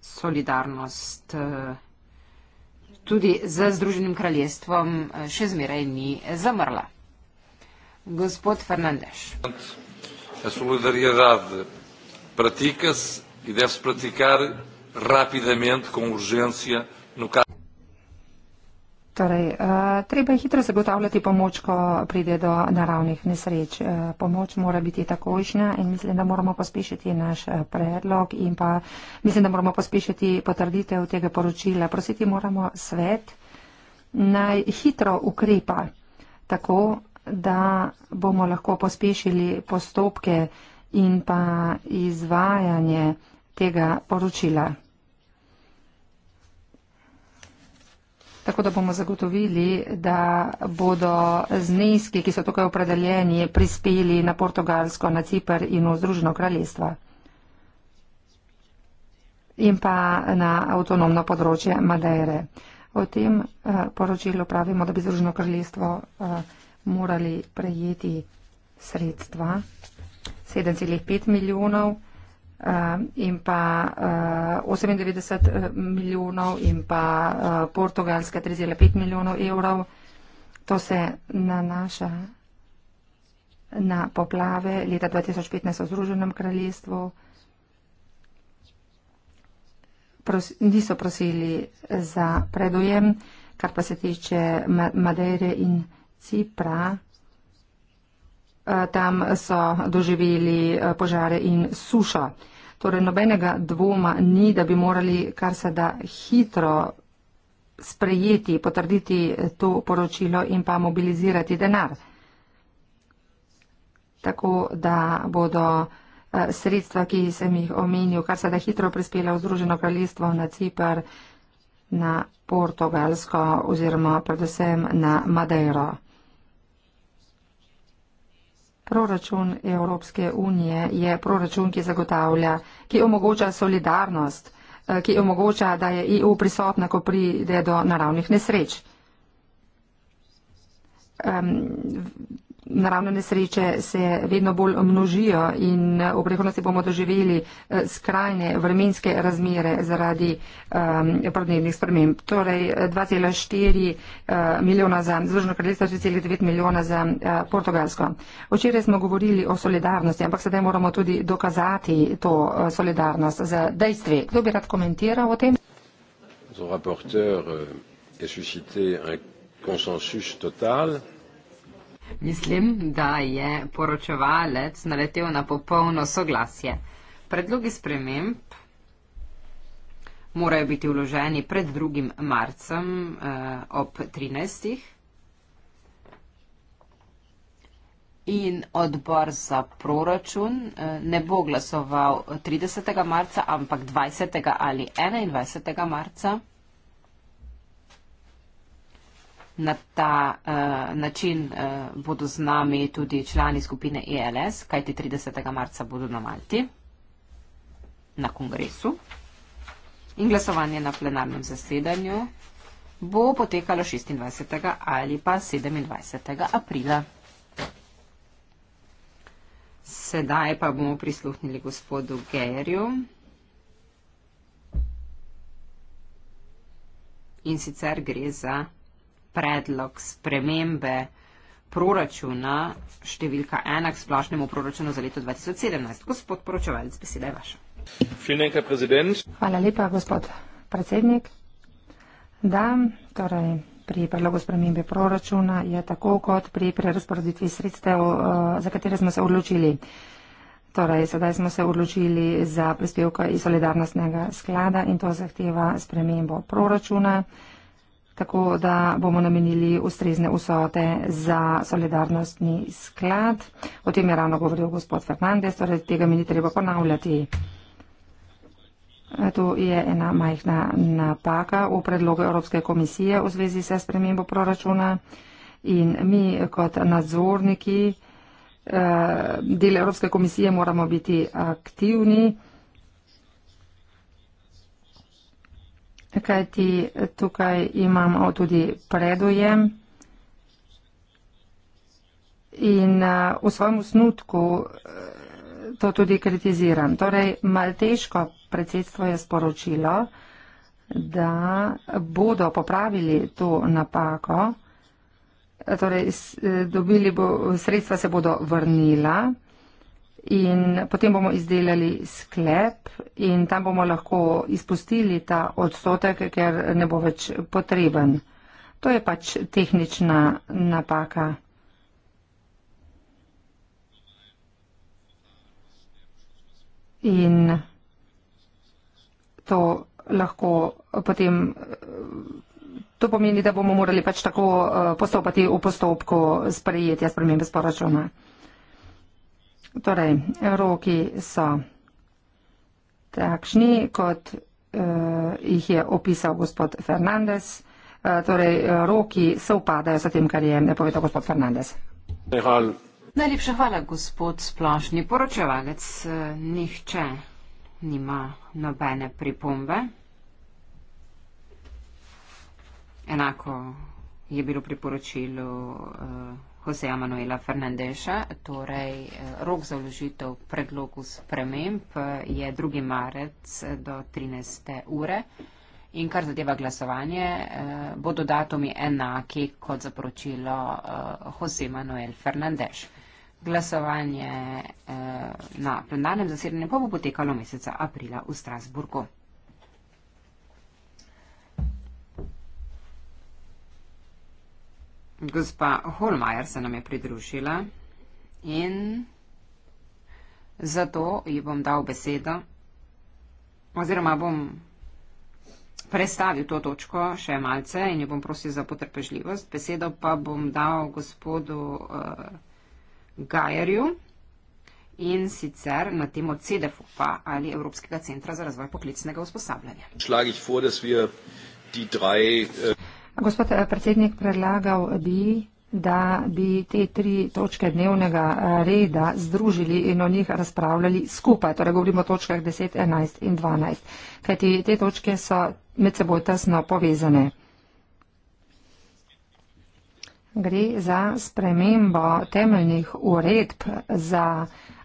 Solidarnost. Uh, Tudi z Združenim kraljestvom še zmeraj ni zamrla. Gospod Fernandes. A solidariedade pratica-se e deve-se praticar rapidamente, com urgência, no caso. Torej, uh, treba je hitro zagotavljati pomoč, ko pride do naravnih nesreč. Uh, pomoč mora biti takojšnja in mislim, da moramo pospešiti naš eh, predlog in pa mislim, da moramo pospešiti potrditev tega poročila. Prositi moramo svet naj hitro ukrepa tako, da bomo lahko pospešili postopke in pa izvajanje tega poročila. Tako da bomo zagotovili, da bodo zneski, ki so tukaj opredeljeni, prispeli na Portugalsko, na Cipr in v Združeno kraljestvo in pa na avtonomno področje Madeire. O tem eh, poročilu pravimo, da bi Združeno kraljestvo. Uh, morali prejeti sredstva 7,5 eh, eh, eh, milijonov in pa 98 milijonov in pa portugalska 3,5 milijonov evrov. To se nanaša na poplave leta 2015 v Združenem kraljestvu. Pros, niso prosili za predujem, kar pa se tiče Madeire in Madeire. Cipra. Eh, tam so doživeli eh, požare in sušo. Torej, nobenega dvoma ni, da bi morali kar se da hitro sprejeti, potrditi eh, to poročilo in pa mobilizirati denar. Tako da bodo sredstva, ki sem jih omenil, kar se da hitro prispela v Združeno kraljestvo na Cipr, na Portugalsko oziroma predvsem na Madeiro. Proračun Evropske unije je proračun, ki zagotavlja, ki omogoča solidarnost, eh, ki omogoča, da je EU prisotna, ko pride do naravnih nesreč naravne nesreče se vedno bolj množijo in eh, v prihodnosti bomo doživeli eh, skrajne vremenske razmere zaradi um, podnebnih sprememb. Torej 2,4 uh, eh, milijona za Združeno kraljestvo, 3,9 milijona za uh, Portugalsko. Včeraj smo govorili o solidarnosti, ampak sedaj moramo tudi dokazati to uh, solidarnost z dejstvi. Kdo bi rad komentiral o tem? Zoraporter je suscite un consensus total. Mislim, da je poročevalec naletel na popolno soglasje. Predlogi sprememb morajo biti vloženi pred 2. marcem eh, ob 13. In odbor za proračun eh, ne bo glasoval 30. marca, ampak 20. ali 21. marca na ta uh, način uh, bodo z nami tudi člani skupine ELS, kajti 30. marca bodo na Malti na kongresu. In glasovanje na plenarnem zasedanju bo potekalo 26. ali pa 27. aprila. Sedaj pa bomo prisluhnili gospodu Gejerju. In sicer gre za predlog spremembe proračuna številka ena k splošnemu proračunu za leto 2017. Gospod poročevalec, beseda je vaša. Hvala lepa, gospod predsednik. Da, torej pri predlogu spremembe proračuna je tako kot pri prerasporeditvi sredstev, eh, za katere smo se odločili. Torej, sedaj smo se odločili za prispevka iz solidarnostnega sklada in to zahteva spremembo proračuna tako da bomo namenili ustrezne vsote za solidarnostni sklad. O tem je ravno govoril gospod Fernandez, torej tega mi ni treba ponavljati. E, to je ena majhna napaka v predlogu Evropske komisije v zvezi s spremembo proračuna in mi kot nadzorniki e, del Evropske komisije moramo biti aktivni. kajti tukaj imamo tudi predujem. In eh, v svojem usnutku eh, to tudi kritiziram. Torej, malteško predsedstvo je sporočilo, da bodo popravili to napako, torej eh, dobili bo, sredstva se bodo vrnila, In potem bomo izdelali sklep in tam bomo lahko izpustili ta odstotek, ker ne bo več potreben. To je pač tehnična napaka. In to lahko potem. To pomeni, da bomo morali pač tako eh, postopati v postopku sprejetja spremembe sporočuna. Torej, roki so takšni, kot uh, jih je opisal gospod Fernandez. Uh, torej, roki se upadajo s tem, kar je napovedal gospod Fernandez. Nehal. Najlepša hvala, gospod splošni poročevalec. Eh, nihče nima nobene pripombe. Enako je bilo priporočilo. Uh, Joseja Manuela Fernandeša, torej eh, rok za vložitev predlogu sprememb eh, je 2. marec eh, do 13. ure. In kar zadeva glasovanje, bodo datumi enaki kot za poročilo Jose Manuel Fernandez. Glasovanje na plenarnem zasedanju pa bo potekalo meseca aprila v Strasburgu. Gospa Holmajer se nam je pridružila in zato ji bom dal besedo oziroma bom predstavil to točko še malce in jo bom prosil za potrpežljivost. Besedo pa bom dal gospodu uh, Gajerju in sicer na temo CDFOPA ali Evropskega centra za razvoj poklicnega usposabljanja. Šlagih vode svijo ti dve. Uh... Gospod eh, predsednik, predlagal bi, da bi te tri točke dnevnega eh, reda združili in o njih razpravljali skupaj. Torej govorimo o točkah 10, 11 in 12, kajti te točke so med seboj tesno povezane. Gre za spremembo temeljnih uredb za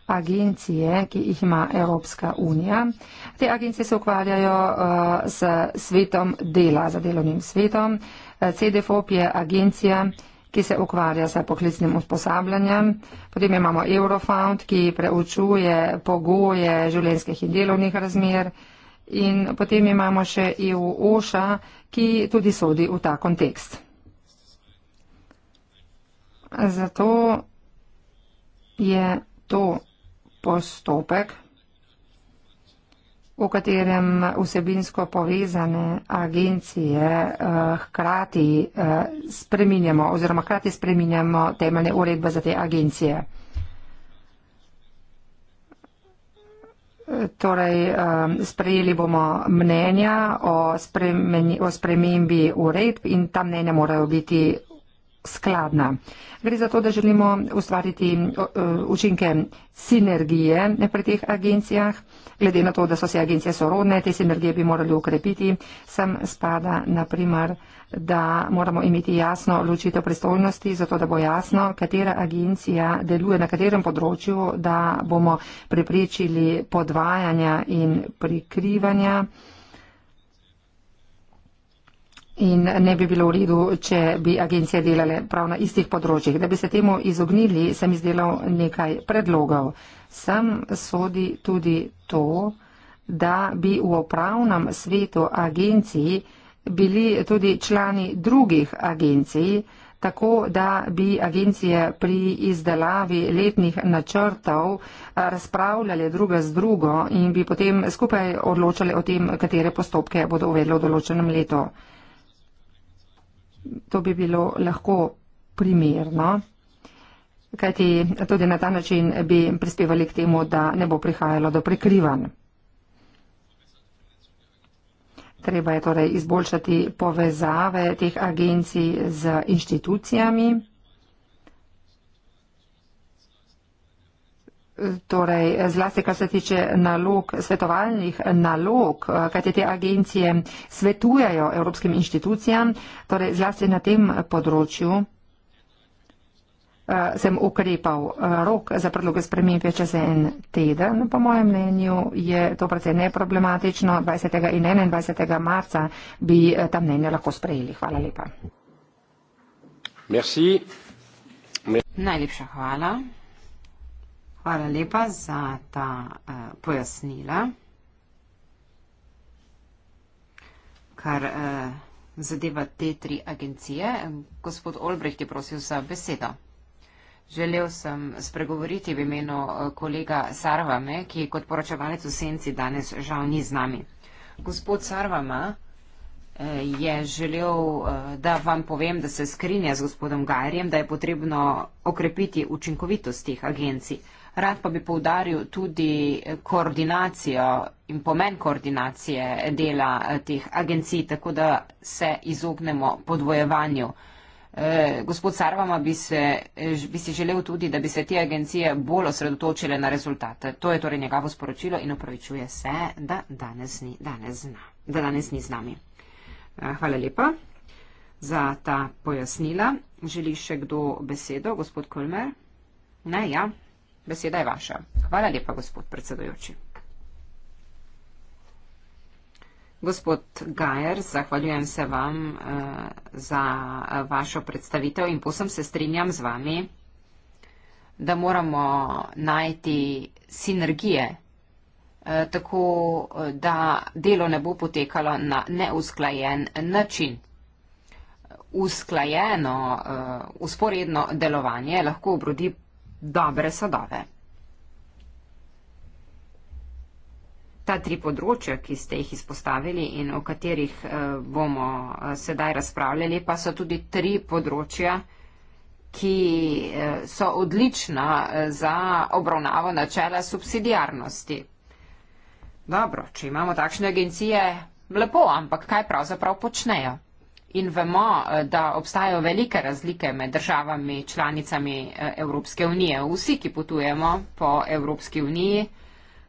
agencije, ki jih ima Evropska unija. Te agencije se ukvarjajo uh, s svetom dela, za delovnim svetom. Eh, CDFOP je agencija, ki se ukvarja s poklicnim usposabljanjem. Potem imamo Eurofound, ki preučuje pogoje življenjskih in delovnih razmer. In potem imamo še EU OŠA, ki tudi sodi v ta kontekst. Zato je to postopek, v katerem vsebinsko povezane agencije uh, hkrati uh, spreminjamo oziroma hkrati spreminjamo temeljne uredbe za te agencije. Eh, torej, um, sprejeli bomo mnenja o, spremeni, o spremembi uredb in ta mnenja morajo biti skladna. Gre za to, da želimo ustvariti učinke sinergije pri teh agencijah. Glede na to, da so se agencije sorodne, te sinergije bi morali ukrepiti, sem spada na primer, da moramo imeti jasno ločitev pristojnosti, zato da bo jasno, katera agencija deluje na katerem področju, da bomo preprečili podvajanja in prikrivanja in ne bi bilo v redu, če bi agencije delale prav na istih področjih. Da bi se temu izognili, sem izdelal nekaj predlogov. Sem sodi tudi to, da bi v upravnem svetu agenciji bili tudi člani drugih agencij, tako da bi agencije pri izdelavi letnih načrtov razpravljali druga z drugo in bi potem skupaj odločali o tem, katere postopke bodo uvedli v določenem letu to bi bilo lahko primerno. Kajti tudi na ta način bi prispevali k temu, da ne bo prihajalo do prekrivanj. Treba je torej izboljšati povezave teh agencij z inštitucijami. torej, zlasti kar se tiče nalog, svetovalnih nalog, eh, kajte te agencije svetujajo evropskim inštitucijam, torej zlasti na tem področju eh, sem ukrepal eh, rok za predloge sprememb je čez en teden. Po mojem mnenju je to precej neproblematično. 20. in 21. marca bi ta mnenja lahko sprejeli. Hvala lepa. Merci. Najlepša hvala. Hvala lepa za ta uh, pojasnila. Kar uh, zadeva te tri agencije, gospod Olbrecht je prosil za besedo. Želel sem spregovoriti v imenu eh, kolega Sarvame, ki kot poročevalec v senci danes žal ni z nami. Gospod Sarvama je želel, da vam povem, da se skrinja z gospodom Gajerjem, da je potrebno okrepiti učinkovitost teh agencij. Rad pa bi povdaril tudi koordinacijo in pomen koordinacije dela eh, teh agencij, tako da se izognemo podvojevanju. Eh, gospod Sarvama bi, se, eh, bi si želel tudi, da bi se te agencije bolj osredotočile na rezultate. To je torej njegovo sporočilo in opravičuje se, da danes ni, danes zna, da danes ni z nami. Hvala lepa za ta pojasnila. Želi še kdo besedo? Gospod Kolmer? Ne, ja. Beseda je vaša. Hvala lepa, gospod predsedujoči. Gospod Gajer, zahvaljujem se vam uh, za eh, vašo predstavitev in posem se strinjam z vami, da moramo najti sinergije, uh, tako da delo ne bo potekalo na neusklajen način. Usklajeno, uh, usporedno delovanje lahko obrodi dobre sadove. Ta tri področja, ki ste jih izpostavili in o katerih eh, bomo eh, sedaj razpravljali, pa so tudi tri področja, ki eh, so odlična za obravnavo načela subsidijarnosti. Dobro, če imamo takšne agencije, lepo, ampak kaj pravzaprav počnejo? in vemo, eh, da obstajajo velike razlike med državami članicami eh, Evropske unije. Vsi, ki potujemo po Evropski uniji,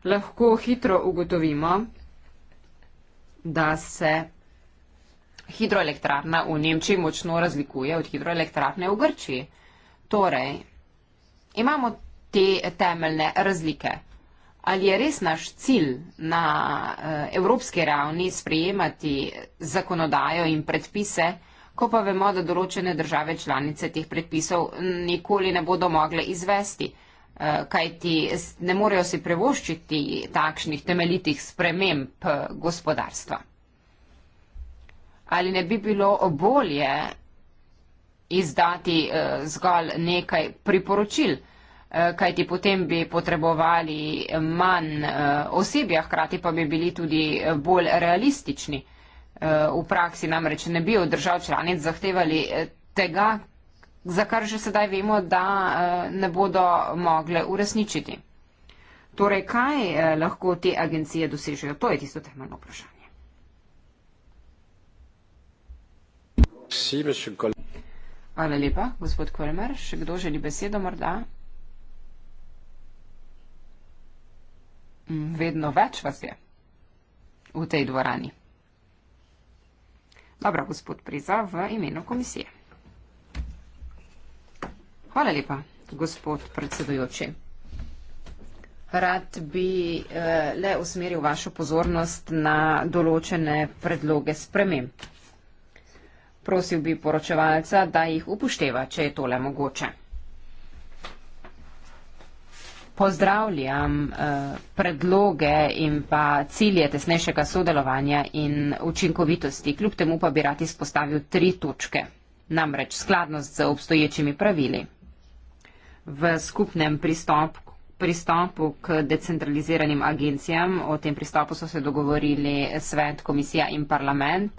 lahko hitro ugotovimo, da se hidroelektrarna v Nemčiji močno razlikuje od hidroelektrarne v Grčiji. Torej, imamo te temeljne razlike. Ali je res naš cilj na eh, evropski ravni sprejemati zakonodajo in predpise, ko pa vemo, da določene države članice teh predpisov nikoli ne bodo mogle izvesti, eh, kajti ne morejo si prevoščiti takšnih temeljitih sprememb eh, gospodarstva? Ali ne bi bilo bolje izdati zgolj nekaj priporočil? Eh, kajti potem bi potrebovali manj eh, osebja, hkrati pa bi bili tudi eh, bolj realistični. V praksi namreč ne bi od držav članic zahtevali tega, za kar že sedaj vemo, da ne bodo mogle uresničiti. Torej, kaj lahko te agencije dosežejo? To je tisto temeljno vprašanje. Hvala lepa, gospod Kolmer. Še kdo želi besedo morda? Mm, vedno več vas je v tej dvorani. Dobro, gospod Priza, v imenu komisije. Hvala lepa, gospod predsedujoči. Rad bi eh, le usmeril vašo pozornost na določene predloge sprememb. Prosil bi poročevalca, da jih upošteva, če je tole mogoče pozdravljam eh, predloge in pa cilje tesnejšega sodelovanja in učinkovitosti. Kljub temu pa bi rad izpostavil tri točke. Namreč skladnost z obstoječimi pravili v skupnem pristopu pristopu k decentraliziranim agencijam. O tem pristopu so se dogovorili svet, komisija in parlament.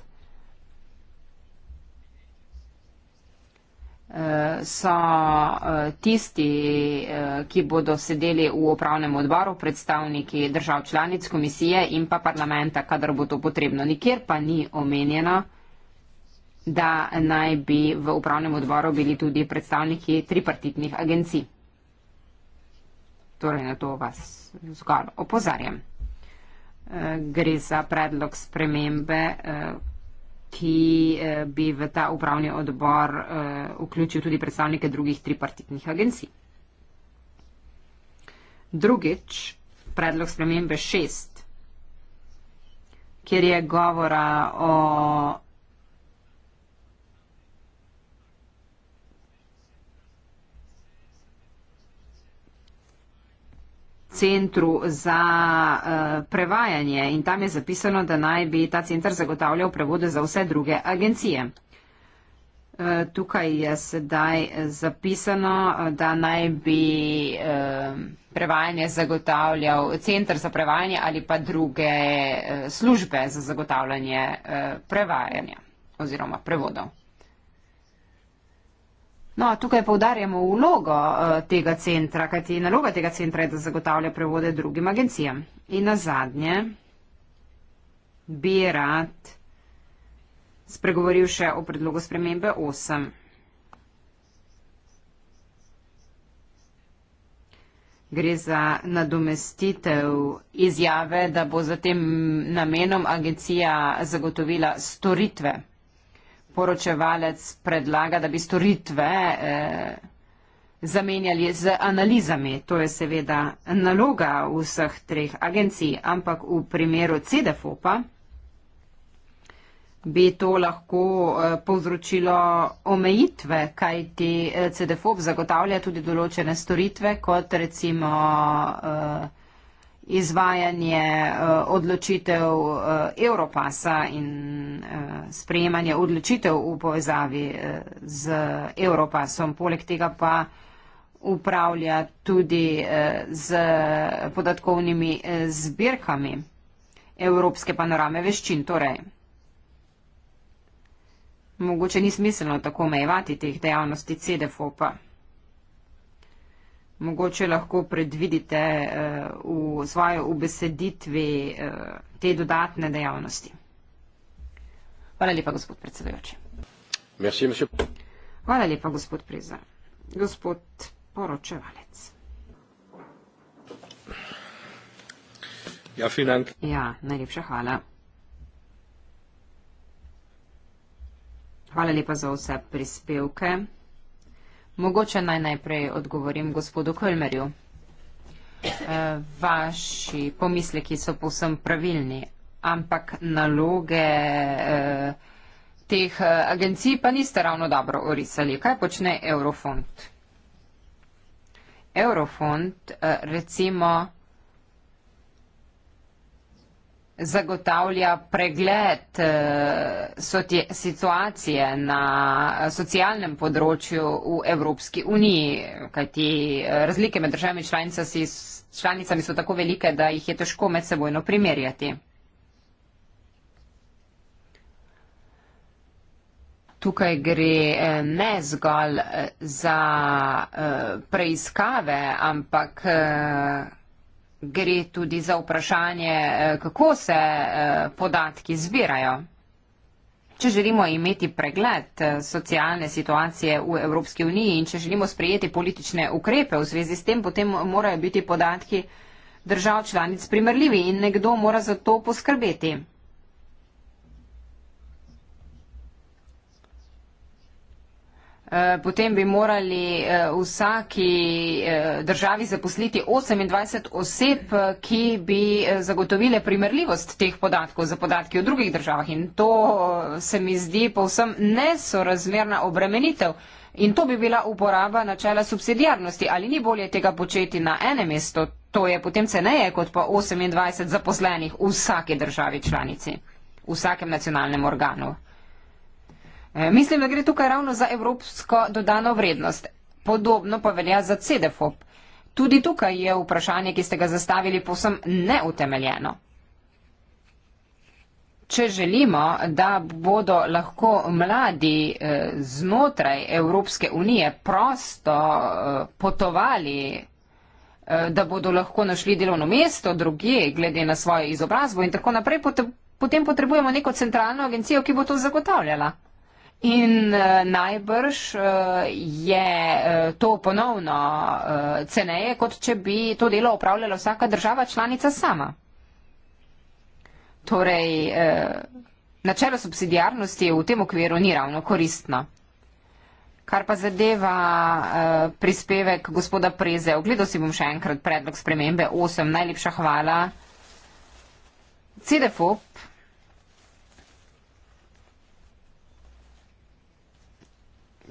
so eh, tisti, eh, ki bodo sedeli v upravnem odboru, predstavniki držav članic komisije in pa parlamenta, kadar bo to potrebno. Nikjer pa ni omenjeno, da naj bi v upravnem odboru bili tudi predstavniki tripartitnih agencij. Torej na to vas zgolj opozarjam. Eh, gre za predlog spremembe ki eh, bi v ta upravni odbor eh, vključil tudi predstavnike drugih tripartitnih agencij. Drugič, predlog spremembe šest, kjer je govora o centru za eh, prevajanje in tam je zapisano, da naj bi ta centr zagotavljal prevode za vse druge agencije. Eh, tukaj je sedaj zapisano, da naj bi eh, prevajanje zagotavljal centr za prevajanje ali pa druge službe za zagotavljanje prevajanja oziroma prevodov. No, tukaj povdarjamo vlogo eh, tega centra, kajti naloga tega centra je, da zagotavlja prevode drugim agencijam. In na zadnje bi rad spregovoril še o predlogu spremembe 8. Gre za nadomestitev izjave, da bo za tem namenom agencija zagotovila storitve poročevalec predlaga, da bi storitve eh, zamenjali z analizami. To je seveda naloga vseh treh agencij, ampak v primeru CDFOPA bi to lahko eh, povzročilo omejitve, kaj ti eh, CDFOP zagotavlja tudi določene storitve, kot recimo. Eh, izvajanje uh, odločitev uh, Europasa in uh, sprejemanje odločitev v povezavi uh, z Europasom. Poleg tega pa upravlja tudi uh, z podatkovnimi uh, zbirkami Evropske panorame veščin. Torej, mogoče ni smiselno tako omejevati teh dejavnosti CDFOP-a mogoče lahko predvidite eh, v svojo ubeseditvi eh, te dodatne dejavnosti. Hvala lepa, gospod predsedujoči. Merci, Hvala lepa, gospod Priza. Gospod poročevalec. Ja, ja, najlepša hvala. Hvala lepa za vse prispevke. Mogoče naj najprej odgovorim gospodu Kölmerju. E, vaši pomisleki so povsem pravilni, ampak naloge e, teh e, agencij pa niste ravno dobro orisali. Kaj počne Eurofond? Eurofond recimo zagotavlja pregled eh, situacije na socialnem področju v Evropski uniji, kajti eh, razlike med državami članicami so tako velike, da jih je težko med sebojno primerjati. Tukaj gre eh, ne zgolj za preiskave, ampak gre tudi za vprašanje, eh, kako se eh, podatki zbirajo. Če želimo imeti pregled eh, socialne situacije v Evropski uniji in če želimo sprejeti politične ukrepe v zvezi s tem, potem morajo biti podatki držav članic primerljivi in nekdo mora za to poskrbeti. Eh, potem bi morali eh, vsaki eh, državi zaposliti 28 oseb, ki bi zagotovile primerljivost teh podatkov za podatki v drugih državah. In to se mi zdi povsem nesorazmerna obremenitev. In to bi bila uporaba načela subsidijarnosti. Ali ni bolje tega početi na enem mestu? To je potem ceneje kot pa 28 zaposlenih v vsaki državi članici, v vsakem nacionalnem organu. Eh, mislim, da gre tukaj ravno za evropsko dodano vrednost. Podobno pa velja za CDFOP. Tudi tukaj je vprašanje, ki ste ga zastavili, posem neutemeljeno. Če želimo, da bodo lahko mladi eh, znotraj Evropske unije prosto eh, potovali, da bodo lahko našli delovno mesto druge, glede na svojo izobrazbo in tako naprej, potem potrebujemo neko centralno agencijo, ki bo to zagotavljala. In uh, najbrž uh, je uh, to ponovno uh, ceneje, kot če bi to delo opravljala vsaka država članica sama. Torej, uh, načelo subsidijarnosti v tem okviru ni ravno koristno. Kar pa zadeva uh, prispevek gospoda Preze, ogledal si bom še enkrat predlog spremembe 8. Najlepša hvala. CDFOP.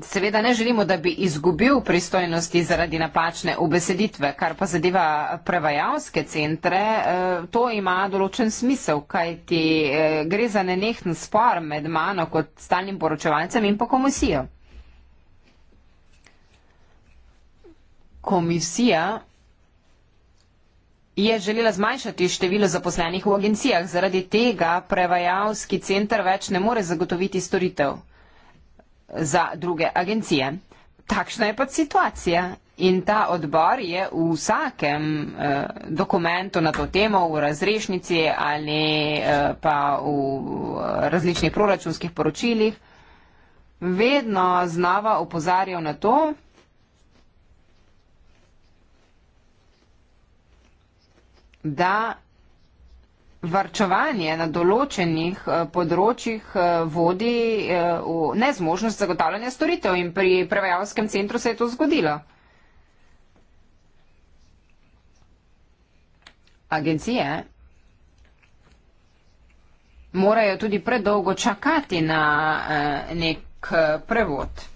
Seveda ne želimo, da bi izgubil pristojnosti zaradi napačne ubeseditve, kar pa zadeva prevajalske centre, eh, to ima določen smisel, kaj ti eh, gre za nenehen spor med mano kot stalnim poročevalcem in pa komisijo. Komisija je želela zmanjšati število zaposlenih v agencijah, zaradi tega prevajalski center več ne more zagotoviti storitev za druge agencije. Takšna je pač situacija in ta odbor je v vsakem eh, dokumentu na to temo, v razrešnici ali eh, pa v eh, različnih proračunskih poročilih, vedno znova upozarjal na to, da varčevanje na določenih eh, področjih eh, vodi eh, v nezmožnost zagotavljanja storitev in pri prevajalskem centru se je to zgodilo. Agencije morajo tudi predolgo čakati na nek prevod.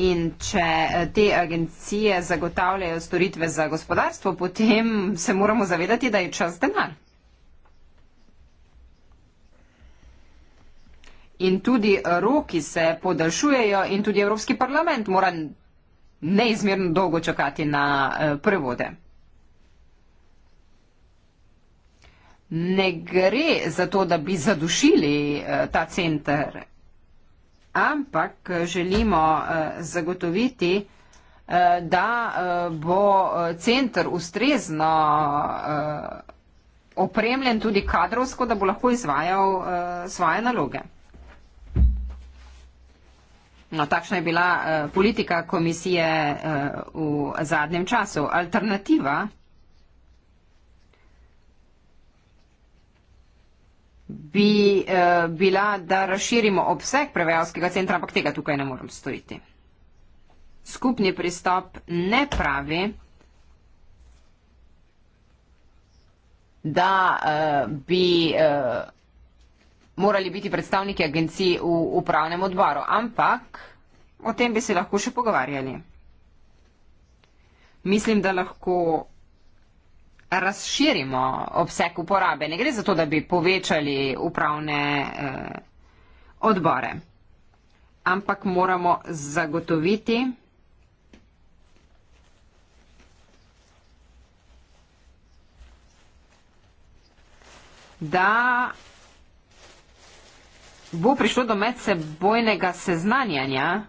In če eh, te agencije zagotavljajo storitve za gospodarstvo, potem se moramo zavedati, da je čas denar. In tudi roki se podaljšujejo in tudi Evropski parlament mora neizmerno dolgo čakati na eh, prevode. Ne gre za to, da bi zadušili eh, ta centr ampak eh, želimo eh, zagotoviti, eh, da bo centr ustrezno opremljen tudi kadrovsko, da bo lahko izvajal svoje naloge. No, takšna je bila politika komisije v zadnjem času. Alternativa bi eh, bila, da razširimo obseg prevajalskega centra, ampak tega tukaj ne morem storiti. Skupni pristop ne pravi, da eh, bi eh, morali biti predstavniki agencij v upravnem odboru, ampak o tem bi se lahko še pogovarjali. Mislim, da lahko razširimo obseg uporabe. Ne gre za to, da bi povečali upravne eh, odbore, ampak moramo zagotoviti, da bo prišlo do medsebojnega seznanjanja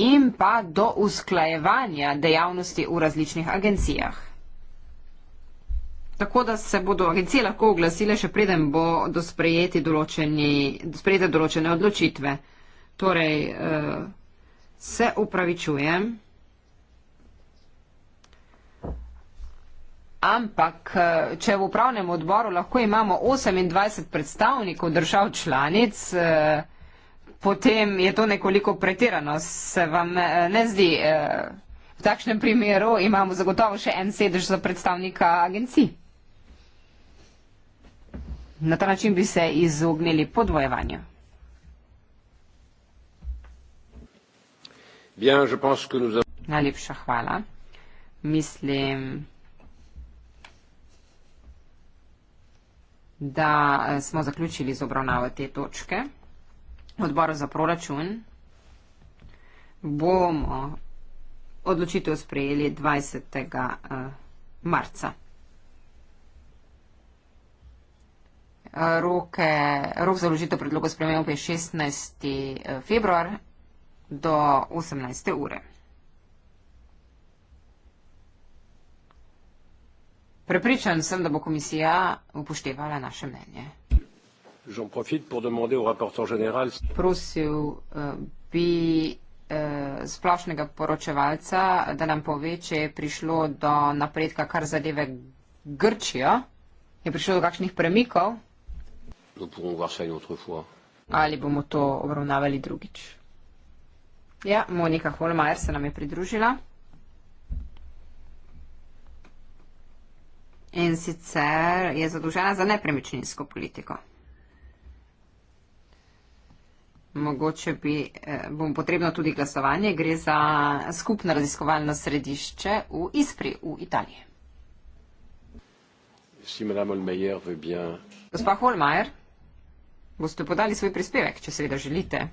in pa do usklajevanja dejavnosti v različnih agencijah. Tako da se bodo agencije lahko oglasile, še preden bo do sprejete določene odločitve. Torej, eh, se upravičujem, ampak eh, če v upravnem odboru lahko imamo 28 predstavnikov držav članic, ampak, eh, potem je to nekoliko pretirano. Se vam eh, ne zdi? Eh, v takšnem primeru imamo zagotovo še en sedež za predstavnika agencij. Na ta način bi se izognili podvojevanju. Najlepša hvala. Mislim, da eh, smo zaključili z obravnavo te točke odboru za proračun bomo odločitev sprejeli 20. Eh, marca. Roke, rok za vložitev predloga sprememb je 16. Eh, februar do 18. ure. Prepričan sem, da bo komisija upoštevala naše mnenje. J'en profite pour demander au rapporteur général. Prosil eh, bi eh, splošnega poročevalca, da nam pove, če je prišlo do napredka, kar zadeve Grčijo. Je prišlo do kakšnih premikov? Ali bomo to obravnavali drugič? Ja, Monika Holmajer se nam je pridružila. In sicer je zadolžena za nepremičninsko politiko mogoče bi, eh, bom potrebno tudi glasovanje, gre za skupno raziskovalno središče v Ispri v Italiji. Si, Olmeier, bien... Gospa Holmajer, boste podali svoj prispevek, če seveda želite.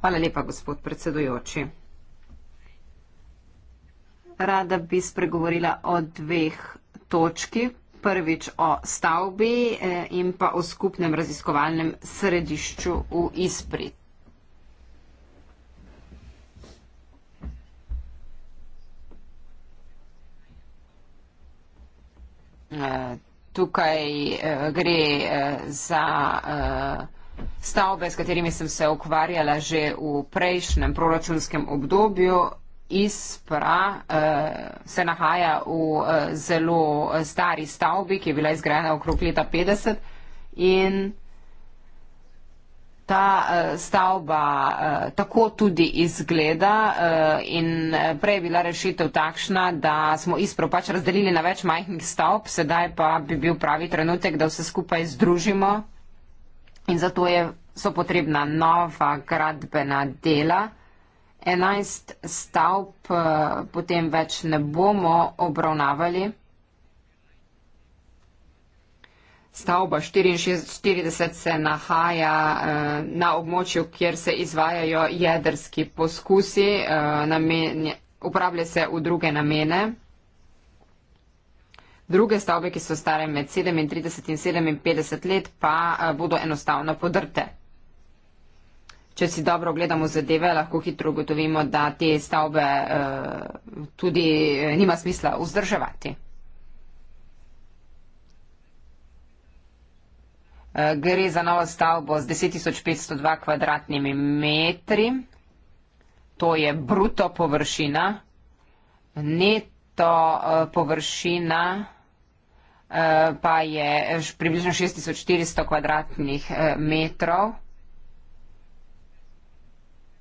Hvala lepa, gospod predsedujoči. Rada bi spregovorila o dveh točki, prvič o stavbi eh, in pa o skupnem raziskovalnem središču v Ispri. Eh, tukaj eh, gre za stavbe, s katerimi sem se ukvarjala že v prejšnjem proračunskem obdobju. Ispra eh, se nahaja v eh, zelo eh, stari stavbi, ki je bila izgrajena okrog leta 50 in ta stavba tako tudi izgleda in prej je bila rešitev takšna, da smo Ispro pač razdelili na več majhnih stavb, sedaj pa bi bil pravi trenutek, da vse skupaj združimo in zato so potrebna nova gradbena dela. 11 stavb eh, potem več ne bomo obravnavali. Stavba 44 se nahaja eh, na območju, kjer se izvajajo jedrski poskusi, eh, uporablja se v druge namene. Druge stavbe, ki so stare med 37 in 57 let, pa bodo enostavno podrte. Če si dobro ogledamo zadeve, lahko hitro ugotovimo, da te stavbe uh, tudi uh, nima smisla vzdrževati. Uh, gre za novo stavbo z 10.502 kvadratnimi metri. To je bruto površina. Neto uh, površina uh, pa je približno 6.400 kvadratnih uh, metrov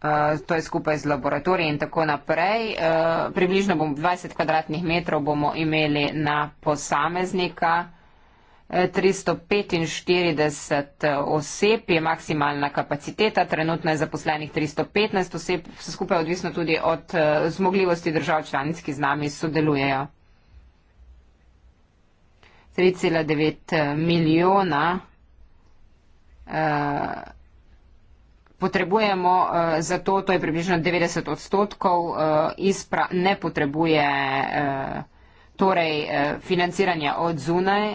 uh, to je skupaj z laboratoriji in tako naprej. Uh, približno bom 20 kvadratnih metrov bomo imeli na posameznika. 345 eh, oseb je maksimalna kapaciteta, trenutno je zaposlenih 315 oseb, vse skupaj odvisno tudi od zmogljivosti držav članic, ki z nami sodelujejo. 3,9 milijona. Uh, potrebujemo uh, za to, to je približno 90 odstotkov, uh, eh, izpra, ne potrebuje uh, torej, uh, financiranja od zunaj.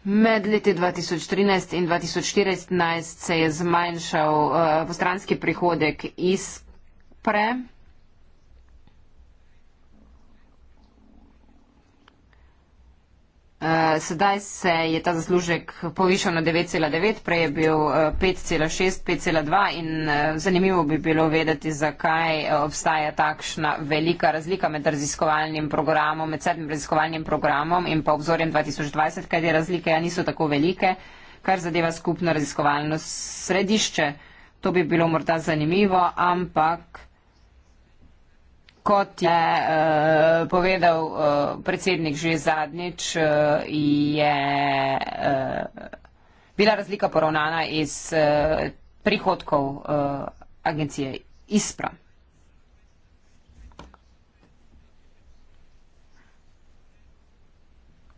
Med leti 2013 in 2014 se je zmanjšal uh, postranski prihodek iz pre. Uh, Eh, sedaj se je ta zaslužek povišal na 9,9, prej je bil 5,6, eh, 5,2 in eh, zanimivo bi bilo vedeti, zakaj obstaja takšna velika razlika med raziskovalnim programom, med sedmim raziskovalnim programom in pa obzorjem 2020, kaj te razlike niso tako velike, kar zadeva skupno raziskovalno središče. To bi bilo morda zanimivo, ampak kot je uh, povedal uh, predsednik že zadnjič, uh, je uh, bila razlika poravnana iz uh, prihodkov uh, agencije ISPRA.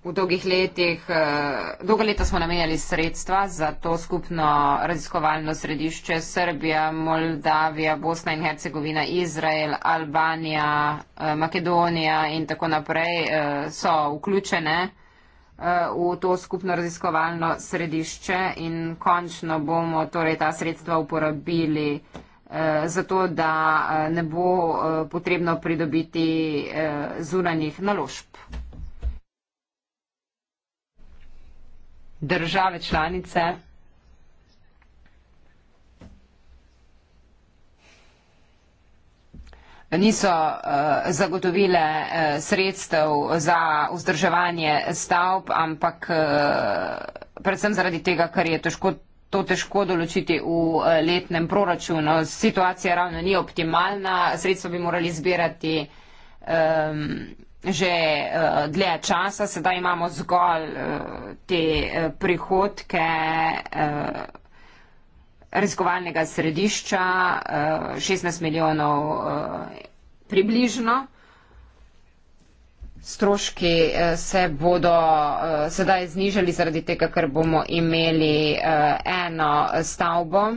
v dolgih letih, eh, dolga leta smo namenjali sredstva za to skupno raziskovalno središče Srbija, Moldavija, Bosna in Hercegovina, Izrael, Albanija, eh, Makedonija in tako naprej eh, so vključene v to skupno raziskovalno središče in končno bomo torej ta sredstva uporabili zato, da ne bo potrebno pridobiti zunanjih naložb. države članice. Niso uh, zagotovile uh, sredstev za vzdrževanje stavb, ampak uh, predvsem zaradi tega, ker je težko, to težko določiti v uh, letnem proračunu. Situacija ravno ni optimalna, sredstva bi morali zbirati. Um, že uh, dlje časa, sedaj imamo zgolj uh, te uh, prihodke uh, raziskovalnega središča, uh, 16 milijonov uh, približno. Stroški se bodo sedaj znižali zaradi tega, ker bomo imeli eno stavbo,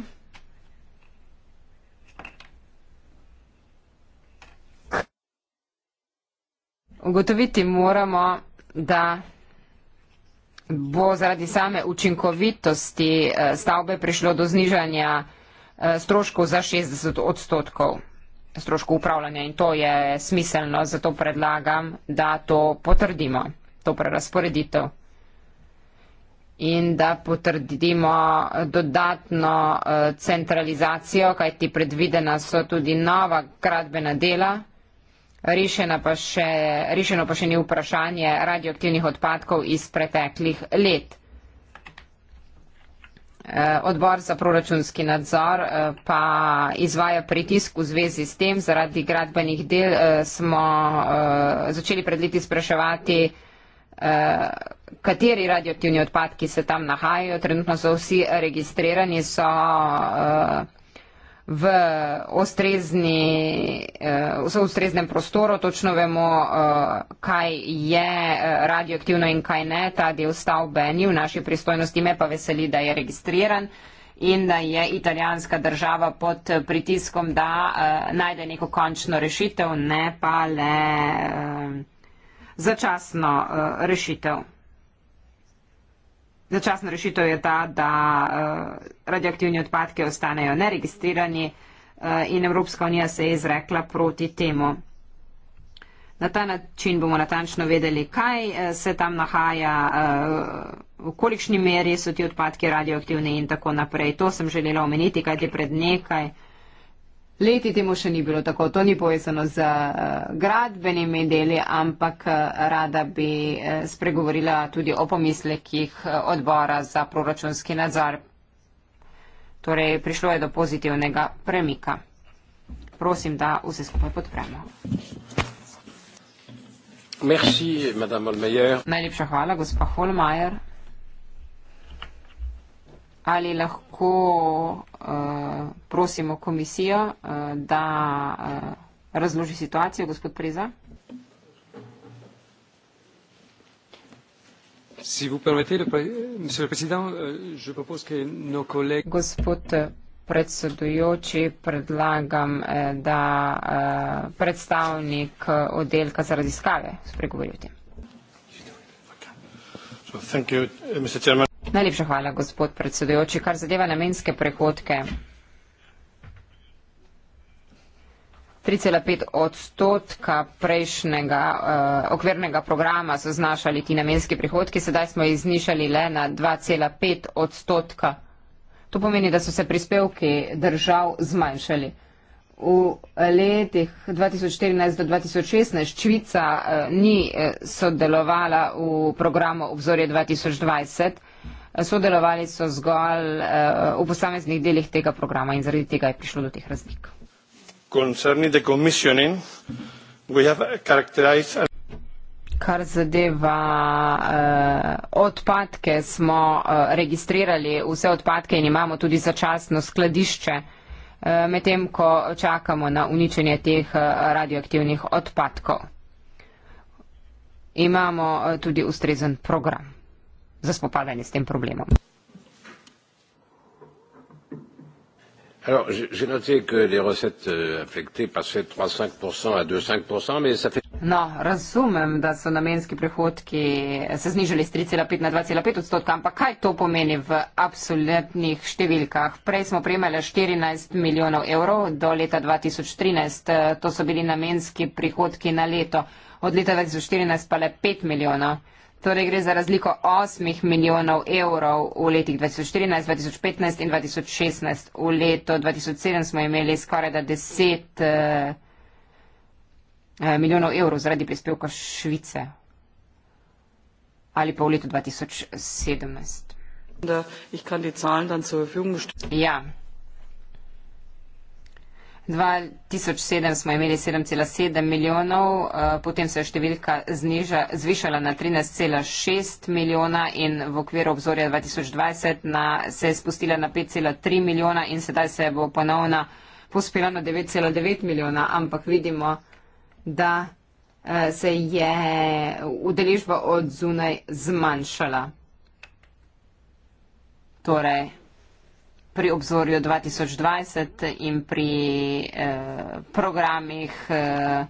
Ugotoviti moramo, da bo zaradi same učinkovitosti eh, stavbe prišlo do znižanja eh, stroškov za 60 odstotkov stroškov upravljanja in to je smiselno, zato predlagam, da to potrdimo, to prerasporeditev in da potrdimo eh, dodatno centralizacijo, kajti predvidena so tudi nova gradbena dela. Rešena pa še, rešeno pa še ni vprašanje radioaktivnih odpadkov iz preteklih let. Eh, odbor za proračunski nadzor eh, pa izvaja pritisk v zvezi s tem. Zaradi gradbenih del eh, smo začeli pred leti spraševati, kateri radioaktivni odpadki se tam nahajajo. Trenutno so vsi registrirani, so v, ustrezni, eh, v ustreznem prostoru, točno vemo, eh, kaj je eh, radioaktivno in kaj ne. Ta del stavbe ni v naši pristojnosti, me pa veseli, da je registriran in da je italijanska država pod pritiskom, da najde neko končno rešitev, ne pa le začasno rešitev. Začasna rešitev je ta, da eh, radioaktivni odpadki ostanejo neregistrirani eh, in Evropska unija se je izrekla proti temu. Na ta način bomo natančno vedeli, kaj eh, se tam nahaja, v kolikšni meri so ti odpadki radioaktivni in tako naprej. To sem želela omeniti, kajti pred nekaj. Leti temu še ni bilo tako, to ni povezano z eh, gradbenimi deli, ampak eh, rada bi eh, spregovorila tudi o pomislekih odbora za proračunski nadzor. Torej, prišlo je do pozitivnega premika. Prosim, da vse skupaj podpremo. Merci, Najlepša hvala, gospa Holmajer ali lahko uh, prosimo komisijo, uh, da uh, razloži situacijo, gospod Preza. Euh, gospod predsedujoči, predlagam, da predstavnik oddelka za raziskave spregovori o tem. Najlepša hvala, gospod predsedujoči. Kar zadeva namenske prehodke, 3,5 odstotka prejšnjega uh, okvirnega programa so znašali ti namenski prihodki, sedaj smo jih znišali le na 2,5 odstotka. To pomeni, da so se prispevki držav zmanjšali. V letih 2014 do 2016 Švica uh, ni eh, sodelovala v programu obzorje 2020 sodelovali so zgolj eh, v posameznih delih tega programa in zaradi tega je prišlo do teh razlik. Kar zadeva eh, odpadke, smo eh, registrirali vse odpadke in imamo tudi začasno skladišče, eh, medtem ko čakamo na uničenje teh eh, radioaktivnih odpadkov. Imamo eh, tudi ustrezen program za spopadanje s tem problemom? Alors, j'ai noté que les recettes euh, affectées passaient de 3,5% à 2,5%, mais ça fait... No, razumem, da so namenski prihodki eh, se znižali z 3,5 na 2,5 odstotka, ampak kaj to pomeni v absolutnih številkah? Prej smo prejemali 14 milijonov evrov do leta 2013, eh, to so bili namenski prihodki na leto, od leta 2014 pa le 5 milijonov. Torej gre za razliko 8 milijonov evrov v letih 2014, 2015 in 2016. V letu 2007 smo imeli skoraj da 10 eh, eh, milijonov evrov zaradi prispevka Švice ali pa v letu 2017. Da, ja. 2007 smo imeli 7,7 milijonov, eh, potem se je številka zniža, zvišala na 13,6 milijona in v okviru obzorja 2020 na, se je spustila na 5,3 milijona in sedaj se bo ponovno pospela na 9,9 milijona, ampak vidimo, da eh, se je udeležba od zunaj zmanjšala. Torej, pri obzorju 2020 in pri eh, programih eh,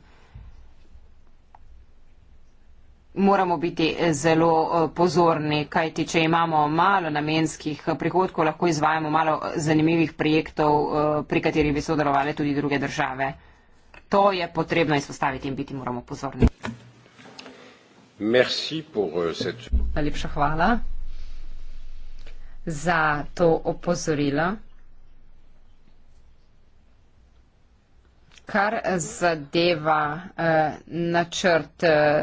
moramo biti eh, zelo eh, pozorni, kajti če imamo malo namenskih eh, prihodkov, lahko izvajamo malo eh, zanimivih projektov, eh, pri katerih bi sodelovali tudi druge države. To je potrebno izpostaviti in biti moramo pozorni. Najlepša hvala za to opozorilo. Kar zadeva eh, načrt, eh,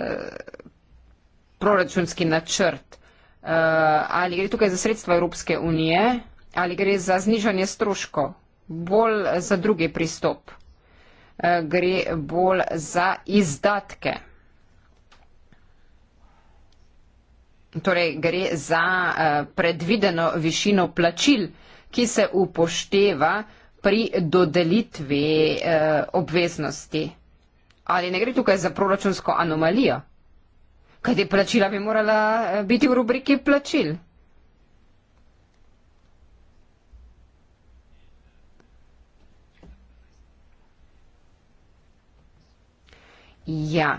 proračunski načrt, eh, ali gre tukaj za sredstva Evropske unije, ali gre za znižanje stroškov, bolj za drugi pristop, eh, gre bolj za izdatke. Torej, gre za eh, predvideno višino plačil, ki se upošteva pri dodelitvi eh, obveznosti. Ali ne gre tukaj za proračunsko anomalijo? Kaj te plačila bi morala eh, biti v rubriki plačil? Ja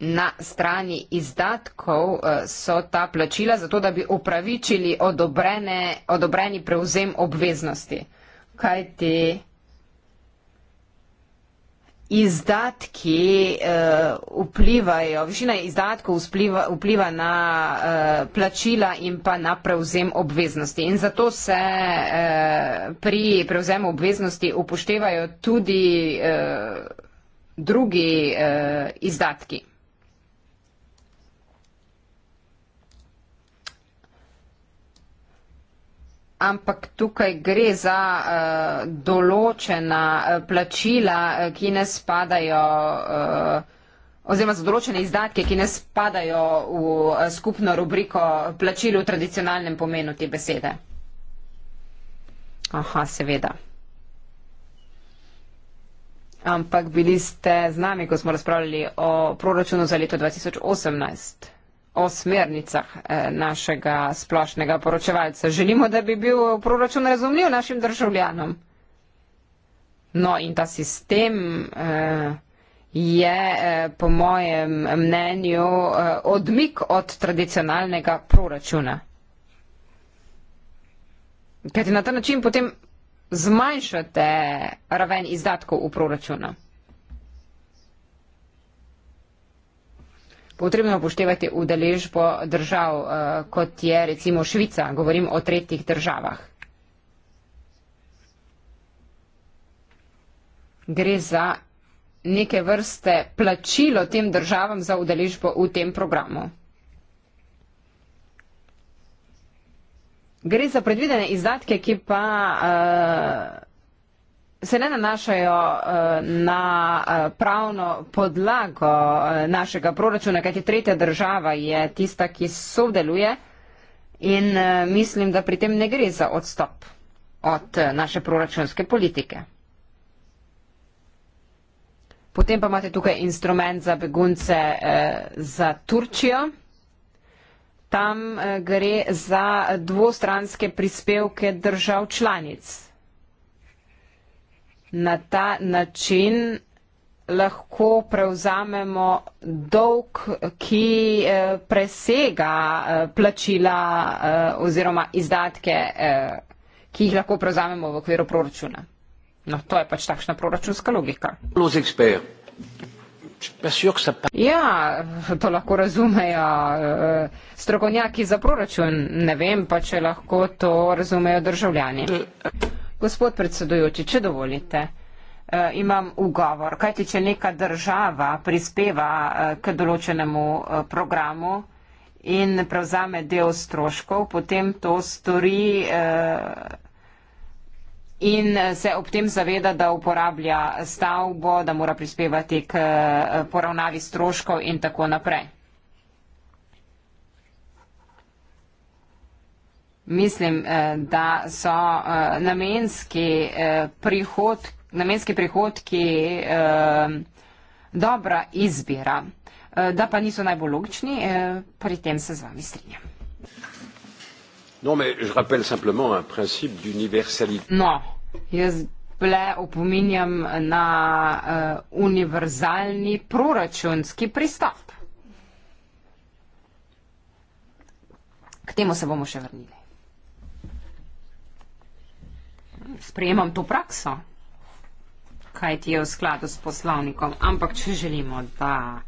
na strani izdatkov eh, so ta plačila, zato da bi upravičili odobreni prevzem obveznosti. Kaj ti izdatki uh, vplivajo, višina izdatkov vpliva, vpliva na uh, plačila in pa na prevzem obveznosti. In zato se uh, pri prevzemu obveznosti upoštevajo tudi uh, drugi uh, izdatki. Ampak tukaj gre za uh, določena uh, plačila, eh, ki ne spadajo, uh, oziroma za določene izdatke, ki ne spadajo v uh, skupno rubriko plačil v tradicionalnem pomenu te besede. Aha, seveda. Ampak bili ste z nami, ko smo razpravljali o proračunu za leto 2018 o smernicah eh, našega splošnega poročevalca. Želimo, da bi bil proračun razumljiv našim državljanom. No in ta sistem eh, je eh, po mojem mnenju odmik od tradicionalnega proračuna. Ker na ta način potem zmanjšate raven izdatkov v proračunu. potrebno upoštevati udeležbo držav, eh, kot je recimo Švica, govorim o tretjih državah. Gre za neke vrste plačilo tem državam za udeležbo v tem programu. Gre za predvidene izdatke, ki pa. Uh, se ne nanašajo eh, na eh, pravno podlago eh, našega proračuna, kajti tretja država je tista, ki sodeluje in mislim, da pri tem ne gre za odstop od naše proračunske politike. Potem pa imate tukaj instrument za begunce eh, za Turčijo. Tam eh, gre za dvostranske prispevke držav članic na ta način lahko prevzamemo dolg, ki eh, presega eh, plačila eh, oziroma izdatke, ki jih lahko prevzamemo v okviru proračuna. No, to je pač takšna proračunska logika. Ja, to lahko razumejo strokovnjaki za proračun. Ne vem pa, če lahko to razumejo državljani. Gospod predsedujoči, če dovolite, eh, imam ugovor. Kaj ti, če neka država prispeva eh, k določenemu eh, programu in prevzame del stroškov, potem to stori in se ob tem zaveda, da uporablja stavbo, da mora prispevati k poravnavi stroškov in tako naprej. mislim, eh, da so eh, namenski, eh, prihod, namenski prihodki dobra izbira, da pa niso najbolj logični, pri tem se z vami strinjam. No, jaz le opominjam na uh, univerzalni proračunski pristop. K temu se bomo še vrnili. sprejemam to prakso, kaj ti je v skladu s poslovnikom. Ampak, če želimo, da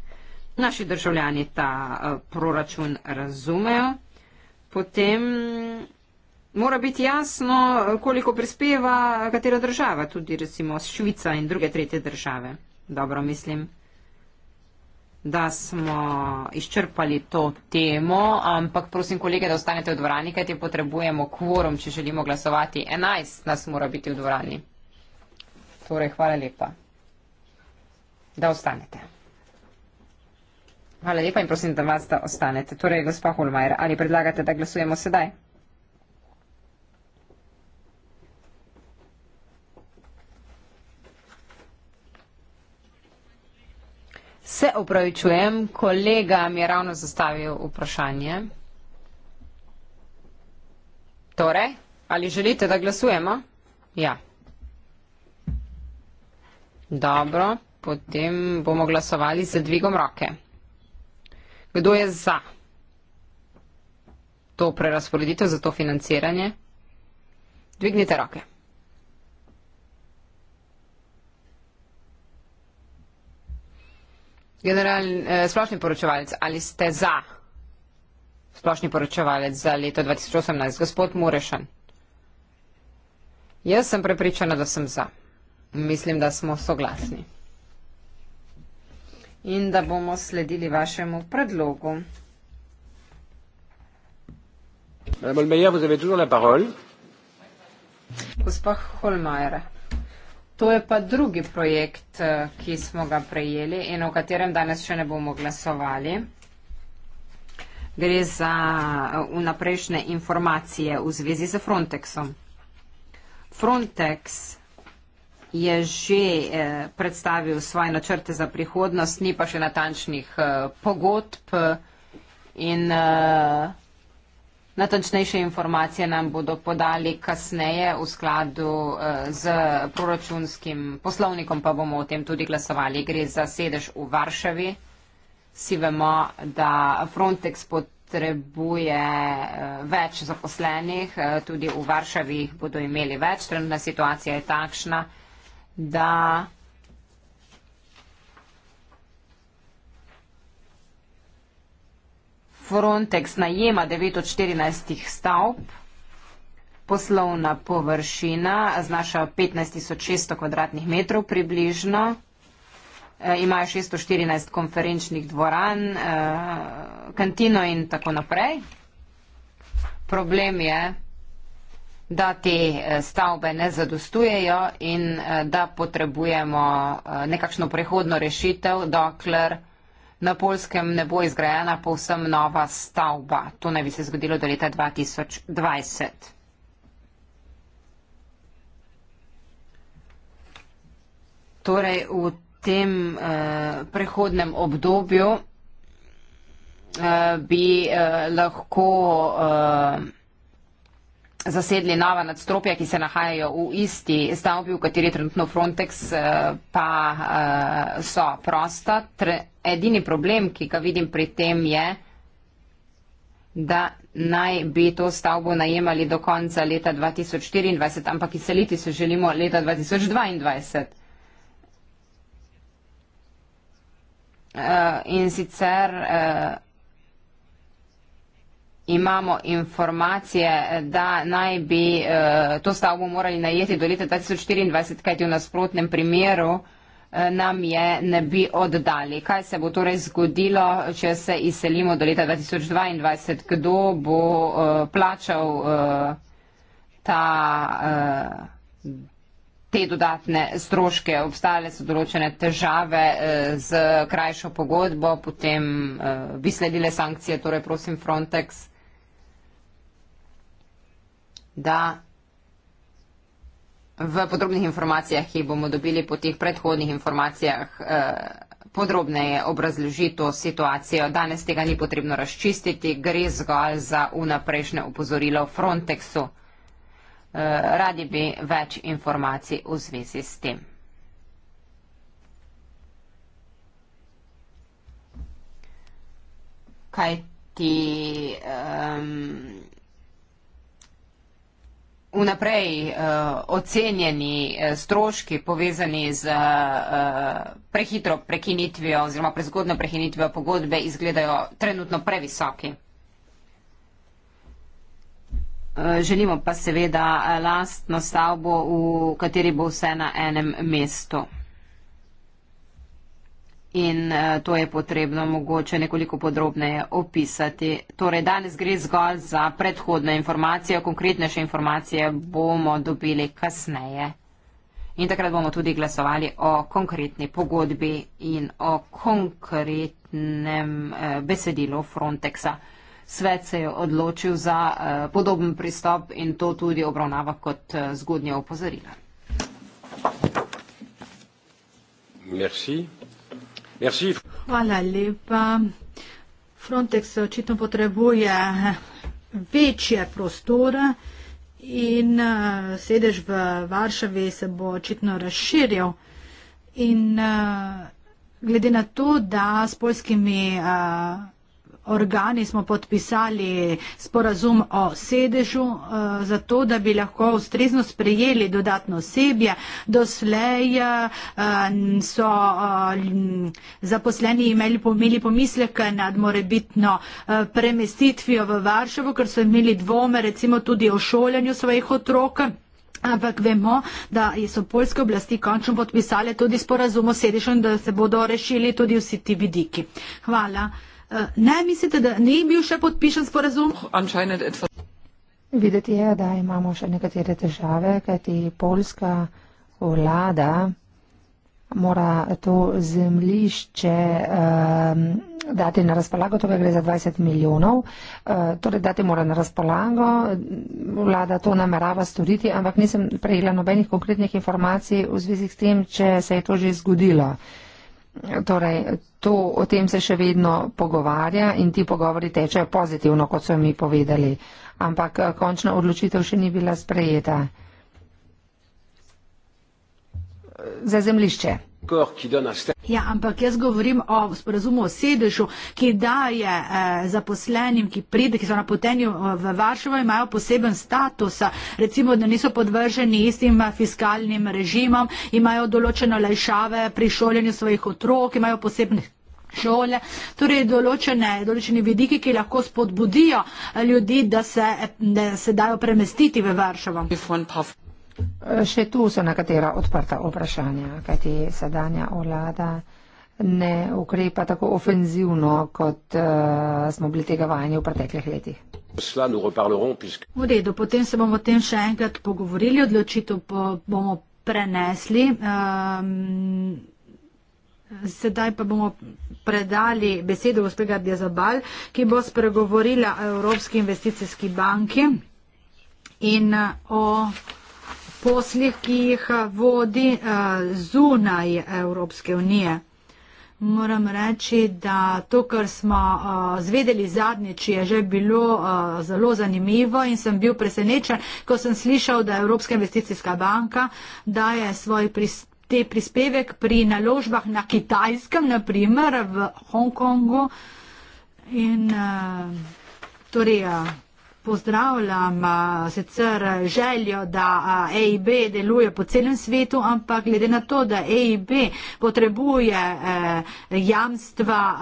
naši državljani ta eh, proračun razumejo, potem mora biti jasno, eh, koliko prispeva katera država, tudi recimo Švica in druge tretje države. Dobro, mislim da smo izčrpali to temo, ampak prosim kolege, da ostanete v dvorani, kajti potrebujemo kvorum, če želimo glasovati. 11 nas mora biti v dvorani. Torej, hvala lepa, da ostanete. Hvala lepa in prosim, da vas da ostanete. Torej, gospa Holmajer, ali predlagate, da glasujemo sedaj? Se opravičujem, kolega mi je ravno zastavil vprašanje. Torej, ali želite, da glasujemo? Ja. Dobro, potem bomo glasovali z dvigom roke. Kdo je za to prerasporeditev, za to financiranje? Dvignite roke. Generalni, eh, splošni poročevalec, ali ste za splošni poročevalec za leto 2018, gospod Murešan? Jaz sem prepričana, da sem za. Mislim, da smo soglasni. In da bomo sledili vašemu predlogu. Gospa Holmajer, To je pa drugi projekt, eh, ki smo ga prejeli in o katerem danes še ne bomo glasovali. Gre za eh, vnaprejšnje informacije v zvezi z Frontexom. Frontex je že eh, predstavil svoje načrte za prihodnost, ni pa še natančnih pogodb in Natančnejše informacije nam bodo podali kasneje v skladu eh, z proračunskim poslovnikom, pa bomo o tem tudi glasovali. Gre za sedež v Varšavi. Si vemo, da Frontex potrebuje eh, več zaposlenih, eh, tudi v Varšavi bodo imeli več. Trenutna situacija je takšna, da. Frontex najema 9 od 14 stavb, poslovna površina znaša 15.600 kvadratnih metrov približno, e, imajo 614 konferenčnih dvoran, e, kantino in tako naprej. Problem je, da te e, stavbe ne zadostujejo in da potrebujemo nekakšno prehodno rešitev, dokler Na polskem ne bo izgrajena povsem nova stavba. To naj bi se zgodilo do leta 2020. Torej v tem eh, prehodnem obdobju eh, bi eh, lahko eh, zasedli nova nadstropja, ki se nahajajo v isti stavbi, v kateri je trenutno Frontex, eh, pa eh, so prosta. Edini problem, ki ga vidim pri tem, je, da naj bi to stavbo najemali do konca leta 2024, ampak izseliti se želimo leta 2022. Eh, in sicer imamo informacije, da naj bi uh, to stavbo morali najeti do leta 2024, kajti v nasprotnem primeru uh, nam je ne bi oddali. Kaj se bo torej zgodilo, če se izselimo do leta 2022? Kdo bo uh, plačal uh, ta, uh, te dodatne stroške? Obstajale so določene težave uh, z krajšo pogodbo, potem uh, bi sledile sankcije, torej prosim Frontex da v podrobnih informacijah, ki jih bomo dobili po teh predhodnih informacijah, eh, podrobneje obrazloži to situacijo. Danes tega ni potrebno razčistiti, gre zgolj za unaprejšnje upozorilo Frontexu. Eh, radi bi več informacij v zvezi s tem. Kaj ti um, vnaprej uh, ocenjeni eh, stroški povezani z uh, prehitro prekinitvijo oziroma prezgodno prekinitvijo pogodbe izgledajo trenutno previsoki. Želimo pa seveda lastno stavbo, v kateri bo vse na enem mestu in eh, to je potrebno mogoče nekoliko podrobneje opisati. Torej, danes gre zgolj za predhodne informacije, konkretnejše informacije bomo dobili kasneje. In takrat bomo tudi glasovali o konkretni pogodbi in o konkretnem eh, besedilu Frontexa. Svet se je odločil za eh, podoben pristop in to tudi obravnava kot zgodnje opozorila. Merci. Merci. Hvala lepa. Frontex očitno potrebuje večje prostore in eh, sedež v Varšavi se bo očitno razširil. In eh, glede na to, da s polskimi. Uh, eh, organi smo podpisali sporazum o sedežu, eh, zato da bi lahko ustrezno sprejeli dodatno osebje. Doslej eh, so eh, zaposleni imeli pomisleke nad morebitno premestitvijo v Varšavo, ker so imeli dvome recimo tudi o šolanju svojih otrok. Ampak vemo, da so polske oblasti končno podpisale tudi sporazum o sedišu in da se bodo rešili tudi vsi ti vidiki. Hvala. Eh, ne mislite, da ni bil še podpišen sporazum? Videti je, da imamo še nekatere težave, kajti polska vlada mora to zemlišče um, ehm, dati na razpolago, to torej gre za 20 milijonov, uh, torej dati mora na razpolago, vlada to namerava storiti, ampak nisem prejela nobenih konkretnih informacij v zvezi s tem, če se je to že zgodilo. Uh, Torej, to, o tem se še vedno pogovarja in ti pogovori tečejo pozitivno, kot so mi povedali, ampak eh, končna odločitev še ni bila sprejeta. Za zemlišče. Ja, ampak jaz govorim o sporazumu o sedežu, ki daje eh, zaposlenim, ki pride, ki so na potenju v Varšavo, imajo poseben status, recimo, da niso podvrženi istim eh, fiskalnim režimom, imajo določene lajšave pri šoljenju svojih otrok, imajo posebne šole, torej določene, določene vidiki, ki lahko spodbudijo eh, ljudi, da se, da se dajo premestiti v Varšavo. Eh, še tu so nekatera odprta vprašanja, kajti sedanja vlada ne ukrepa tako ofenzivno, kot uh, smo bili tega vajeni v preteklih letih. V redu, potem se bomo o tem še enkrat pogovorili, odločitev po, bomo prenesli. Um, sedaj pa bomo predali besedo gospega Diazabal, ki bo spregovorila Evropski investicijski banki in uh, o poslih, ki jih vodi eh, zunaj Evropske unije. Moram reči, da to, kar smo eh, zvedeli zadnjič, je že bilo eh, zelo zanimivo in sem bil presenečen, ko sem slišal, da Evropska investicijska banka daje svoj pristop. Te prispevek pri naložbah na kitajskem, naprimer v Hongkongu in uh, torej. Uh, pozdravljam sicer željo, da EIB deluje po celem svetu, ampak glede na to, da EIB potrebuje e, jamstva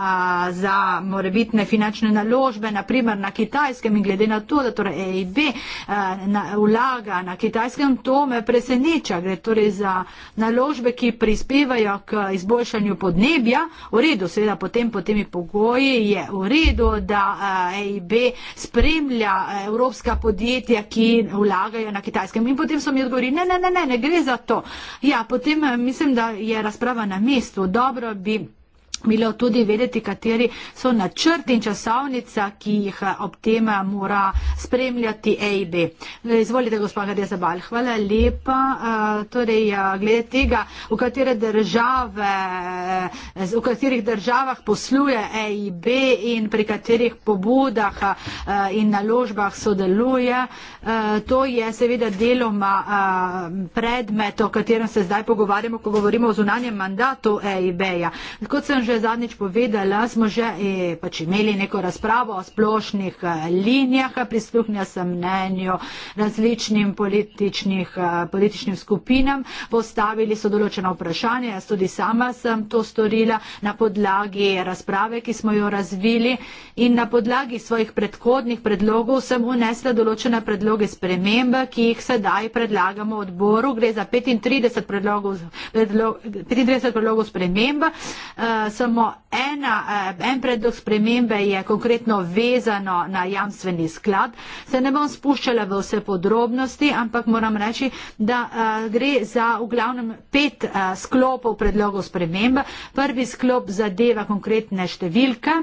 za morebitne finančne naložbe, naprimer na kitajskem in glede na to, da torej EIB e, vlaga na kitajskem, to me preseneča. Gre torej za naložbe, ki prispevajo k izboljšanju podnebja. V redu, seveda potem po temi pogoji je v redu, da EIB spremlja evropska podjetja, ki vlagajo na kitajskem. In potem so mi odgovorili, ne, ne, ne, ne, ne gre za to. Ja, potem mislim, da je razprava na mestu. Dobro bi bilo tudi vedeti, kateri so načrti in časovnica, ki jih ob tem mora spremljati AIB. Izvolite, gospod Hadeza Bal, hvala lepa. Torej, glede tega, v, države, v katerih državah posluje AIB in pri katerih pobudah in naložbah sodeluje, to je seveda deloma predmet, o katerem se zdaj pogovarjamo, ko govorimo o zunanjem mandatu AIB-ja že zadnjič povedala, smo že eh, pač imeli neko razpravo o splošnih eh, linijah, prisluhnja sem mnenju različnim eh, političnim skupinam, postavili so določena vprašanja, jaz tudi sama sem to storila na podlagi razprave, ki smo jo razvili in na podlagi svojih predhodnih predlogov sem unesla določene predloge spremembe, ki jih sedaj predlagamo odboru. Gre za 35 predlogov, predlo, 35 predlogov spremembe. Eh, samo ena, eh, en predlog spremembe je konkretno vezano na jamstveni sklad. Se ne bom spuščala v vse podrobnosti, ampak moram reči, da eh, gre za v glavnem pet eh, sklopov predlogov spremembe. Prvi sklop zadeva konkretne številke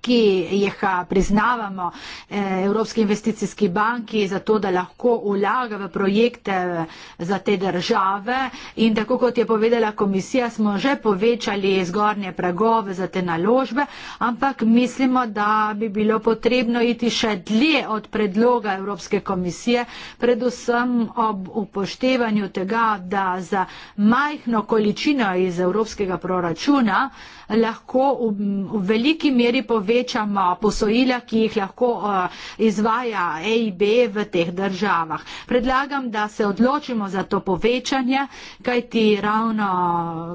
ki jih priznavamo e, Evropski investicijski banki za to, da lahko vlaga v projekte e, za te države. In tako kot je povedala komisija, smo že povečali zgornje pragove za te naložbe, ampak mislimo, da bi bilo potrebno iti še dlje od predloga Evropske komisije, predvsem ob upoštevanju tega, da za majhno količino iz evropskega proračuna lahko v, v veliki meri povečamo posojila, ki jih lahko uh, izvaja EIB v teh državah. Predlagam, da se odločimo za to povečanje, kajti ravno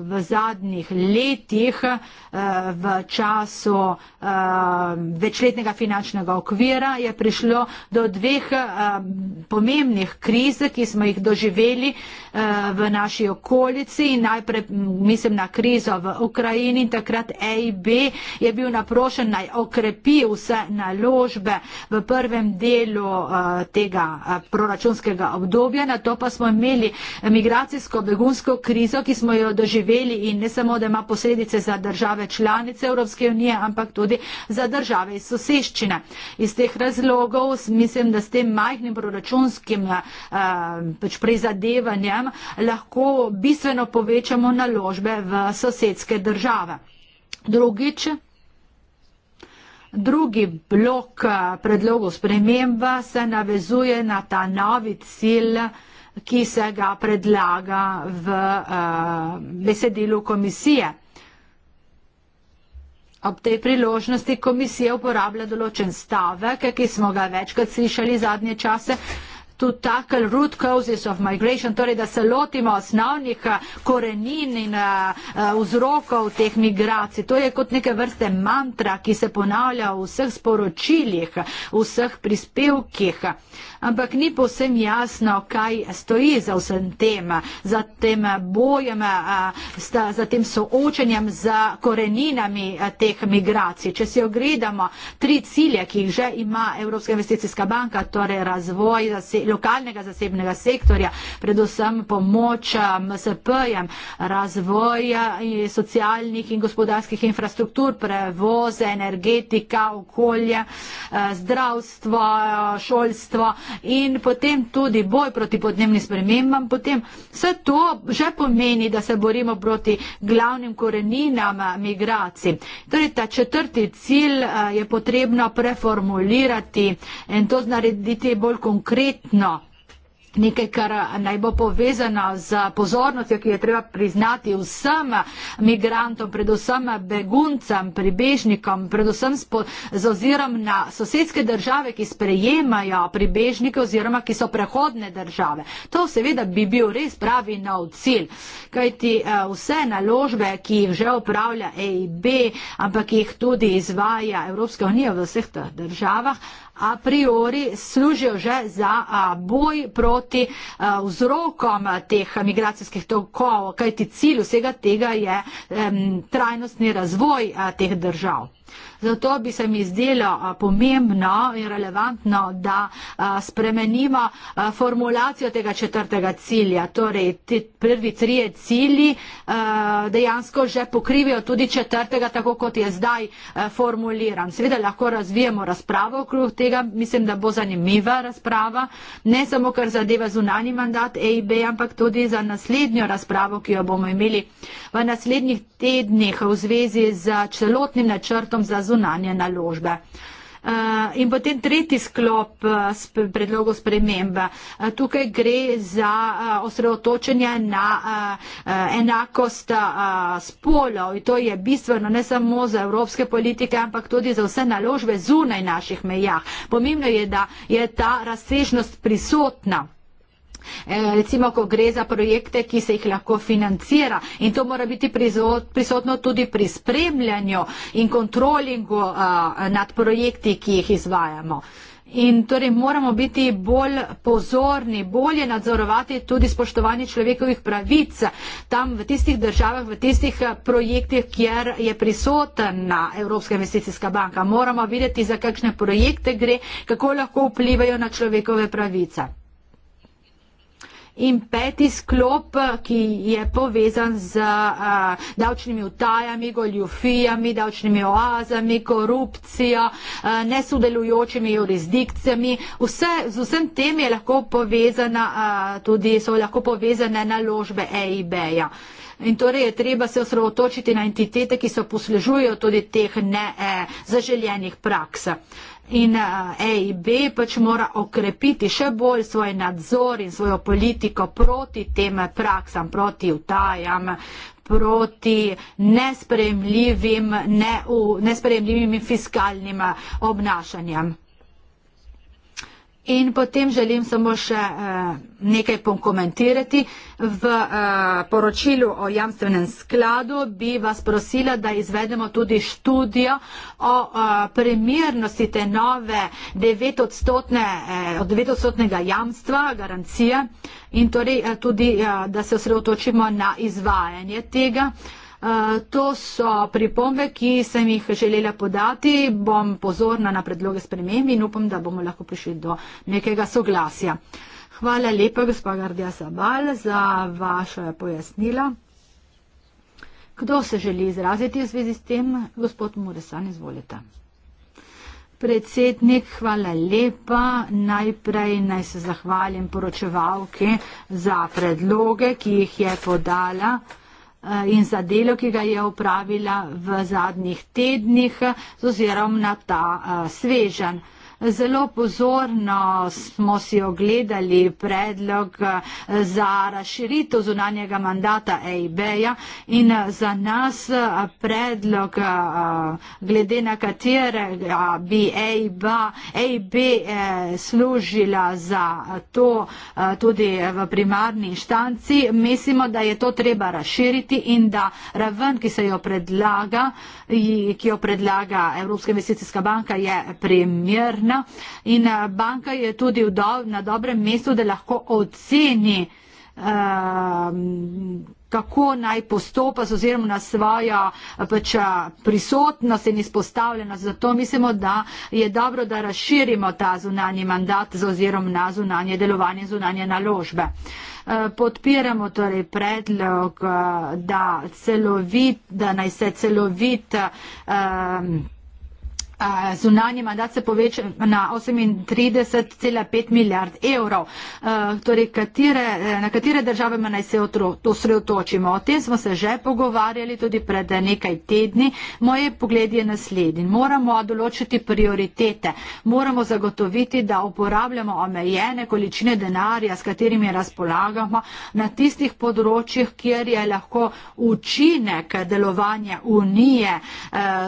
v zadnjih letih uh, v času uh, večletnega finančnega okvira je prišlo do dveh uh, pomembnih kriz, ki smo jih doživeli uh, v naši okolici in najprej mislim na krizo v Ukrajini. In takrat AB je bil naprošen naj okrepi vse naložbe v prvem delu eh, tega eh, proračunskega obdobja, na to pa smo imeli migracijsko begunsko krizo, ki smo jo doživeli in ne samo, da ima posledice za države članice Evropske unije, ampak tudi za države iz soseščine. Iz teh razlogov mislim, da s tem majhnim proračunskim eh, pač prizadevanjem lahko bistveno povečamo naložbe v sosedske države. Drugič, drugi blok eh, predlogov sprememba se navezuje na ta novi cilj, ki se ga predlaga v uh, besedilu komisije. Ob tej priložnosti komisija uporablja določen stavek, ki smo ga večkrat slišali zadnje čase, uh, to tackle root causes of migration, torej da se lotimo osnovnih eh, korenin in eh, eh, vzrokov teh migracij. To je kot neke vrste mantra, ki se ponavlja v vseh sporočilih, v vseh prispevkih ampak ni posem jasno, kaj stoji za vsem tem, za tem bojem, za tem soočenjem, za koreninami teh migracij. Če si ogledamo tri cilje, ki jih že ima Evropska investicijska banka, torej razvoj zase, lokalnega zasebnega sektorja, predvsem pomoč MSP-jem, razvoj socialnih in gospodarskih infrastruktur, prevoze, energetika, okolje, zdravstvo, šolstvo, in potem tudi boj proti podnebnim spremembam, potem vse to že pomeni, da se borimo proti glavnim koreninam eh, migracij. Torej, ta četrti cilj eh, je potrebno preformulirati in to narediti bolj konkretno nekaj, kar naj bo povezano z pozornostjo, ki je treba priznati vsem migrantom, predvsem beguncem, pribežnikom, predvsem z ozirom na sosedske države, ki sprejemajo pribežnike oziroma ki so prehodne države. To seveda bi bil res pravi nov cilj, kajti eh, vse naložbe, ki jih že upravlja EIB, ampak jih tudi izvaja Evropska unija v vseh državah, a priori služijo že za boj proti vzrokom teh migracijskih tokov, kajti cilj vsega tega je trajnostni razvoj teh držav. Zato bi se mi zdelo pomembno in relevantno, da spremenimo formulacijo tega četrtega cilja. Torej, ti prvi trije cilji dejansko že pokrivajo tudi četrtega, tako kot je zdaj formuliran. Seveda lahko razvijemo razpravo okrog tega, mislim, da bo zanimiva razprava, ne samo kar zadeva zunani mandat EIB, ampak tudi za naslednjo razpravo, ki jo bomo imeli v naslednjih tednih v zvezi z celotnim načrtom sklopom za zunanje naložbe. Uh, in potem tretji sklop uh, sp predlogov sprememba. Uh, eh, tukaj gre za uh, osredotočenje na uh, uh, enakost uh, spolov in to je bistveno ne samo za evropske politike, ampak tudi za vse naložbe zunaj naših mejah. Pomembno je, da je ta razsežnost prisotna. Eh, recimo, ko gre za projekte, ki se jih lahko financira. In to mora biti prisotno tudi pri spremljanju in kontrolingu eh, nad projekti, ki jih izvajamo. In torej moramo biti bolj pozorni, bolje nadzorovati tudi spoštovanje človekovih pravic tam v tistih državah, v tistih eh, projektih, kjer je prisotna Evropska investicijska banka. Moramo videti, za kakšne projekte gre, kako lahko vplivajo na človekove pravice. In peti sklop, ki je povezan z a, davčnimi utajami, goljufijami, davčnimi oazami, korupcijo, a, nesudelujočimi jurisdikcijami. Vse, z vsem tem je lahko povezana, a, tudi so lahko povezane naložbe EIB-ja. In torej je treba se osredotočiti na entitete, ki se poslužujo tudi teh nezaželjenih e, praks in EIB eh, pač mora okrepiti še bolj svoj nadzor in svojo politiko proti tem praksam, proti utajam proti nesprejemljivim, ne, nesprejemljivim fiskalnim obnašanjem. In potem želim samo še eh, nekaj pokomentirati. V eh, poročilu o jamstvenem skladu bi vas prosila, da izvedemo tudi študijo o eh, primernosti te nove 9-odstotnega jamstva, garancije in torej tudi, da se osredotočimo na izvajanje tega. Eh, to so pripombe, ki sem jih želela podati. Bom pozorna na predloge sprememb in upam, da bomo lahko prišli do nekega soglasja. Hvala lepa, gospod Gardija Sabal, za vaše pojasnila. Kdo se želi izraziti v zvezi s tem? Gospod Muresan, izvolite. Predsednik, hvala lepa. Najprej naj se zahvalim poročevalki za predloge, ki jih je podala. Eh, in za delo, ki ga je opravila v zadnjih tednih oziroma na ta eh, svežen. Zelo pozorno smo si ogledali predlog eh, za razširitev zunanjega mandata EIB-ja in eh, za nas eh, predlog, glede na katerega bi EIB, EIB služila za to tudi v primarni inštanci, mislimo, da je to treba razširiti in da raven, ki se jo predlaga, ki jo predlaga Evropska investicijska banka, je primerna pomembna in eh, banka je tudi do, na dobrem mestu, da lahko oceni, ehm, kako naj postopa z oziroma na svojo eh, pač, eh, prisotnost in izpostavljenost. Zato mislimo, da je dobro, da razširimo ta zunanji mandat z oziroma na zunanje delovanje, zunanje naložbe. Podpiramo torej predlog, da, celovit, da naj se celovit um, zunanji mandat se poveča na 38,5 milijard evrov. Torej, katere, e, na katere države naj se osredotočimo? O tem smo se že pogovarjali tudi pred e, nekaj tedni. Moje pogled je naslednji. Moramo določiti prioritete. Moramo zagotoviti, da uporabljamo omejene količine denarja, s katerimi razpolagamo, na tistih področjih, kjer je lahko učinek delovanja Unije e,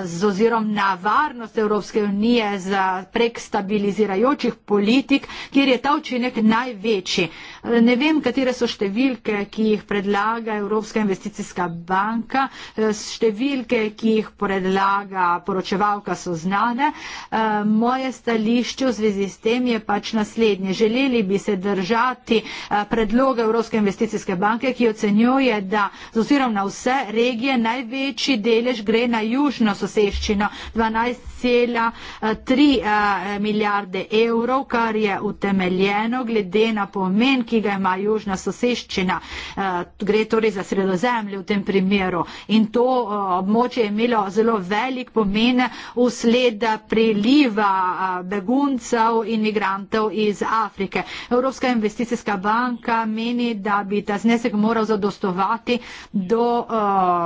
z oziroma na varnost Evropske unije za prek stabilizirajočih politik, kjer je ta učinek največji. Ne vem, katere so številke, ki jih predlaga Evropska investicijska banka. Eh, številke, ki jih predlaga poročevalka, so znane. Eh, Moje stališče v zvezi s tem je pač naslednje. Želeli bi se držati eh, predloga Evropske investicijske banke, ki ocenjuje, da z ozirom na vse regije največji delež gre na južno soseščino. 12 3 milijarde evrov, kar je utemeljeno glede na pomen, ki ga ima južna soseščina. Eh, gre torej za sredozemlje v tem primeru in to eh, območje je imelo zelo velik pomen usled priliva eh, beguncev in migrantov iz Afrike. Evropska investicijska banka meni, da bi ta znesek moral zadostovati do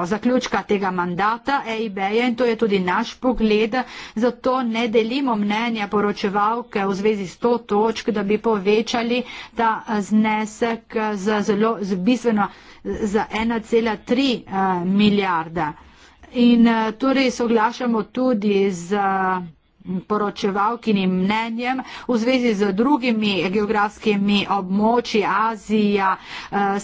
zaključka tega mandata EIB-ja in to je tudi naš pogled, zato ne delimo mnenja poročevalke v zvezi s to točk, da bi povečali ta znesek znesek eh, za, zelo, za bistveno za 1,3 eh, milijarda. In eh, torej soglašamo tudi z mm, poročevalkinim mnenjem v zvezi z drugimi geografskimi območji Azija,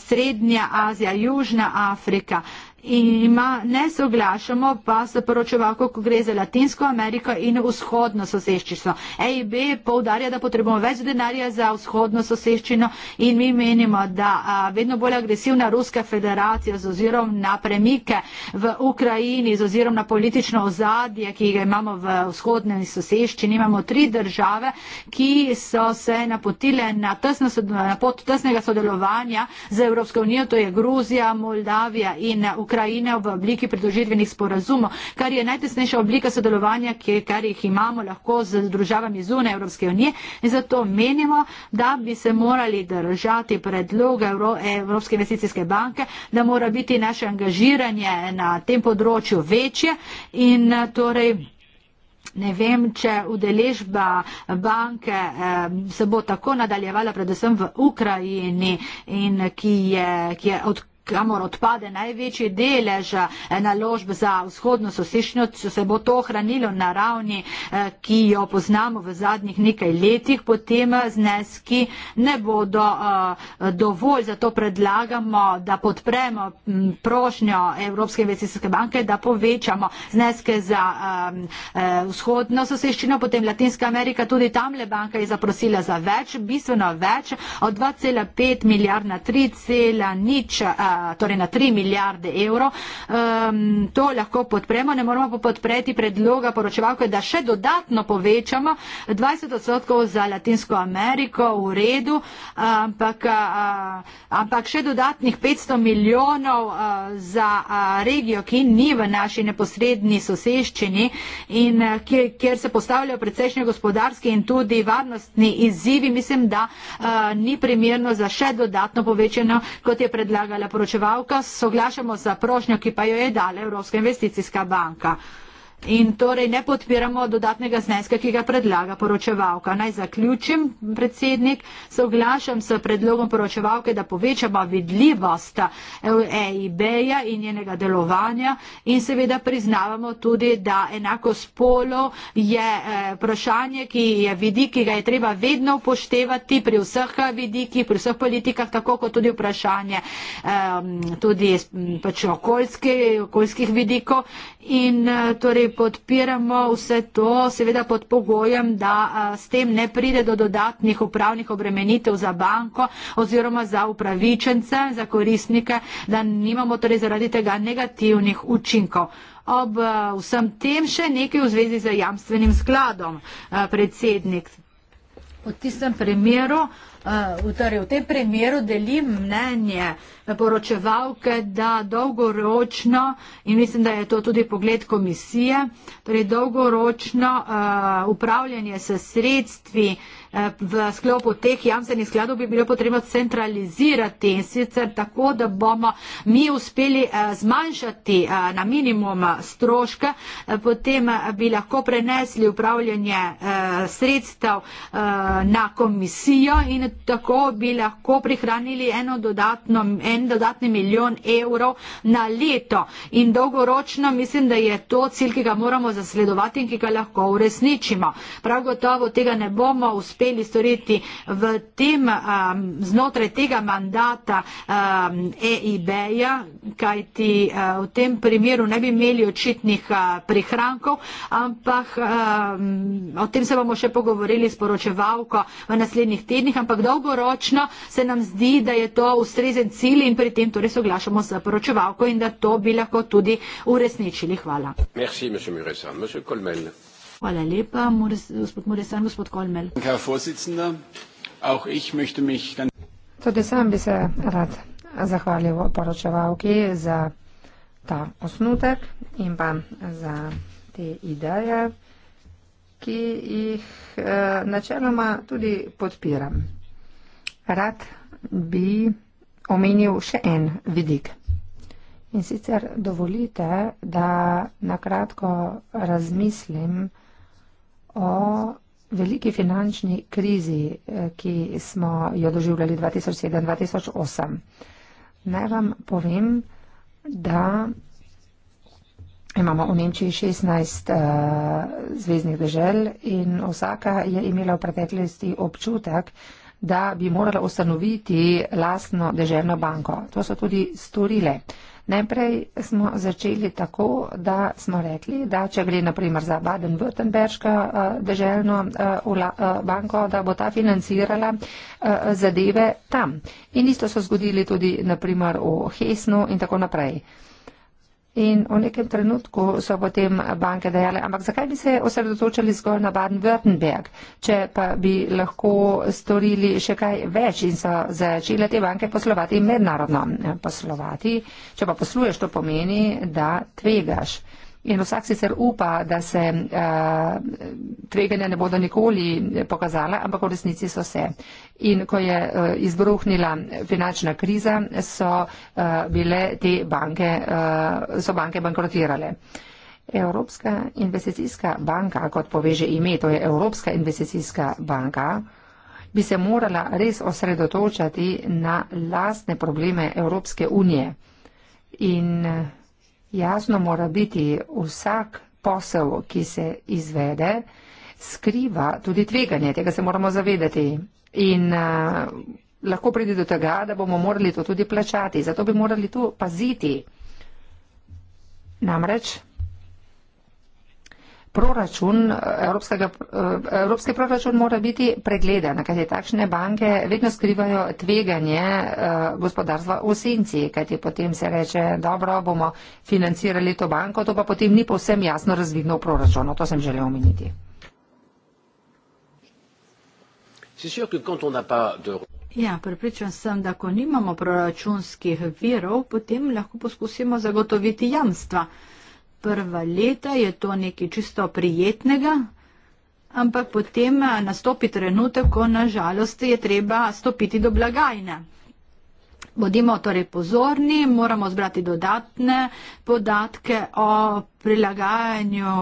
Srednja Azija, Južna Afrika ima, ne soglašamo pa s poročevalko, ko gre za Latinsko Ameriko in vzhodno soseščino. EIB poudarja, da potrebujemo več denarja za vzhodno soseščino in mi menimo, da a, vedno bolj agresivna Ruska federacija z ozirom na premike v Ukrajini, z ozirom na politično ozadje, ki ga imamo v vzhodnem soseščini, imamo tri države, ki so se napotile na, tesno, na pot tesnega sodelovanja z Evropsko unijo, to je Gruzija, Moldavija in Ukrajina. Ukrajine v obliki predložitvenih sporazumov, kar je najtesnejša oblika sodelovanja, ki, kar jih imamo lahko z državami zune Evropske unije. In zato menimo, da bi se morali držati predloga Euro Evropske investicijske banke, da mora biti naše angažiranje na tem področju večje. In, torej, Ne vem, če udeležba banke eh, se bo tako nadaljevala, predvsem v Ukrajini, ki je, ki je odkrila kamor odpade največji delež eh, naložb za vzhodno sosešnjo, se bo to ohranilo na ravni, eh, ki jo poznamo v zadnjih nekaj letih, potem eh, zneski ne bodo dovolj, zato predlagamo, da podpremo mm, prošnjo Evropske investicijske banke, da povečamo zneske za vzhodno sosešnjo, potem Latinska Amerika, tudi tamle banka je zaprosila za več, bistveno več, od 2,5 milijard na 3,0 torej na 3 milijarde evrov. Um, to lahko podpremo, ne moramo pa podpreti predloga poročevalke, da še dodatno povečamo 20 odstotkov za Latinsko Ameriko v redu, ampak, uh, ampak še dodatnih 500 milijonov uh, za uh, regijo, ki ni v naši neposredni soseščini in uh, kjer, kjer se postavljajo precejšnje gospodarske in tudi varnostni izzivi, mislim, da uh, ni primerno za še dodatno povečano, kot je predlagala poročevalka poročevalka, soglašamo za prošnjo, ki pa jo je dala Evropska investicijska banka. In torej ne podpiramo dodatnega zneska, ki ga predlaga poročevalka. Naj zaključim, predsednik, se oglašam s predlogom poročevalke, da povečamo vidljivost EIB-ja in njenega delovanja in seveda priznavamo tudi, da enako spolo je eh, vprašanje, ki je vidik, ki ga je treba vedno upoštevati pri vseh eh, vidikih, pri vseh politikah, tako kot tudi vprašanje eh, tudi pač okoljskih vidikov. In, torej, podpiramo vse to, seveda pod pogojem, da s tem ne pride do dodatnih upravnih obremenitev za banko oziroma za upravičence, za koristnike, da nimamo torej zaradi tega negativnih učinkov. Ob vsem tem še nekaj v zvezi z jamstvenim skladom, predsednik. V tistem primeru, Eh, torej v tem primeru delim mnenje poročevalke, da dolgoročno, in mislim, da je to tudi pogled komisije, torej dolgoročno eh, upravljanje s sredstvi eh, v sklopu teh jamstvenih skladov bi bilo potrebno centralizirati in sicer tako, da bomo mi uspeli zmanjšati na minimum stroške, potem bi lahko prenesli upravljanje sredstev na komisijo in tako bi lahko prihranili eno dodatno, en dodatni milijon evrov na leto. In dolgoročno mislim, da je to cilj, ki ga moramo zasledovati in ki ga lahko uresničimo. Prav gotovo tega ne bomo uspeli storiti v tem, um, znotraj tega mandata um, EIB-ja, kajti uh, v tem primeru ne bi imeli očitnih uh, prihrankov, ampak um, o tem se bomo še pogovorili s poročevalko v naslednjih tednih, ampak dolgoročno se nam zdi, da je to ustrezen cilj in pri tem torej soglašamo s poročevalko in da to bi lahko tudi uresničili. Hvala. Merci, Hvala lepa, gospod Muresan, gospod Kolmel. Tudi sam bi se rad zahvalil poročevalki za ta osnutek in pa za te ideje, ki jih eh, načeloma tudi podpiram rad bi omenil še en vidik. In sicer dovolite, da nakratko razmislim o veliki finančni krizi, eh, ki smo jo doživljali 2007-2008. Naj vam povem, da imamo v Nemčiji 16 uh, eh, zvezdnih dežel in vsaka je imela v preteklosti občutek, uh, da bi morala ustanoviti lastno državno banko. To so tudi storile. Najprej smo začeli tako, da smo rekli, da če gre naprimer za Baden-Württembergsko eh, državno eh, eh, banko, da bo ta financirala zadeve tam. In isto so zgodili tudi naprimer v Hesnu in tako naprej. In v nekem trenutku so potem banke dejale, ampak zakaj bi se osredotočili zgolj na Baden-Württemberg, če pa bi lahko storili še kaj več in so začele te banke poslovati mednarodno. Eh, poslovati, če pa posluješ, to pomeni, da tvegaš. In vsak sicer upa, da se uh, tveganja ne bodo nikoli pokazala, ampak v resnici so se. In ko je uh, izbruhnila finančna kriza, so uh, bile te banke, uh, so banke bankrotirale. Evropska investicijska banka, kot poveže ime, to je Evropska investicijska banka, bi se morala res osredotočati na lastne probleme Evropske unije. In, uh, Jasno mora biti, vsak posel, ki se izvede, skriva tudi tveganje, tega se moramo zavedati. In uh, lahko pride do tega, da bomo morali to tudi plačati, zato bi morali tu paziti. Namreč proračun, eh, eh, evropski proračun mora biti pregleden, kajti takšne banke vedno skrivajo tveganje eh, gospodarstva v senci, kajti potem se reče, dobro, bomo financirali to banko, to pa potem ni povsem jasno razvidno v proračunu. To sem želel omeniti. Ja, pripričan sem, da ko nimamo proračunskih virov, potem lahko poskusimo zagotoviti jamstva prva leta je to nekaj čisto prijetnega, ampak potem eh, nastopi trenutek, ko na žalost je treba stopiti do blagajne. Bodimo torej pozorni, moramo zbrati dodatne podatke o prilagajanju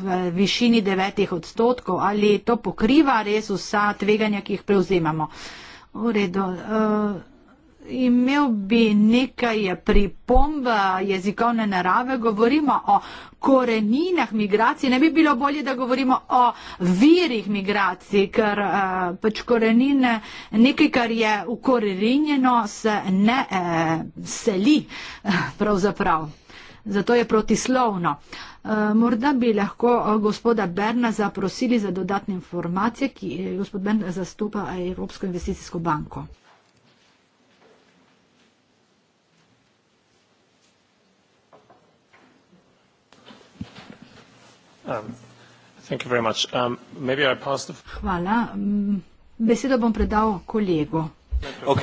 v eh, višini devetih odstotkov, ali to pokriva res vsa tveganja, ki jih prevzemamo. V redu. Uh, imel bi nekaj pripomb eh, jezikovne narave, govorimo o koreninah migracij, ne bi bilo bolje, da govorimo o virih migracij, ker uh, pač korenine, eh, nekaj, kar je ukorenjeno, se ne uh, seli pravzaprav. Zato je protislovno. Morda bi lahko gospoda Berna zaprosili za dodatne informacije, ki gospod Berna zastopa Evropsko investicijsko banko. Um, um, Hvala. Mm, besedo bom predal kolegu. Um, uh,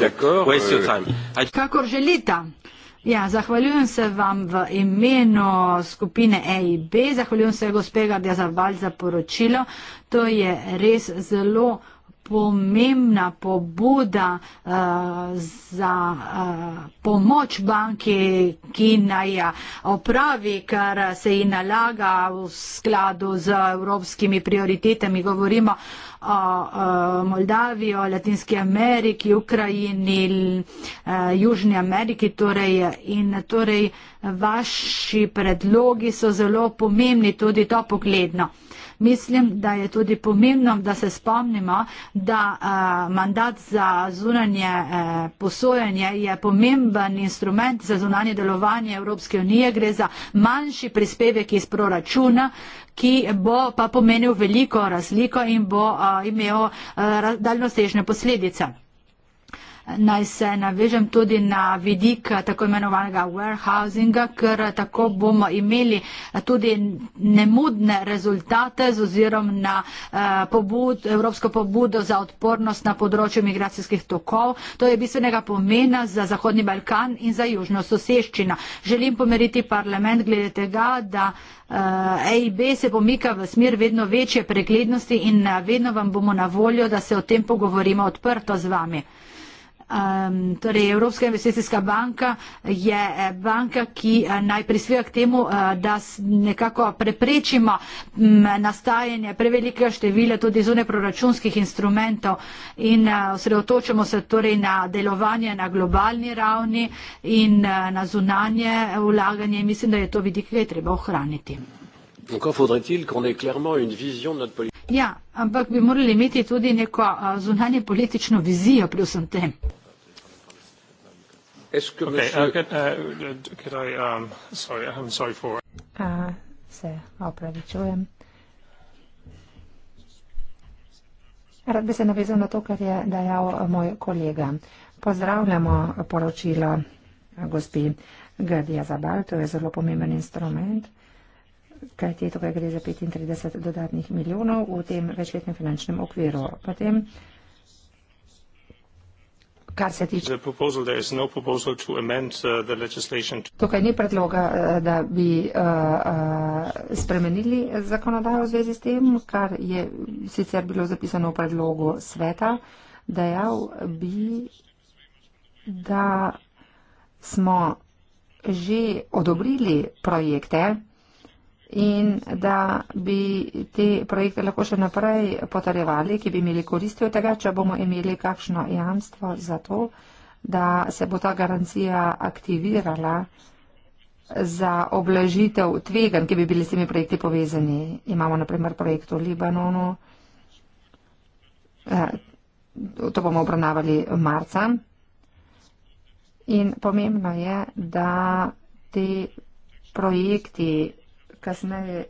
euh, Kakor želita. Ja, zahvaljujem se vam v imenu skupine EIB, zahvaljujem se gospe Gardia Zavalj za poročilo. To je res zelo pomembna pobuda uh, za uh, pomoč banki, ki naj opravi, kar se ji nalaga v skladu z evropskimi prioritetami. Govorimo o uh, eh, Moldavijo, Latinski Ameriki, Ukrajini, uh, Južni Ameriki. Torej, in torej vaši predlogi so zelo pomembni tudi to pogledno. Mislim, da je tudi pomembno, da se spomnimo, da eh, mandat za zunanje eh, posojanje je pomemben instrument za zunanje delovanje Evropske unije. Gre za manjši prispevek iz proračuna, ki bo pa pomenil veliko razliko in bo eh, imel daljnosežne posledice. Naj se navežem tudi na vidik tako imenovanega warehousinga, ker tako bomo imeli tudi nemudne rezultate z ozirom na eh, pobud, evropsko pobudo za odpornost na področju migracijskih tokov. To je bistvenega pomena za Zahodni Balkan in za Južno soseščino. Želim pomeriti parlament glede tega, da. EIB eh, se pomika v smer vedno večje preglednosti in eh, vedno vam bomo na voljo, da se o tem pogovorimo odprto z vami. Um, torej, Evropska investicijska banka je eh, banka, ki eh, naj prispeva k temu, eh, da nekako preprečimo nastajanje prevelikega števila tudi zunaj proračunskih instrumentov in osredotočamo se torej na delovanje na globalni ravni in na zunanje vlaganje. Mislim, da je to vidik, ki ga je treba ohraniti. Ja, ampak bi morali imeti tudi neko zunanje politično vizijo pri vsem tem. Est-ce que monsieur... Okay, uh, could, uh, could I, um, sorry, I'm sorry for... A se opravičujem. Rad bi se navezal na to, kar je dejal uh, moj kolega. Pozdravljamo poročilo uh, gospi Gadija Zabal, to je zelo pomemben instrument, kajti tukaj gre za 35 dodatnih milijonov v tem večletnem finančnem okviru. Potem kar se tiče. No uh, Tukaj ni predloga, uh, da bi uh, spremenili zakonodajo v zvezi s tem, kar je sicer bilo zapisano v predlogu sveta, dejal bi, da smo že odobrili projekte in da bi te projekte lahko še naprej potarjevali, ki bi imeli koristi od tega, če bomo imeli kakšno jamstvo za to, da se bo ta garancija aktivirala za oblažitev tvegan, ki bi bili s temi projekti povezani. Imamo naprimer projekt v Libanonu, eh, to bomo obravnavali marca. In pomembno je, da te projekti kasneje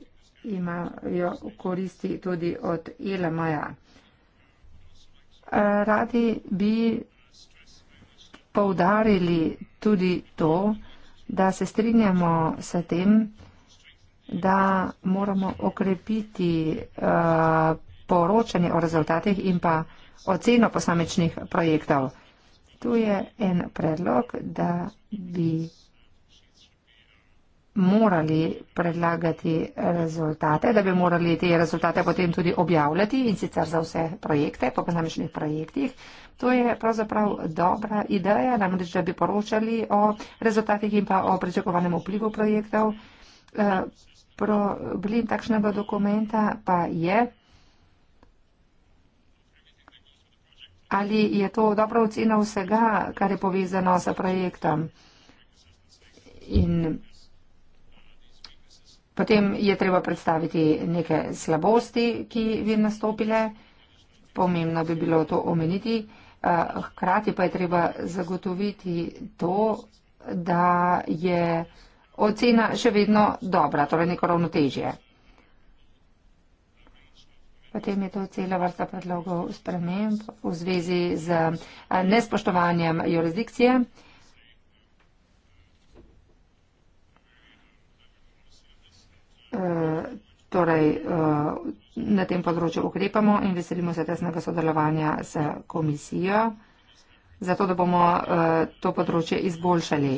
imajo koristi tudi od Elamaja. Radi bi poudarili tudi to, da se strinjamo s tem, da moramo okrepiti uh, poročanje o rezultatih in pa oceno posamečnih projektov. Tu je en predlog, da bi morali predlagati rezultate, da bi morali te rezultate potem tudi objavljati in sicer za vse projekte po posamičnih projektih. To je pravzaprav dobra ideja, namreč, da bi poročali o rezultatih in pa o pričakovanem vplivu projektov. Eh, problem takšnega dokumenta pa je, ali je to dobra ocena vsega, kar je povezano s projektom. In Potem je treba predstaviti neke slabosti, ki bi nastopile. Pomembno bi bilo to omeniti. Eh, hkrati pa je treba zagotoviti to, da je ocena še vedno dobra, torej neko ravnotežje. Potem je to cela vrsta predlogov sprememb v zvezi z eh, nespoštovanjem jurisdikcije. torej, eh, na tem področju ukrepamo in veselimo se tesnega sodelovanja z komisijo, zato da bomo eh, to področje izboljšali.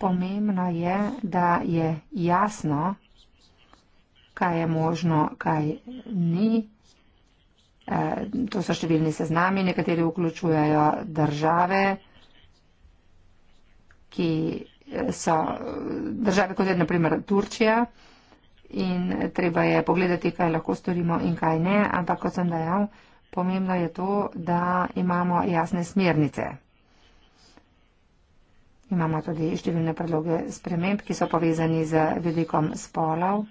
Pomembno je, da je jasno, kaj je možno, kaj ni. Eh, to so številni seznami, nekateri vključujejo države, ki so države, kot je naprimer Turčija, in treba je pogledati, kaj lahko storimo in kaj ne, ampak kot sem dejal, pomembno je to, da imamo jasne smernice. Imamo tudi številne predloge sprememb, ki so povezani z vidikom spolov.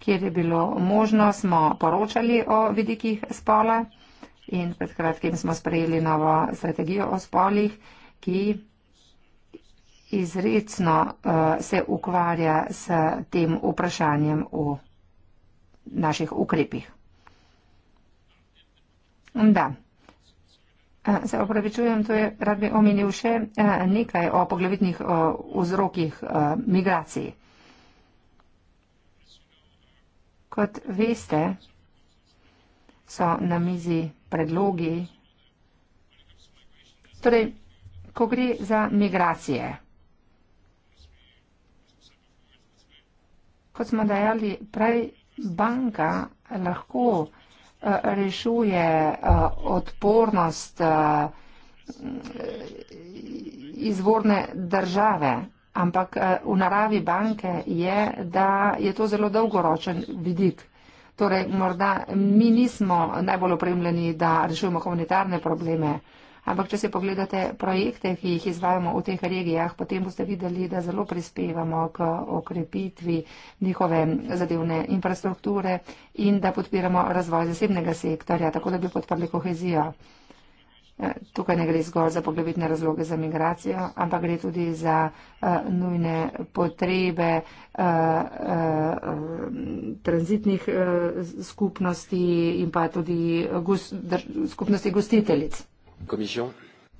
Kjer je bilo možno, smo poročali o vidikih spola in pred kratkim smo sprejeli novo strategijo o spolih, ki izredno uh, eh, se ukvarja s tem vprašanjem o naših ukrepih. Da. Eh, se opravičujem, to je rad bi omenil še eh, nekaj o poglavitnih vzrokih migracij. Kot veste, so na mizi predlogi. Torej, ko gre za migracije. kot smo dejali, prej banka lahko eh, rešuje eh, odpornost eh, izvorne države, ampak v naravi banke je, da je to zelo dolgoročen vidik. Torej, morda mi nismo najbolj opremljeni, da rešujemo humanitarne probleme, Ampak, če si pogledate projekte, ki jih izvajamo v teh regijah, potem boste videli, da zelo prispevamo k okrepitvi njihove zadevne infrastrukture in da podpiramo razvoj zasebnega sektorja, tako da bi podprli kohezijo. Eh, tukaj ne gre zgolj za poglobitne razloge za migracijo, ampak gre tudi za uh, nujne potrebe uh, uh, tranzitnih uh, skupnosti in pa tudi gus, drž, skupnosti gostiteljic.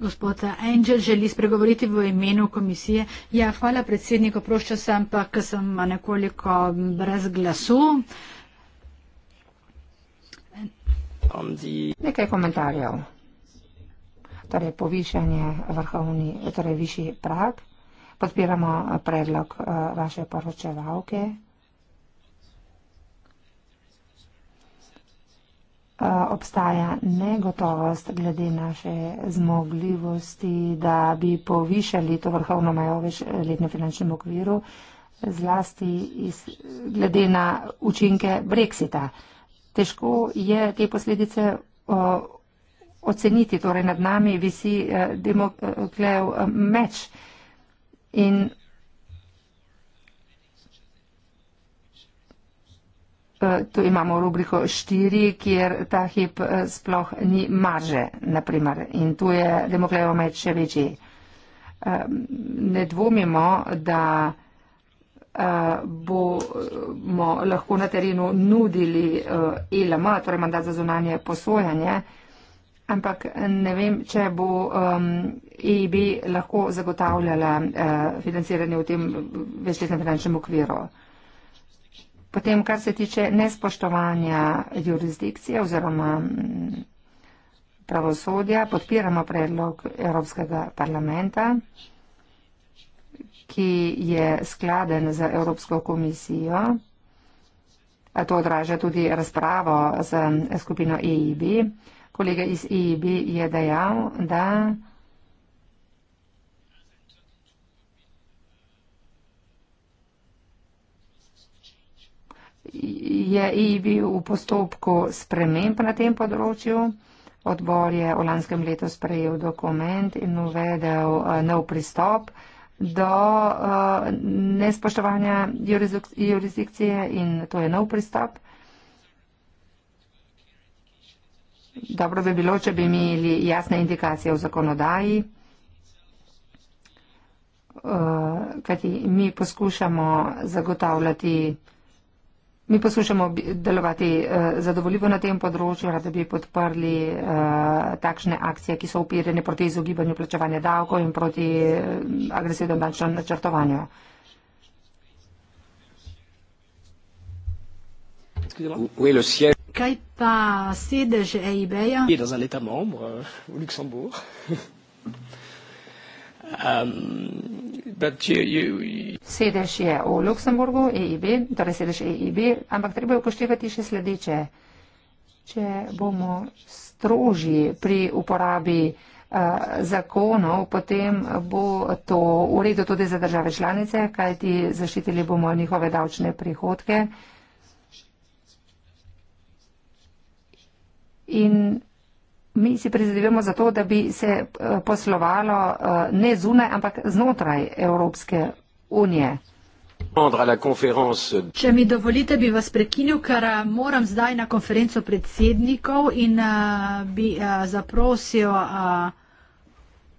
Gospod Angel, želi spregovoriti v imenu komisije. Ja, hvala predsednik, oprošča se, ampak sem nekoliko brez glasu. Nekaj komentarjev. Torej, povišanje vrhovni, torej višji prag. Podpiramo predlog eh, vaše poročevalke. obstaja negotovost glede naše zmogljivosti, da bi povišali to vrhovno majo v letnem finančnem okviru, zlasti iz, glede na učinke Brexita. Težko je te posledice o, oceniti, torej nad nami visi eh, demoklejev eh, eh, meč. In Eh, tu imamo rubriko 4, kjer ta hip eh, sploh ni marže, naprimer, in tu je demoklejo med še večji. Ne dvomimo, da eh, bomo lahko na terenu nudili ELM, torej mandat za zunanje posojanje, ampak ne vem, če bo EIB e lahko zagotavljala financiranje v tem večletnem finančnem okviru. Potem, kar se tiče nespoštovanja jurisdikcije oziroma mm, pravosodja, podpiramo predlog Evropskega parlamenta, ki je skladen za Evropsko komisijo. To odraža tudi razpravo z skupino EIB. Kolega iz EIB je dejal, da je IBI v postopku sprememb na tem področju. Odbor je v lanskem letu sprejel dokument in uvedel eh, nov pristop do eh, nespoštovanja jurisdikcije in to je nov pristop. Dobro bi bilo, če bi imeli jasne indikacije v zakonodaji, eh, kajti mi poskušamo zagotavljati Mi poskušamo delovati uh, zadovoljivo na tem področju, da bi podprli uh, takšne akcije, ki so upirene proti izogibanju plačevanja davkov in proti uh, eh, agresivnem bančnem načrtovanju. Kaj pa sedež EIB-ja? (laughs) Um, sedež je v Luksemburgu, EIB, torej sedež EIB, ampak treba je upoštevati še sledeče. Če bomo strožji pri uporabi uh, zakonov, potem bo to v redu tudi za države članice, kajti zaščitili bomo njihove davčne prihodke. In Mi si prizadevamo za to, da bi se eh, poslovalo eh, ne zunaj, ampak znotraj Evropske unije. Če mi dovolite, bi vas prekinil, ker eh, moram zdaj na konferenco predsednikov in uh, bi uh, zaprosil uh,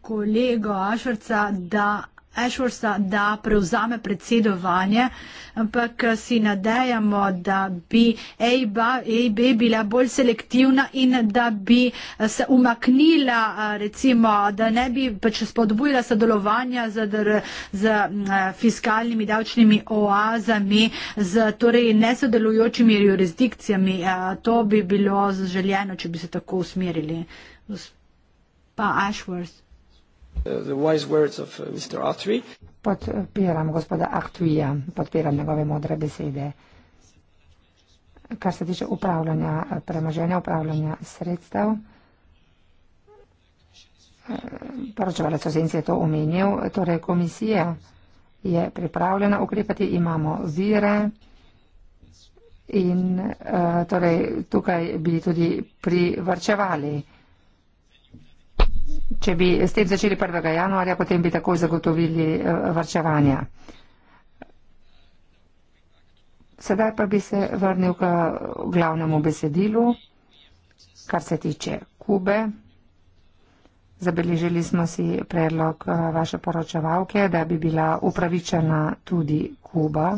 kolego Ašrca, da uh, Ashworth, da prevzame predsedovanje, ampak eh, si nadejamo, da bi AB bila bolj selektivna in da bi eh, se umaknila, eh, recimo, da ne bi pač spodbujala sodelovanja z, z mm, fiskalnimi davčnimi oazami, z torej nesodelujočimi jurisdikcijami. To bi bilo zaželjeno, če bi se tako usmerili. Pa Ashworth. Uh, the wise words of uh, Mr. Autry. Podpiram gospoda Artuija, podpiram njegove modre besede. Kar se tiče upravljanja eh, premoženja, upravljanja sredstev, eh, poročevalec Ozenc je to omenil, torej komisija je pripravljena ukrepati, imamo vire in eh, torej, tukaj bi tudi privrčevali. Če bi s tem začeli 1. januarja, potem bi tako zagotovili eh, varčevanja. Sedaj pa bi se vrnil k eh, glavnemu besedilu, kar se tiče Kube. Zabeležili smo si predlog eh, vaše poročevalke, da bi bila upravičena tudi Kuba.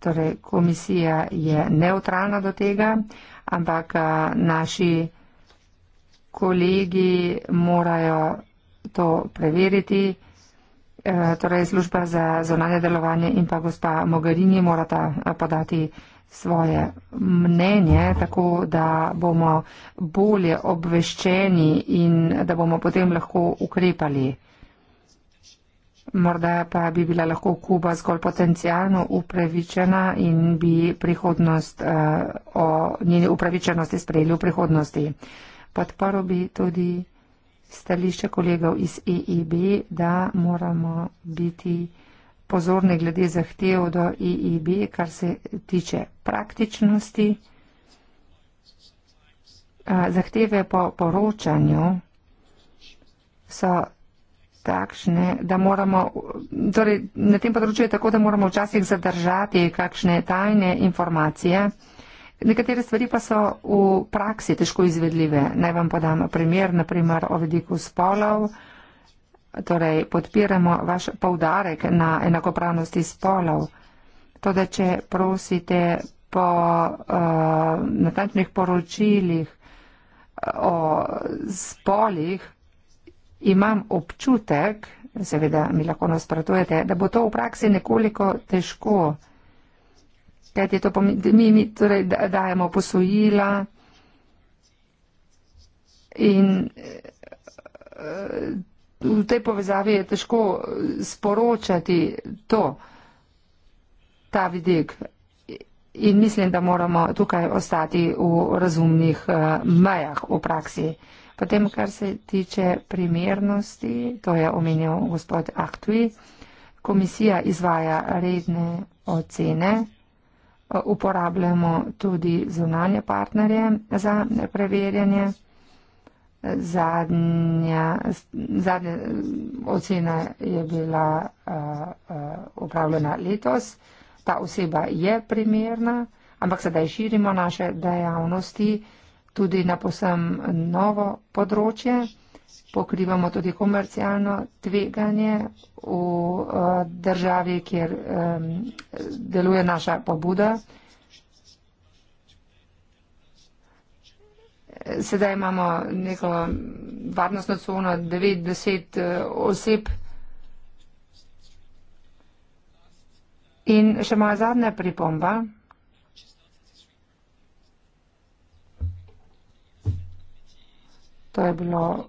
Torej, komisija je neutralna do tega, ampak naši kolegi morajo to preveriti. E, torej, služba za zonanje delovanje in pa gospa Mogherini morata podati svoje mnenje, tako da bomo bolje obveščeni in da bomo potem lahko ukrepali morda pa bi bila lahko Kuba zgolj potencijalno upravičena in bi prihodnost eh, o njeni upravičenosti sprejeli v prihodnosti. Podporo bi tudi stališče kolegov iz EIB, da moramo biti pozorni glede zahtev do EIB, kar se tiče praktičnosti, eh, zahteve po poročanju so takšne, da moramo, torej na tem področju je tako, da moramo včasih zadržati kakšne tajne informacije. Nekatere stvari pa so v praksi težko izvedljive. Naj vam podam primer, naprimer o vidiku spolov. Torej, podpiramo vaš povdarek na enakopravnosti spolov. To, da če prosite po uh, natančnih poročilih eh, o spolih, imam občutek, seveda mi lahko nasprotujete, da bo to v praksi nekoliko težko. Kajti to pomeni, mi, mi torej dajemo posojila in eh, v tej povezavi je težko eh, sporočati to, ta vidik. In mislim, da moramo tukaj ostati v razumnih eh, mejah v praksi. Potem, kar se tiče primernosti, to je omenil gospod Ahtui, komisija izvaja redne ocene, uporabljamo tudi zunanje partnerje za preverjanje. Zadnja, zadnja ocena je bila uh, uh, upravljena letos. Ta oseba je primerna, ampak sedaj širimo naše dejavnosti uh, tudi na posem novo področje. Pokrivamo tudi komercialno tveganje v eh, državi, kjer eh, deluje naša pobuda. Sedaj imamo neko varnostno cono 90 eh, oseb. In še moja zadnja pripomba. To je bilo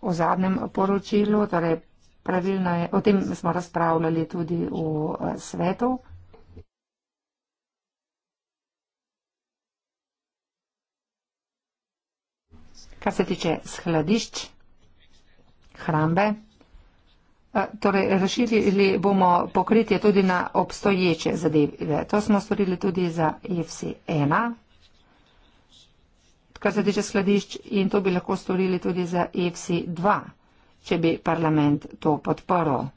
v zadnjem poročilu, torej pravilno je, o tem smo razpravljali tudi v eh, svetu. Kar se tiče skladišč, hrambe, eh, torej razširili bomo pokritje tudi na obstoječe zadeve. To smo storili tudi za IFC 1 kar se tiče skladišč, in to bi lahko storili tudi za EFSI 2, če bi parlament to podporil.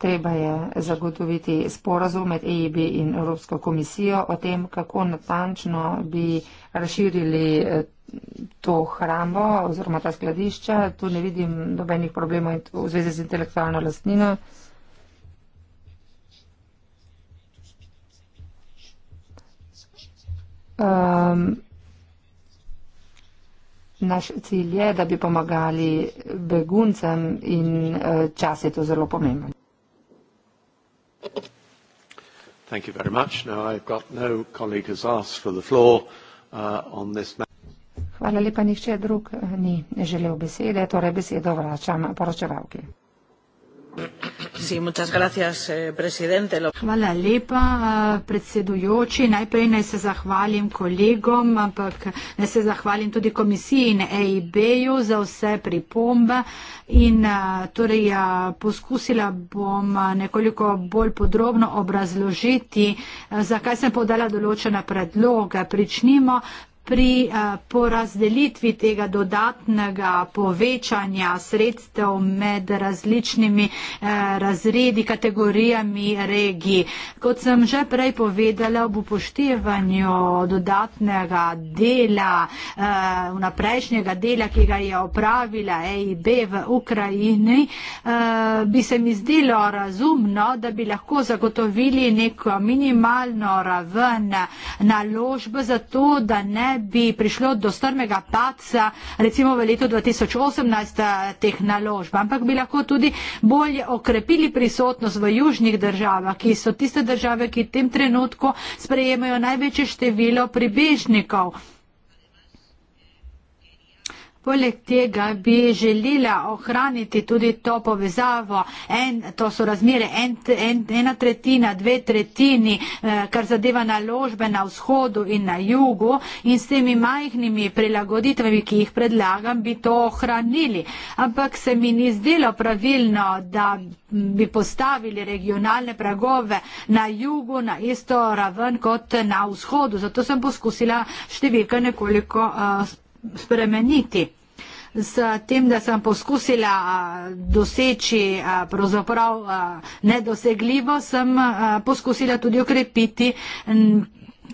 Treba je zagotoviti sporazum med EIB in Evropsko komisijo o tem, kako natančno bi razširili eh, to hrambo oziroma ta skladišča. Tu ne vidim dobenih problemov v zvezi z intelektualno lastnino. Um, naš cilj je, da bi pomagali beguncem in uh, čas je to zelo pomemben. No uh, Hvala lepa, nihče drug eh, ni želel besede, torej besedo vračam poročevalki. Thank you. (coughs) Sí, muchas gracias, eh, presidente. Hvala lepa, eh, predsedujoči. Najprej naj se zahvalim kolegom, ampak naj se zahvalim tudi komisiji in EIB-ju za vse pripombe. In eh, torej ja, poskusila bom nekoliko bolj podrobno obrazložiti, zakaj sem podala določene predloge. Pričnimo pri eh, porazdelitvi tega dodatnega povečanja sredstev med različnimi eh, razredi, kategorijami regij. Kot sem že prej povedala, ob upoštevanju dodatnega dela, eh, vnaprejšnjega dela, ki ga je opravila EIB v Ukrajini, bi se mi zdelo razumno, da bi lahko zagotovili neko minimalno raven naložb za to, da ne bi prišlo do strmega paca, recimo v letu 2018 eh, teh naložb, ampak bi lahko tudi bolje okrepili prisotnost v južnih državah, ki so tiste države, ki v tem trenutku sprejemajo največje število pribežnikov. Poleg tega bi želela ohraniti tudi to povezavo, en, to so razmere en, en, ena tretjina, dve tretjini, eh, kar zadeva naložbe na vzhodu in na jugu in s temi majhnimi prilagoditvami, ki jih predlagam, bi to ohranili. Ampak se mi ni zdelo pravilno, da bi postavili regionalne pragove na jugu na isto raven kot na vzhodu. Zato sem poskusila številka nekoliko. Eh, spremeniti. S tem, da sem poskusila doseči pravzaprav nedosegljivo, sem poskusila tudi okrepiti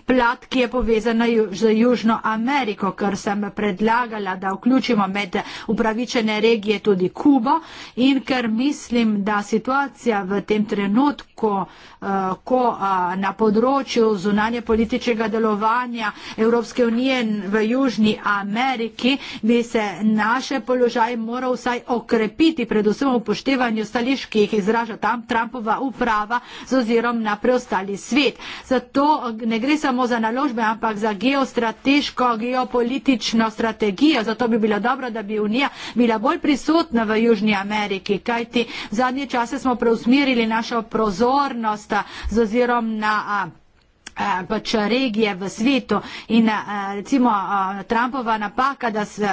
plat, ki je povezana z Južno Ameriko, ker sem predlagala, da vključimo med upravičene regije tudi Kubo in ker mislim, da situacija v tem trenutku Eh, ko, ko eh, na področju zunanje političnega delovanja Evropske unije v Južni Ameriki bi se naše položaj moral vsaj okrepiti, predvsem v upoštevanju stališč, ki jih izraža tam Trumpova uprava z ozirom na preostali svet. Zato eh, ne gre samo za naložbe, ampak za geostrateško, geopolitično strategijo. Zato bi bilo dobro, da bi Unija bila bolj prisotna v Južni Ameriki, kajti zadnje čase smo preusmerili našo prozor pozornost z ozirom na pač regije v svetu in recimo Trumpova napaka, da se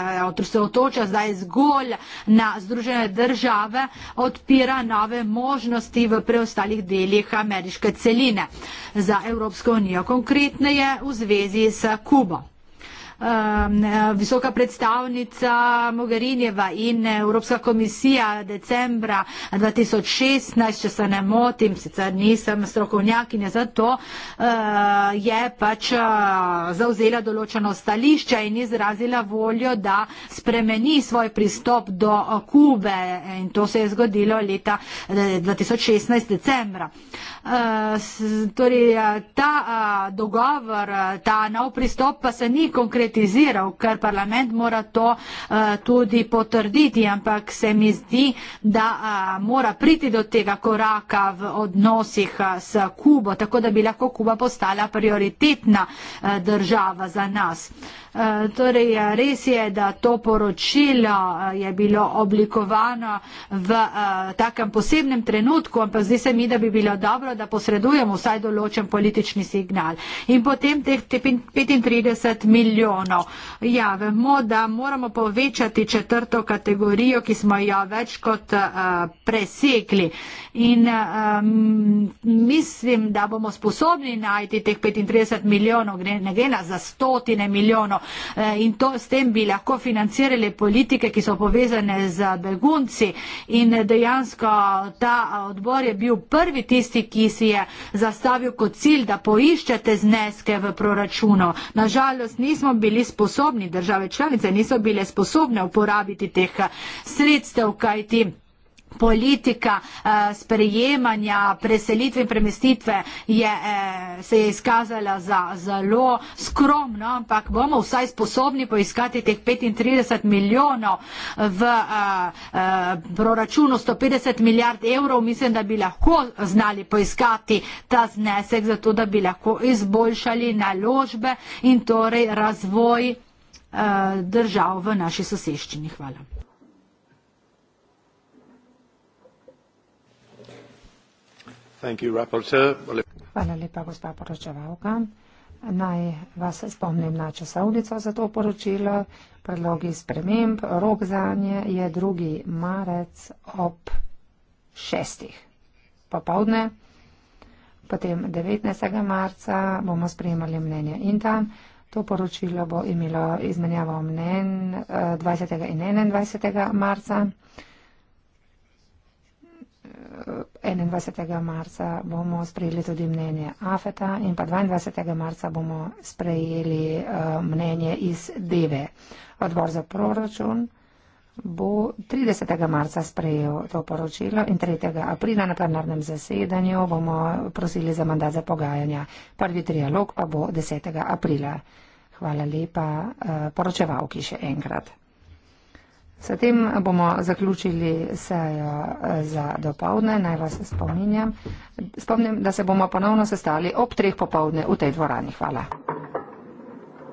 otoča zdaj zgolj na združene države, odpira nove možnosti v preostalih delih ameriške celine za Evropsko unijo, konkretneje v zvezi s Kubo. Ehm, visoka predstavnica Mogherinjeva in Evropska komisija decembra 2016, če se ne motim, sicer nisem strokovnjakinja za to, eh, je pač eh, zauzela določeno stališče in izrazila voljo, da spremeni svoj pristop do eh, Kube in to se je zgodilo leta 2016 decembra. Torej, ta dogovor, ta nov pristop pa se ni konkretno konkretiziral, ker parlament mora to eh, tudi potrditi, ampak se mi zdi, da eh, mora priti do tega koraka v odnosih eh, s Kubo, tako da bi lahko Kuba postala prioritetna država za nas. Eh, torej, eh, res je, da to poročilo eh, je bilo oblikovano v takem posebnem trenutku, ampak zdi se mi, da bi bilo dobro, da posredujemo vsaj določen politični signal. In potem teh 35 milijonov. Ja, vemo, da moramo povečati četrto kategorijo, ki smo jo več kot presekli. In mislim, da bomo sposobni najti teh 35 milijonov, ne gre na za stotine milijonov. Eh, in to s tem bi lahko financirali politike, ki so povezane z begunci. In dejansko ta odbor je bil prvi tisti, ki si je zastavil kot cilj, da poiščete zneske v proračunu. Nažalost, nismo bili sposobni, države članice niso bile sposobne uporabiti teh sredstev, kajti politika eh, sprejemanja preselitve in premestitve je, eh, se je izkazala za zelo skromno, ampak bomo vsaj sposobni poiskati teh 35 milijonov v eh, proračunu 150 milijard evrov. Mislim, da bi lahko znali poiskati ta znesek, zato da bi lahko izboljšali naložbe in torej razvoj držav v naši soseščini. Hvala. Hvala lepa, gospa poročevalka. Naj vas spomnim na časovnico za to poročilo. Predlogi sprememb, rok za nje je 2. marec ob 6. popovdne. Potem 19. marca bomo sprejemali mnenje in tam. To poročilo bo imelo izmenjavo mnen 20. Eh, in 21. marca. 21. marca bomo sprejeli tudi mnenje AFETA in pa 22. marca bomo sprejeli eh, mnenje iz DEVE. Odbor za proračun bo 30. marca sprejel to poročilo in 3. aprila na plenarnem zasedanju bomo prosili za mandat za pogajanja. Prvi trialog pa bo 10. aprila. Hvala lepa eh, poročevalki še enkrat. S tem bomo zaključili sejo eh, za dopovdne. Naj vas spominjam, spomnim, da se bomo ponovno sestali ob treh popovdne v tej dvorani. Hvala.